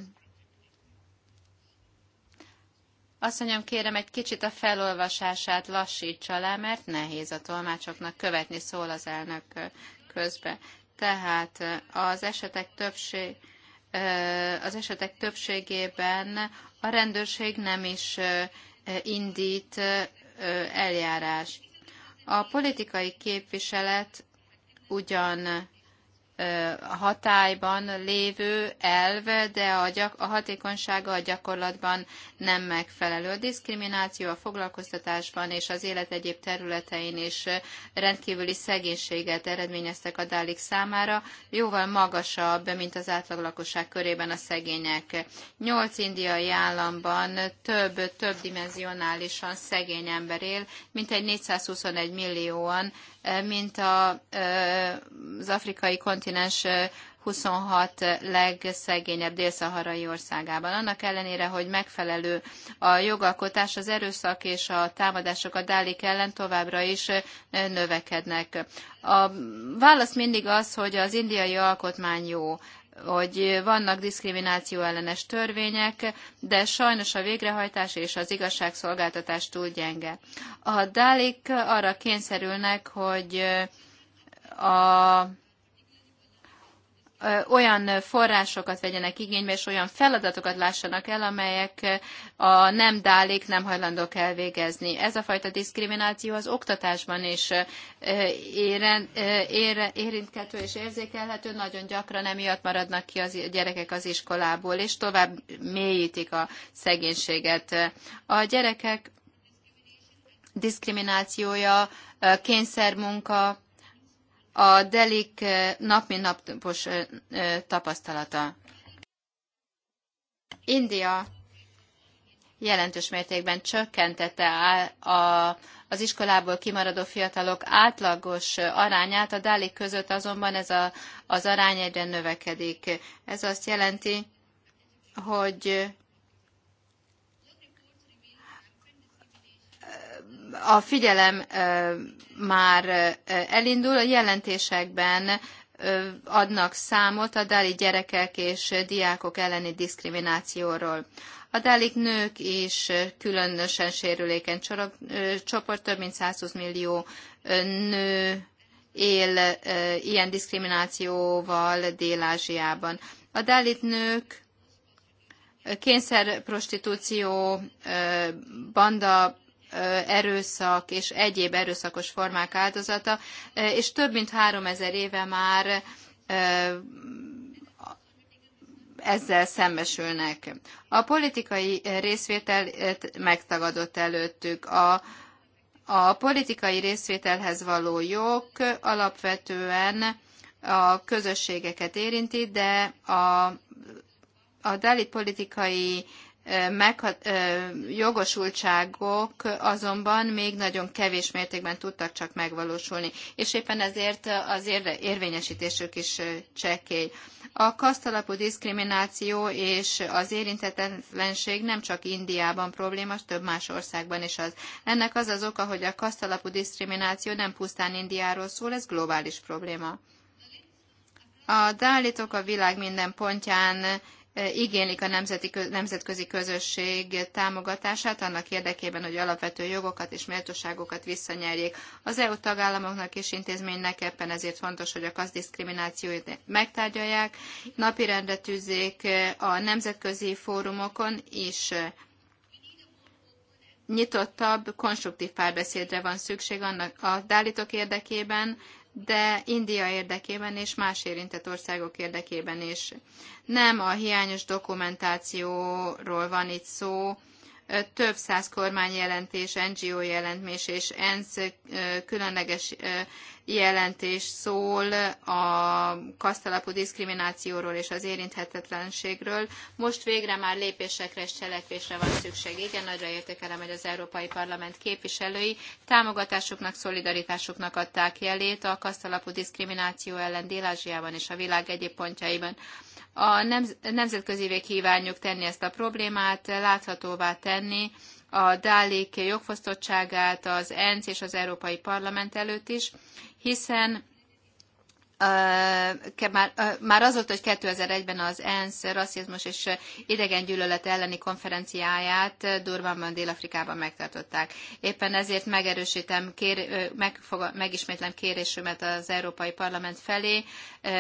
azt mondjam, kérem, egy kicsit a felolvasását lassítsa le, mert nehéz a tolmácsoknak követni, szól az elnök közbe. Tehát az esetek többség, az esetek többségében a rendőrség nem is indít eljárás. A politikai képviselet ugyan hatályban lévő elv, de a, gyak, a hatékonysága a gyakorlatban nem megfelelő. A diszkrimináció a foglalkoztatásban és az élet egyéb területein is rendkívüli szegénységet eredményeztek a dálik számára, jóval magasabb, mint az átlag lakosság körében a szegények. Nyolc indiai államban több, több dimenzionálisan szegény ember él, mint egy 421 millióan mint a, az afrikai kontinens 26 legszegényebb délszaharai országában. Annak ellenére, hogy megfelelő a jogalkotás, az erőszak és a támadások a dálik ellen továbbra is növekednek. A válasz mindig az, hogy az indiai alkotmány jó hogy vannak diszkrimináció ellenes törvények, de sajnos a végrehajtás és az igazságszolgáltatás túl gyenge. A dálik arra kényszerülnek, hogy a olyan forrásokat vegyenek igénybe, és olyan feladatokat lássanak el, amelyek a nem dálék nem hajlandók elvégezni. Ez a fajta diszkrimináció az oktatásban is érintkető és érzékelhető, nagyon gyakran emiatt maradnak ki a gyerekek az iskolából, és tovább mélyítik a szegénységet. A gyerekek diszkriminációja, kényszermunka, a delik eh, nap mint napos eh, eh, tapasztalata. India jelentős mértékben csökkentette a, az iskolából kimaradó fiatalok átlagos arányát, a dálik között azonban ez a, az arány egyre növekedik. Ez azt jelenti, hogy a figyelem már elindul, a jelentésekben adnak számot a dáli gyerekek és diákok elleni diszkriminációról. A dálik nők is különösen sérüléken csoport, több mint 120 millió nő él ilyen diszkriminációval Dél-Ázsiában. A dálit nők kényszerprostitúció, banda erőszak és egyéb erőszakos formák áldozata, és több mint három ezer éve már ezzel szembesülnek. A politikai részvételt megtagadott előttük. A, a politikai részvételhez való jog alapvetően a közösségeket érinti, de a, a dalit politikai meghat, jogosultságok azonban még nagyon kevés mértékben tudtak csak megvalósulni, és éppen ezért az érvényesítésük is csekély. A kasztalapú diszkrimináció és az érintetlenség nem csak Indiában problémás, több más országban is az. Ennek az az oka, hogy a kasztalapú diszkrimináció nem pusztán Indiáról szól, ez globális probléma. A dálitok a világ minden pontján E, igénylik a nemzeti, nemzetközi közösség támogatását annak érdekében, hogy alapvető jogokat és méltóságokat visszanyerjék. Az EU tagállamoknak és intézménynek ebben ezért fontos, hogy a kazddiszkriminációt megtárgyalják, napirendre tűzzék e, a nemzetközi fórumokon is e, nyitottabb, konstruktív párbeszédre van szükség annak a dálítok érdekében, de India érdekében és más érintett országok érdekében is. Nem a hiányos dokumentációról van itt szó, több száz kormányjelentés, NGO jelentés és ENSZ különleges jelentés szól a kasztalapú diszkriminációról és az érinthetetlenségről. Most végre már lépésekre és cselekvésre van szükség. Igen, nagyra értékelem, hogy az Európai Parlament képviselői támogatásuknak, szolidaritásuknak adták jelét a kasztalapú diszkrimináció ellen Dél-Ázsiában és a világ egyéb pontjaiban. A nemzetközi nemzetközivé kívánjuk tenni ezt a problémát, láthatóvá tenni a Dálék jogfosztottságát az ENSZ és az Európai Parlament előtt is, hiszen már, már azóta, hogy 2001-ben az ENSZ rasszizmus és gyűlölet elleni konferenciáját Durbanban, Dél-Afrikában megtartották. Éppen ezért megerősítem, kér, megfoga, megismétlem kérésümet az Európai Parlament felé,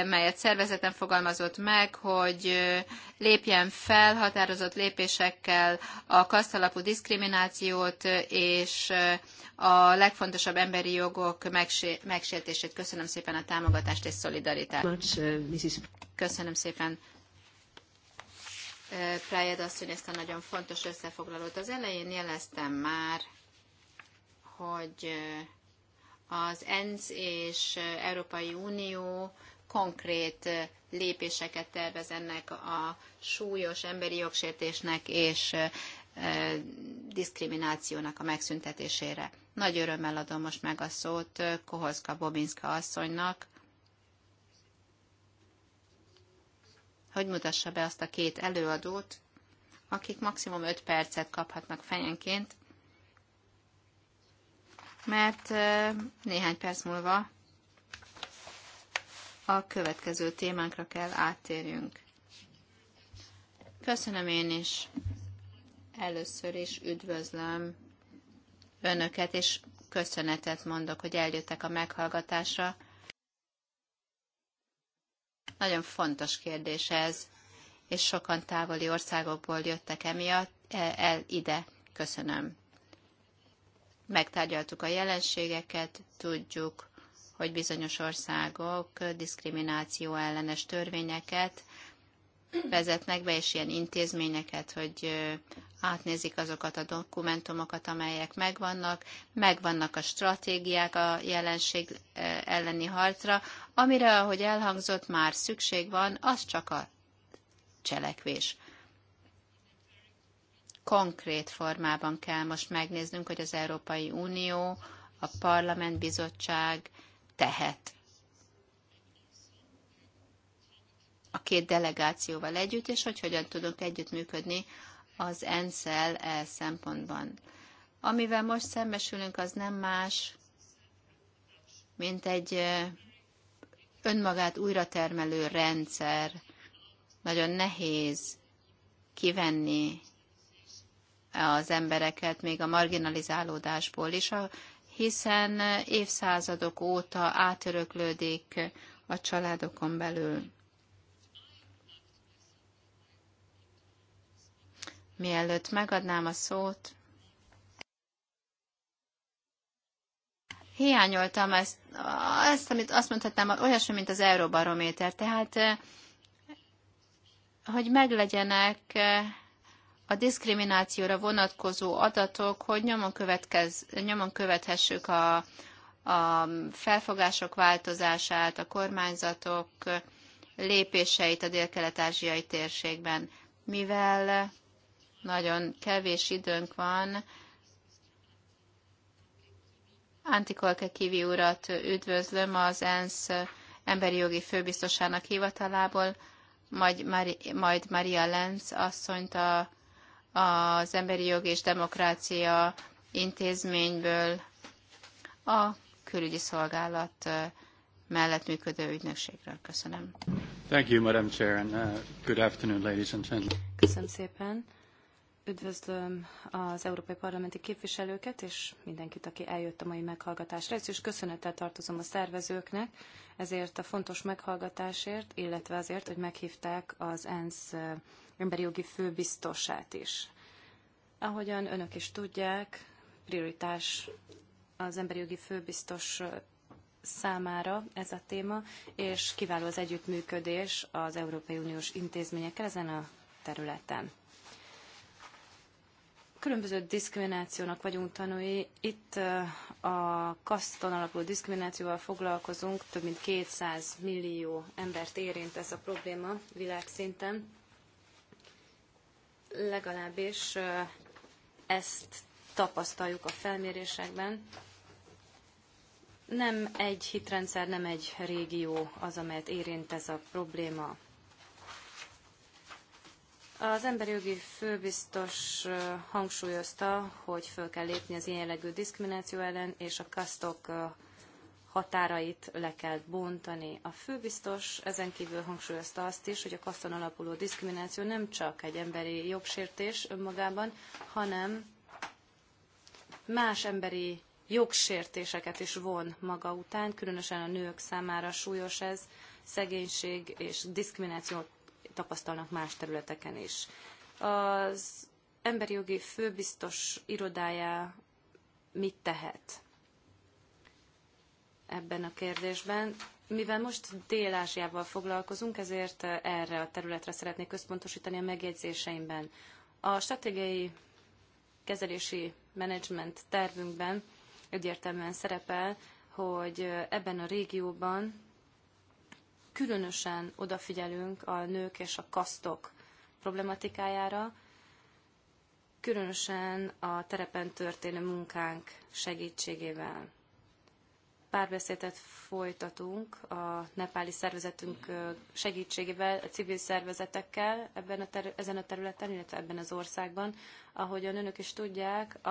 melyet szervezetem fogalmazott meg, hogy lépjen fel határozott lépésekkel a kasztalapú diszkriminációt és a legfontosabb emberi jogok megsértését. Köszönöm szépen a támogatást és szolidaritás. Uh, Köszönöm szépen. Uh, Plájed asszony ezt a nagyon fontos összefoglalót. Az elején jeleztem már, hogy uh, az ENSZ és Európai Unió konkrét lépéseket tervez ennek a súlyos emberi jogsértésnek és diszkriminációnak a megszüntetésére. Nagy örömmel adom most meg a szót Kohozka Bobinska asszonynak, hogy mutassa be azt a két előadót, akik maximum 5 percet kaphatnak fejenként, mert néhány perc múlva a következő témánkra kell áttérjünk. Köszönöm én is. Először is üdvözlöm Önöket, és köszönetet mondok, hogy eljöttek a meghallgatásra nagyon fontos kérdés ez, és sokan távoli országokból jöttek emiatt e, el ide. Köszönöm. Megtárgyaltuk a jelenségeket, tudjuk, hogy bizonyos országok diszkrimináció ellenes törvényeket vezetnek be, és ilyen intézményeket, hogy átnézik azokat a dokumentumokat, amelyek megvannak, megvannak a stratégiák a jelenség eh, elleni harcra, amire, ahogy elhangzott, már szükség van, az csak a cselekvés. Konkrét formában kell most megnéznünk, hogy az Európai Unió, a Parlament Bizottság tehet. A két delegációval együtt, és hogy hogyan tudunk együttműködni az enszel e szempontban. Amivel most szembesülünk, az nem más, mint egy önmagát újratermelő rendszer. Nagyon nehéz kivenni az embereket még a marginalizálódásból is, hiszen évszázadok óta átöröklődik a családokon belül. Mielőtt megadnám a szót, hiányoltam ezt, ezt amit azt mondhatnám, olyasmi, mint az Euróbarométer. Tehát, eh, hogy meglegyenek eh, a diszkriminációra vonatkozó adatok, hogy nyomon, következ, nyomon követhessük a, a felfogások változását, a kormányzatok eh, lépéseit a dél-kelet-ázsiai térségben, mivel nagyon kevés időnk van. Antikolke Kivi urat üdvözlöm az ENSZ emberi jogi főbiztosának hivatalából, majd, Mari, majd Maria Lenz asszonyt a, az Emberi Jog és Demokrácia intézményből a külügyi szolgálat mellett működő ügynökségről. Köszönöm. Thank you, Madam Chair, and uh, good afternoon, ladies and gentlemen. Köszönöm szépen. Üdvözlöm az európai parlamenti képviselőket, és mindenkit, aki eljött a mai meghallgatásra. Ezt is köszönettel tartozom a szervezőknek ezért a fontos meghallgatásért, illetve azért, hogy meghívták az ENSZ emberi jogi főbiztosát is. Ahogyan önök is tudják, prioritás az emberi jogi főbiztos számára ez a téma, és kiváló az együttműködés az Európai Uniós intézményekkel ezen a területen. Különböző diszkriminációnak vagyunk tanúi. Itt eh, a kaszton alapú diszkriminációval foglalkozunk, több mint 200 millió embert érint ez a probléma világszinten. Legalábbis eh, ezt tapasztaljuk a felmérésekben. Nem egy hitrendszer, nem egy régió az, amelyet érint ez a probléma. Az emberi jogi főbiztos hangsúlyozta, hogy föl kell lépni az ilyen jellegű diszkrimináció ellen, és a kasztok határait le kell bontani. A főbiztos ezen kívül hangsúlyozta azt is, hogy a kaszton alapuló diszkrimináció nem csak egy emberi jogsértés önmagában, hanem más emberi jogsértéseket is von maga után, különösen a nők számára súlyos ez, szegénység és diszkrimináció tapasztalnak más területeken is. Az emberi jogi főbiztos irodája mit tehet ebben a kérdésben? Mivel most Dél-Ázsiával foglalkozunk, ezért erre a területre szeretnék központosítani a megjegyzéseimben. A stratégiai kezelési menedzsment tervünkben egyértelműen szerepel, hogy ebben a régióban különösen odafigyelünk a nők és a kasztok problematikájára, különösen a terepen történő munkánk segítségével. Párbeszédet folytatunk a nepáli szervezetünk segítségével, a civil szervezetekkel ebben a ezen a területen, illetve ebben az országban. Ahogyan önök is tudják, a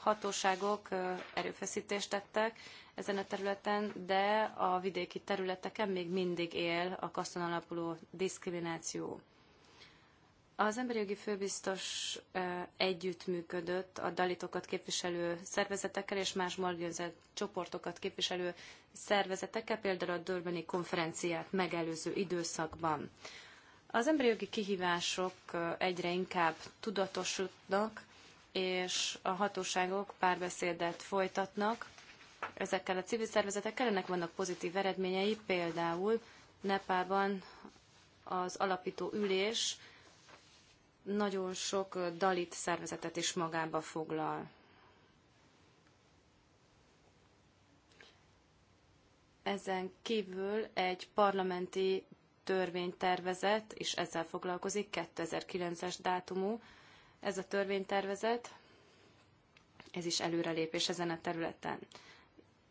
hatóságok erőfeszítést tettek, ezen a területen, de a vidéki területeken még mindig él a kaszton alapuló diszkrimináció. Az emberi jogi főbiztos együttműködött a dalitokat képviselő szervezetekkel és más marginalizált csoportokat képviselő szervezetekkel, például a Dörbeni konferenciát megelőző időszakban. Az emberi jogi kihívások egyre inkább tudatosodnak, és a hatóságok párbeszédet folytatnak ezekkel a civil szervezetekkel. Ennek vannak pozitív eredményei, például Nepában az alapító ülés nagyon sok dalit szervezetet is magába foglal. Ezen kívül egy parlamenti törvénytervezet, és ezzel foglalkozik, 2009-es dátumú ez a törvénytervezet, ez is előrelépés ezen a területen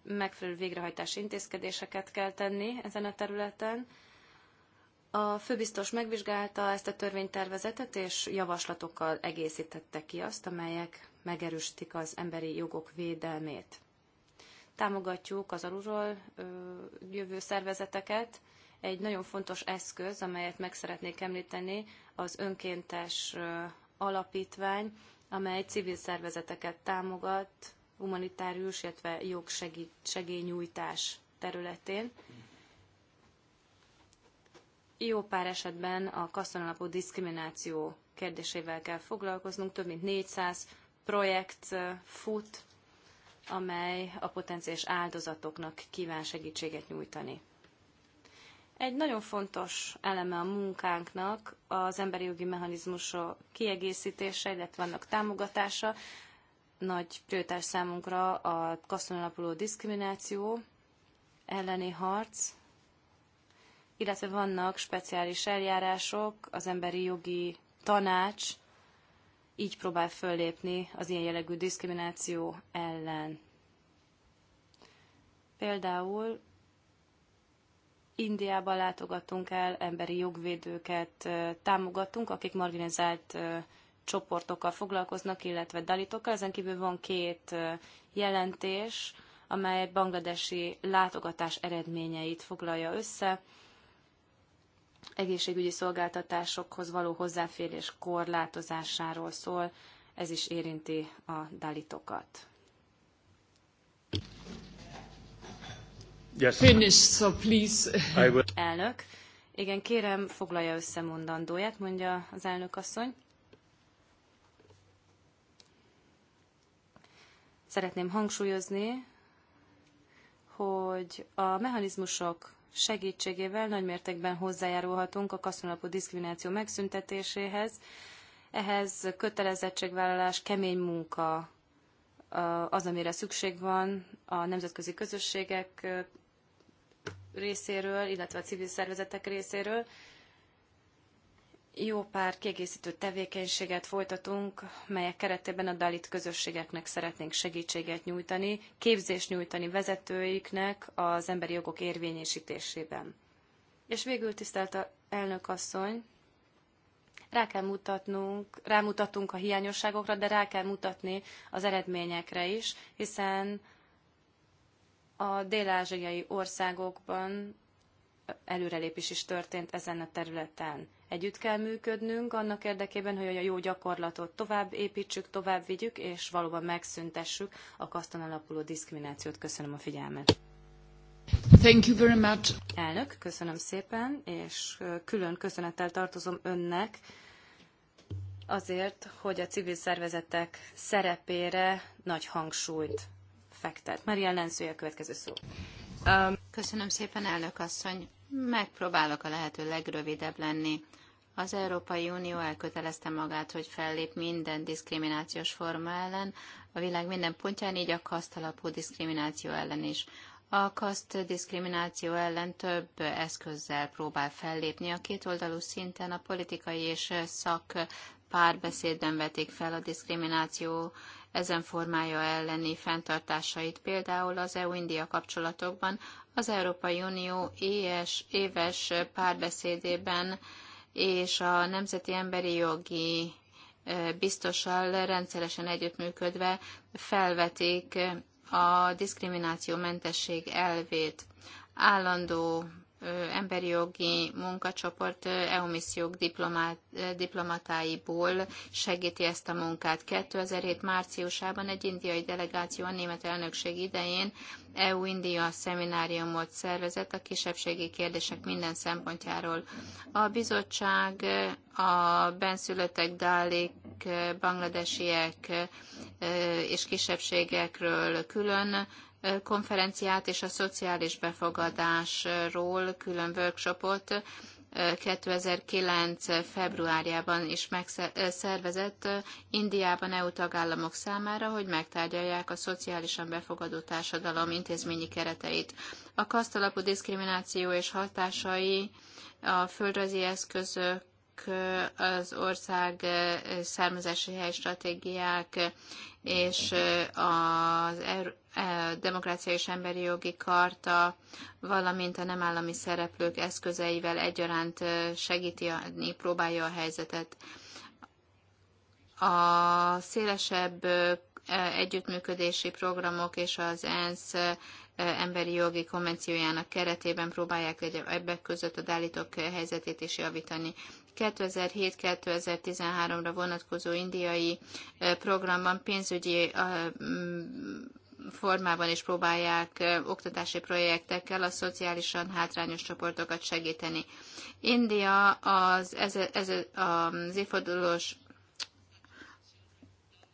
megfelelő végrehajtási intézkedéseket kell tenni ezen a területen. A főbiztos megvizsgálta ezt a törvénytervezetet, és javaslatokkal egészítette ki azt, amelyek megerősítik az emberi jogok védelmét. Támogatjuk az alulról jövő szervezeteket. Egy nagyon fontos eszköz, amelyet meg szeretnék említeni, az önkéntes alapítvány, amely civil szervezeteket támogat, humanitárius, illetve jogsegélynyújtás területén. Jó pár esetben a kasztonalapú diszkrimináció kérdésével kell foglalkoznunk. Több mint 400 projekt fut, amely a potenciális áldozatoknak kíván segítséget nyújtani. Egy nagyon fontos eleme a munkánknak az emberi jogi mechanizmusok kiegészítése, illetve annak támogatása, nagy prioritás számunkra a kaszton alapuló diszkrimináció elleni harc, illetve vannak speciális eljárások, az emberi jogi tanács így próbál föllépni az ilyen jellegű diszkrimináció ellen. Például Indiában látogatunk el, emberi jogvédőket támogatunk, akik marginalizált csoportokkal foglalkoznak, illetve dalitokkal. Ezen kívül van két jelentés, amely bangladesi látogatás eredményeit foglalja össze, egészségügyi szolgáltatásokhoz való hozzáférés korlátozásáról szól, ez is érinti a dalitokat. Yes. Finish, so please. I Elnök, igen, kérem, foglalja össze mondandóját, mondja az elnök asszony. Szeretném hangsúlyozni, hogy a mechanizmusok segítségével nagymértékben hozzájárulhatunk a kaszonalapú diszkrimináció megszüntetéséhez. Ehhez kötelezettségvállalás, kemény munka az, amire szükség van a nemzetközi közösségek részéről, illetve a civil szervezetek részéről, jó pár kiegészítő tevékenységet folytatunk, melyek keretében a dalit közösségeknek szeretnénk segítséget nyújtani, képzést nyújtani vezetőiknek az emberi jogok érvényesítésében. És végül tisztelt a elnök asszony, rá kell mutatnunk, rámutatunk a hiányosságokra, de rá kell mutatni az eredményekre is, hiszen a dél-ázsiai országokban előrelépés is történt ezen a területen. Együtt kell működnünk annak érdekében, hogy a jó gyakorlatot tovább építsük, tovább vigyük, és valóban megszüntessük a kaszton alapuló diszkriminációt. Köszönöm a figyelmet. Thank you very much. Elnök, köszönöm szépen, és külön köszönettel tartozom önnek azért, hogy a civil szervezetek szerepére nagy hangsúlyt fektet. Maria Lenszője a következő szó. Um, köszönöm szépen, elnök asszony. Megpróbálok a lehető legrövidebb lenni. Az Európai Unió elkötelezte magát, hogy fellép minden diszkriminációs forma ellen, a világ minden pontján, így a kaszt alapú diszkrimináció ellen is. A kaszt diszkrimináció ellen több eszközzel próbál fellépni. A kétoldalú szinten a politikai és szak párbeszédben vetik fel a diszkrimináció ezen formája elleni fenntartásait, például az EU-India kapcsolatokban, az Európai Unió éves, éves párbeszédében és a Nemzeti Emberi Jogi biztossal rendszeresen együttműködve felvetik a diszkrimináció mentesség elvét. Állandó emberi jogi munkacsoport EU missziók diplomatáiból segíti ezt a munkát. 2007 márciusában egy indiai delegáció a német elnökség idején EU-India szemináriumot szervezett a kisebbségi kérdések minden szempontjáról. A bizottság a benszülöttek, dálik, bangladesiek és kisebbségekről külön konferenciát és a szociális befogadásról külön workshopot 2009. februárjában is megszervezett Indiában EU tagállamok számára, hogy megtárgyalják a szociálisan befogadó társadalom intézményi kereteit. A kasztalapú diszkrimináció és hatásai a földrajzi eszközök Eh, az ország eh, származási hely stratégiák és eh, az er, demokrácia és emberi jogi karta, valamint a nem állami szereplők eszközeivel egyaránt segíti, próbálja a helyzetet. A szélesebb együttműködési programok és az ENSZ emberi jogi konvenciójának keretében próbálják egyebek között a dálítók helyzetét is javítani. 2007-2013-ra vonatkozó indiai programban pénzügyi mm, formában is próbálják oktatási projektekkel a szociálisan hátrányos csoportokat segíteni. India az, ez, ez, az évfordulós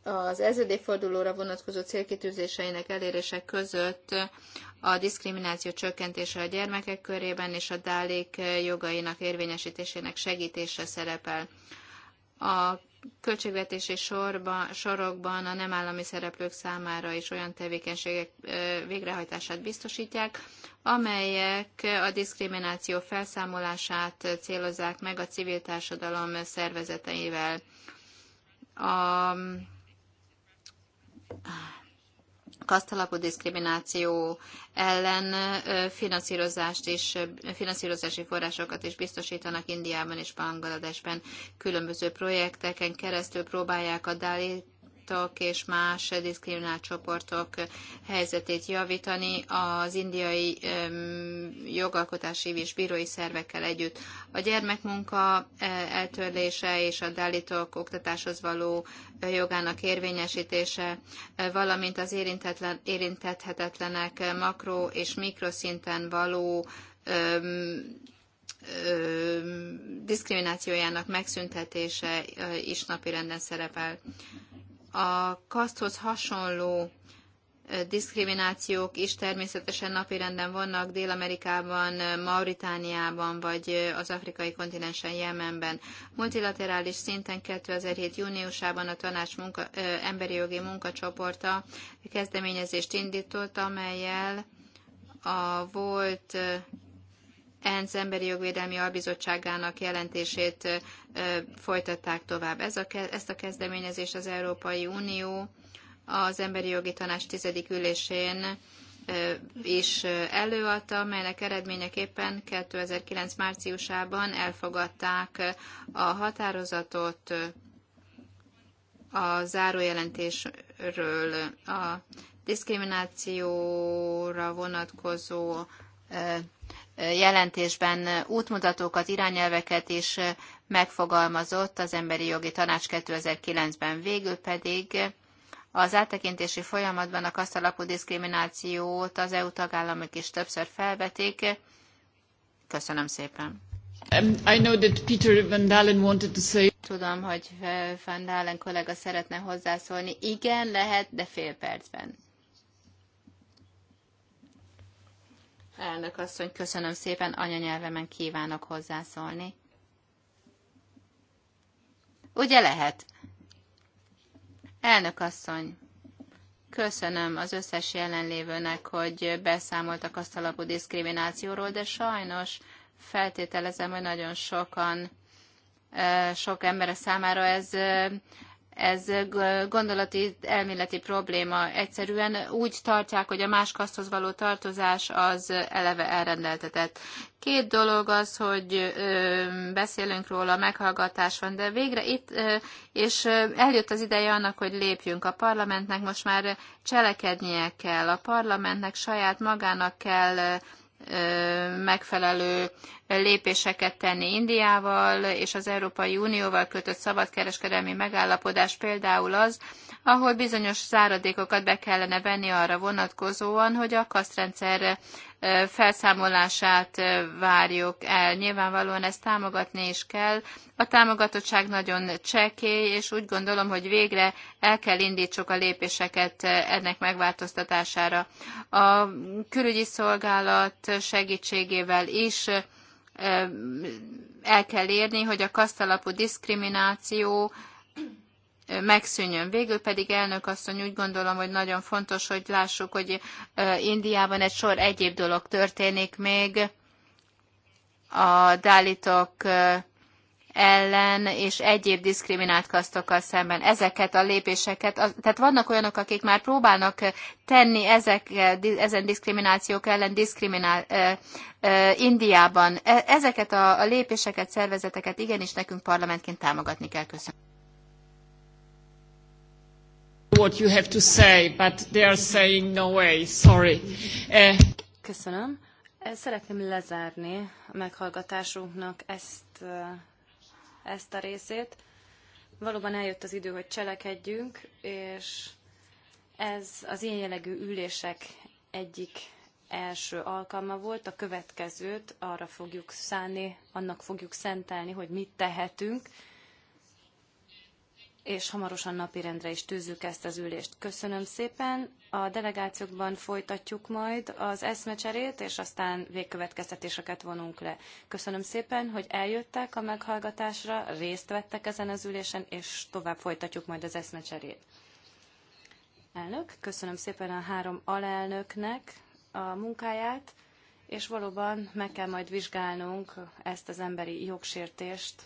az ezredé fordulóra vonatkozó célkitűzéseinek elérése között a diszkrimináció csökkentése a gyermekek körében és a dálék jogainak érvényesítésének segítése szerepel. A költségvetési sorba, sorokban a nem állami szereplők számára is olyan tevékenységek végrehajtását biztosítják, amelyek a diszkrimináció felszámolását célozzák meg a civil társadalom szervezeteivel. A kasztalapú diszkrimináció ellen finanszírozást és finanszírozási forrásokat is biztosítanak Indiában és Bangladesben. Különböző projekteken keresztül próbálják a Dálit csoportok és más diszkriminált csoportok helyzetét javítani az indiai jogalkotási és bírói szervekkel együtt. A gyermekmunka e, eltörlése és a dalitok oktatáshoz való e, jogának érvényesítése, e, valamint az érintetlen, érintethetetlenek makro és mikroszinten való diszkriminációjának megszüntetése is napirenden szerepel a kaszthoz hasonló diszkriminációk is természetesen napirenden vannak Dél-Amerikában, Mauritániában vagy az afrikai kontinensen Jemenben. Multilaterális szinten 2007. júniusában a tanács munka, emberi jogi munkacsoporta kezdeményezést indított, amelyel a volt ENSZ Emberi Jogvédelmi Albizottságának jelentését folytatták tovább. Ez a, ezt a kezdeményezést az Európai Unió az Emberi Jogi Tanács tizedik ülésén is előadta, melynek eredményeképpen 2009 márciusában elfogadták a határozatot a zárójelentésről a diszkriminációra vonatkozó jelentésben útmutatókat, irányelveket is megfogalmazott az Emberi Jogi Tanács 2009-ben. Végül pedig az áttekintési folyamatban a kasztalapú diszkriminációt az EU tagállamok is többször felvetik. Köszönöm szépen. Um, I know that Peter Van Dalen wanted to say... Tudom, hogy Van Dalen kollega szeretne hozzászólni. Igen, lehet, de fél percben. Elnök asszony, köszönöm szépen, anyanyelvemen kívánok hozzászólni. Ugye lehet? Elnök asszony, köszönöm az összes jelenlévőnek, hogy beszámoltak azt alapú diszkriminációról, de sajnos feltételezem, hogy nagyon sokan, eh, sok ember számára ez eh, ez gondolati, elméleti probléma. Egyszerűen úgy tartják, hogy a más kaszthoz való tartozás az eleve elrendeltetett. Két dolog az, hogy beszélünk róla, meghallgatás van, de végre itt, és eljött az ideje annak, hogy lépjünk a parlamentnek, most már cselekednie kell. A parlamentnek saját magának kell megfelelő lépéseket tenni Indiával és az Európai Unióval kötött szabadkereskedelmi megállapodás például az, ahol bizonyos záradékokat be kellene venni arra vonatkozóan, hogy a kasztrendszer felszámolását várjuk el. Nyilvánvalóan ezt támogatni is kell. A támogatottság nagyon csekély, és úgy gondolom, hogy végre el kell indítsuk a lépéseket ennek megváltoztatására. A külügyi szolgálat segítségével is el kell érni, hogy a kasztalapú diszkrimináció megszűnjön. Végül pedig elnök asszony úgy gondolom, hogy nagyon fontos, hogy lássuk, hogy Indiában egy sor egyéb dolog történik még a dálitok ellen és egyéb diszkriminált kasztokkal szemben ezeket a lépéseket. Az, tehát vannak olyanok, akik már próbálnak tenni ezek, ezen diszkriminációk ellen diszkriminál, eh, eh, Indiában. E- ezeket a, a lépéseket, szervezeteket igenis nekünk parlamentként támogatni kell. Köszönöm what you have to say, but they are saying no way, sorry. Uh... Köszönöm. Eh, szeretném lezárni a meghallgatásunknak ezt, eh, ezt a részét. Valóban eljött az idő, hogy cselekedjünk, és ez az ilyen jellegű ülések egyik első alkalma volt, a következőt arra fogjuk szállni, annak fogjuk szentelni, hogy mit tehetünk, és hamarosan napirendre is tűzzük ezt az ülést. Köszönöm szépen. A delegációkban folytatjuk majd az eszmecserét, és aztán végkövetkeztetéseket vonunk le. Köszönöm szépen, hogy eljöttek a meghallgatásra, részt vettek ezen az ülésen, és tovább folytatjuk majd az eszmecserét. Elnök, köszönöm szépen a három alelnöknek a munkáját, és valóban meg kell majd vizsgálnunk ezt az emberi jogsértést,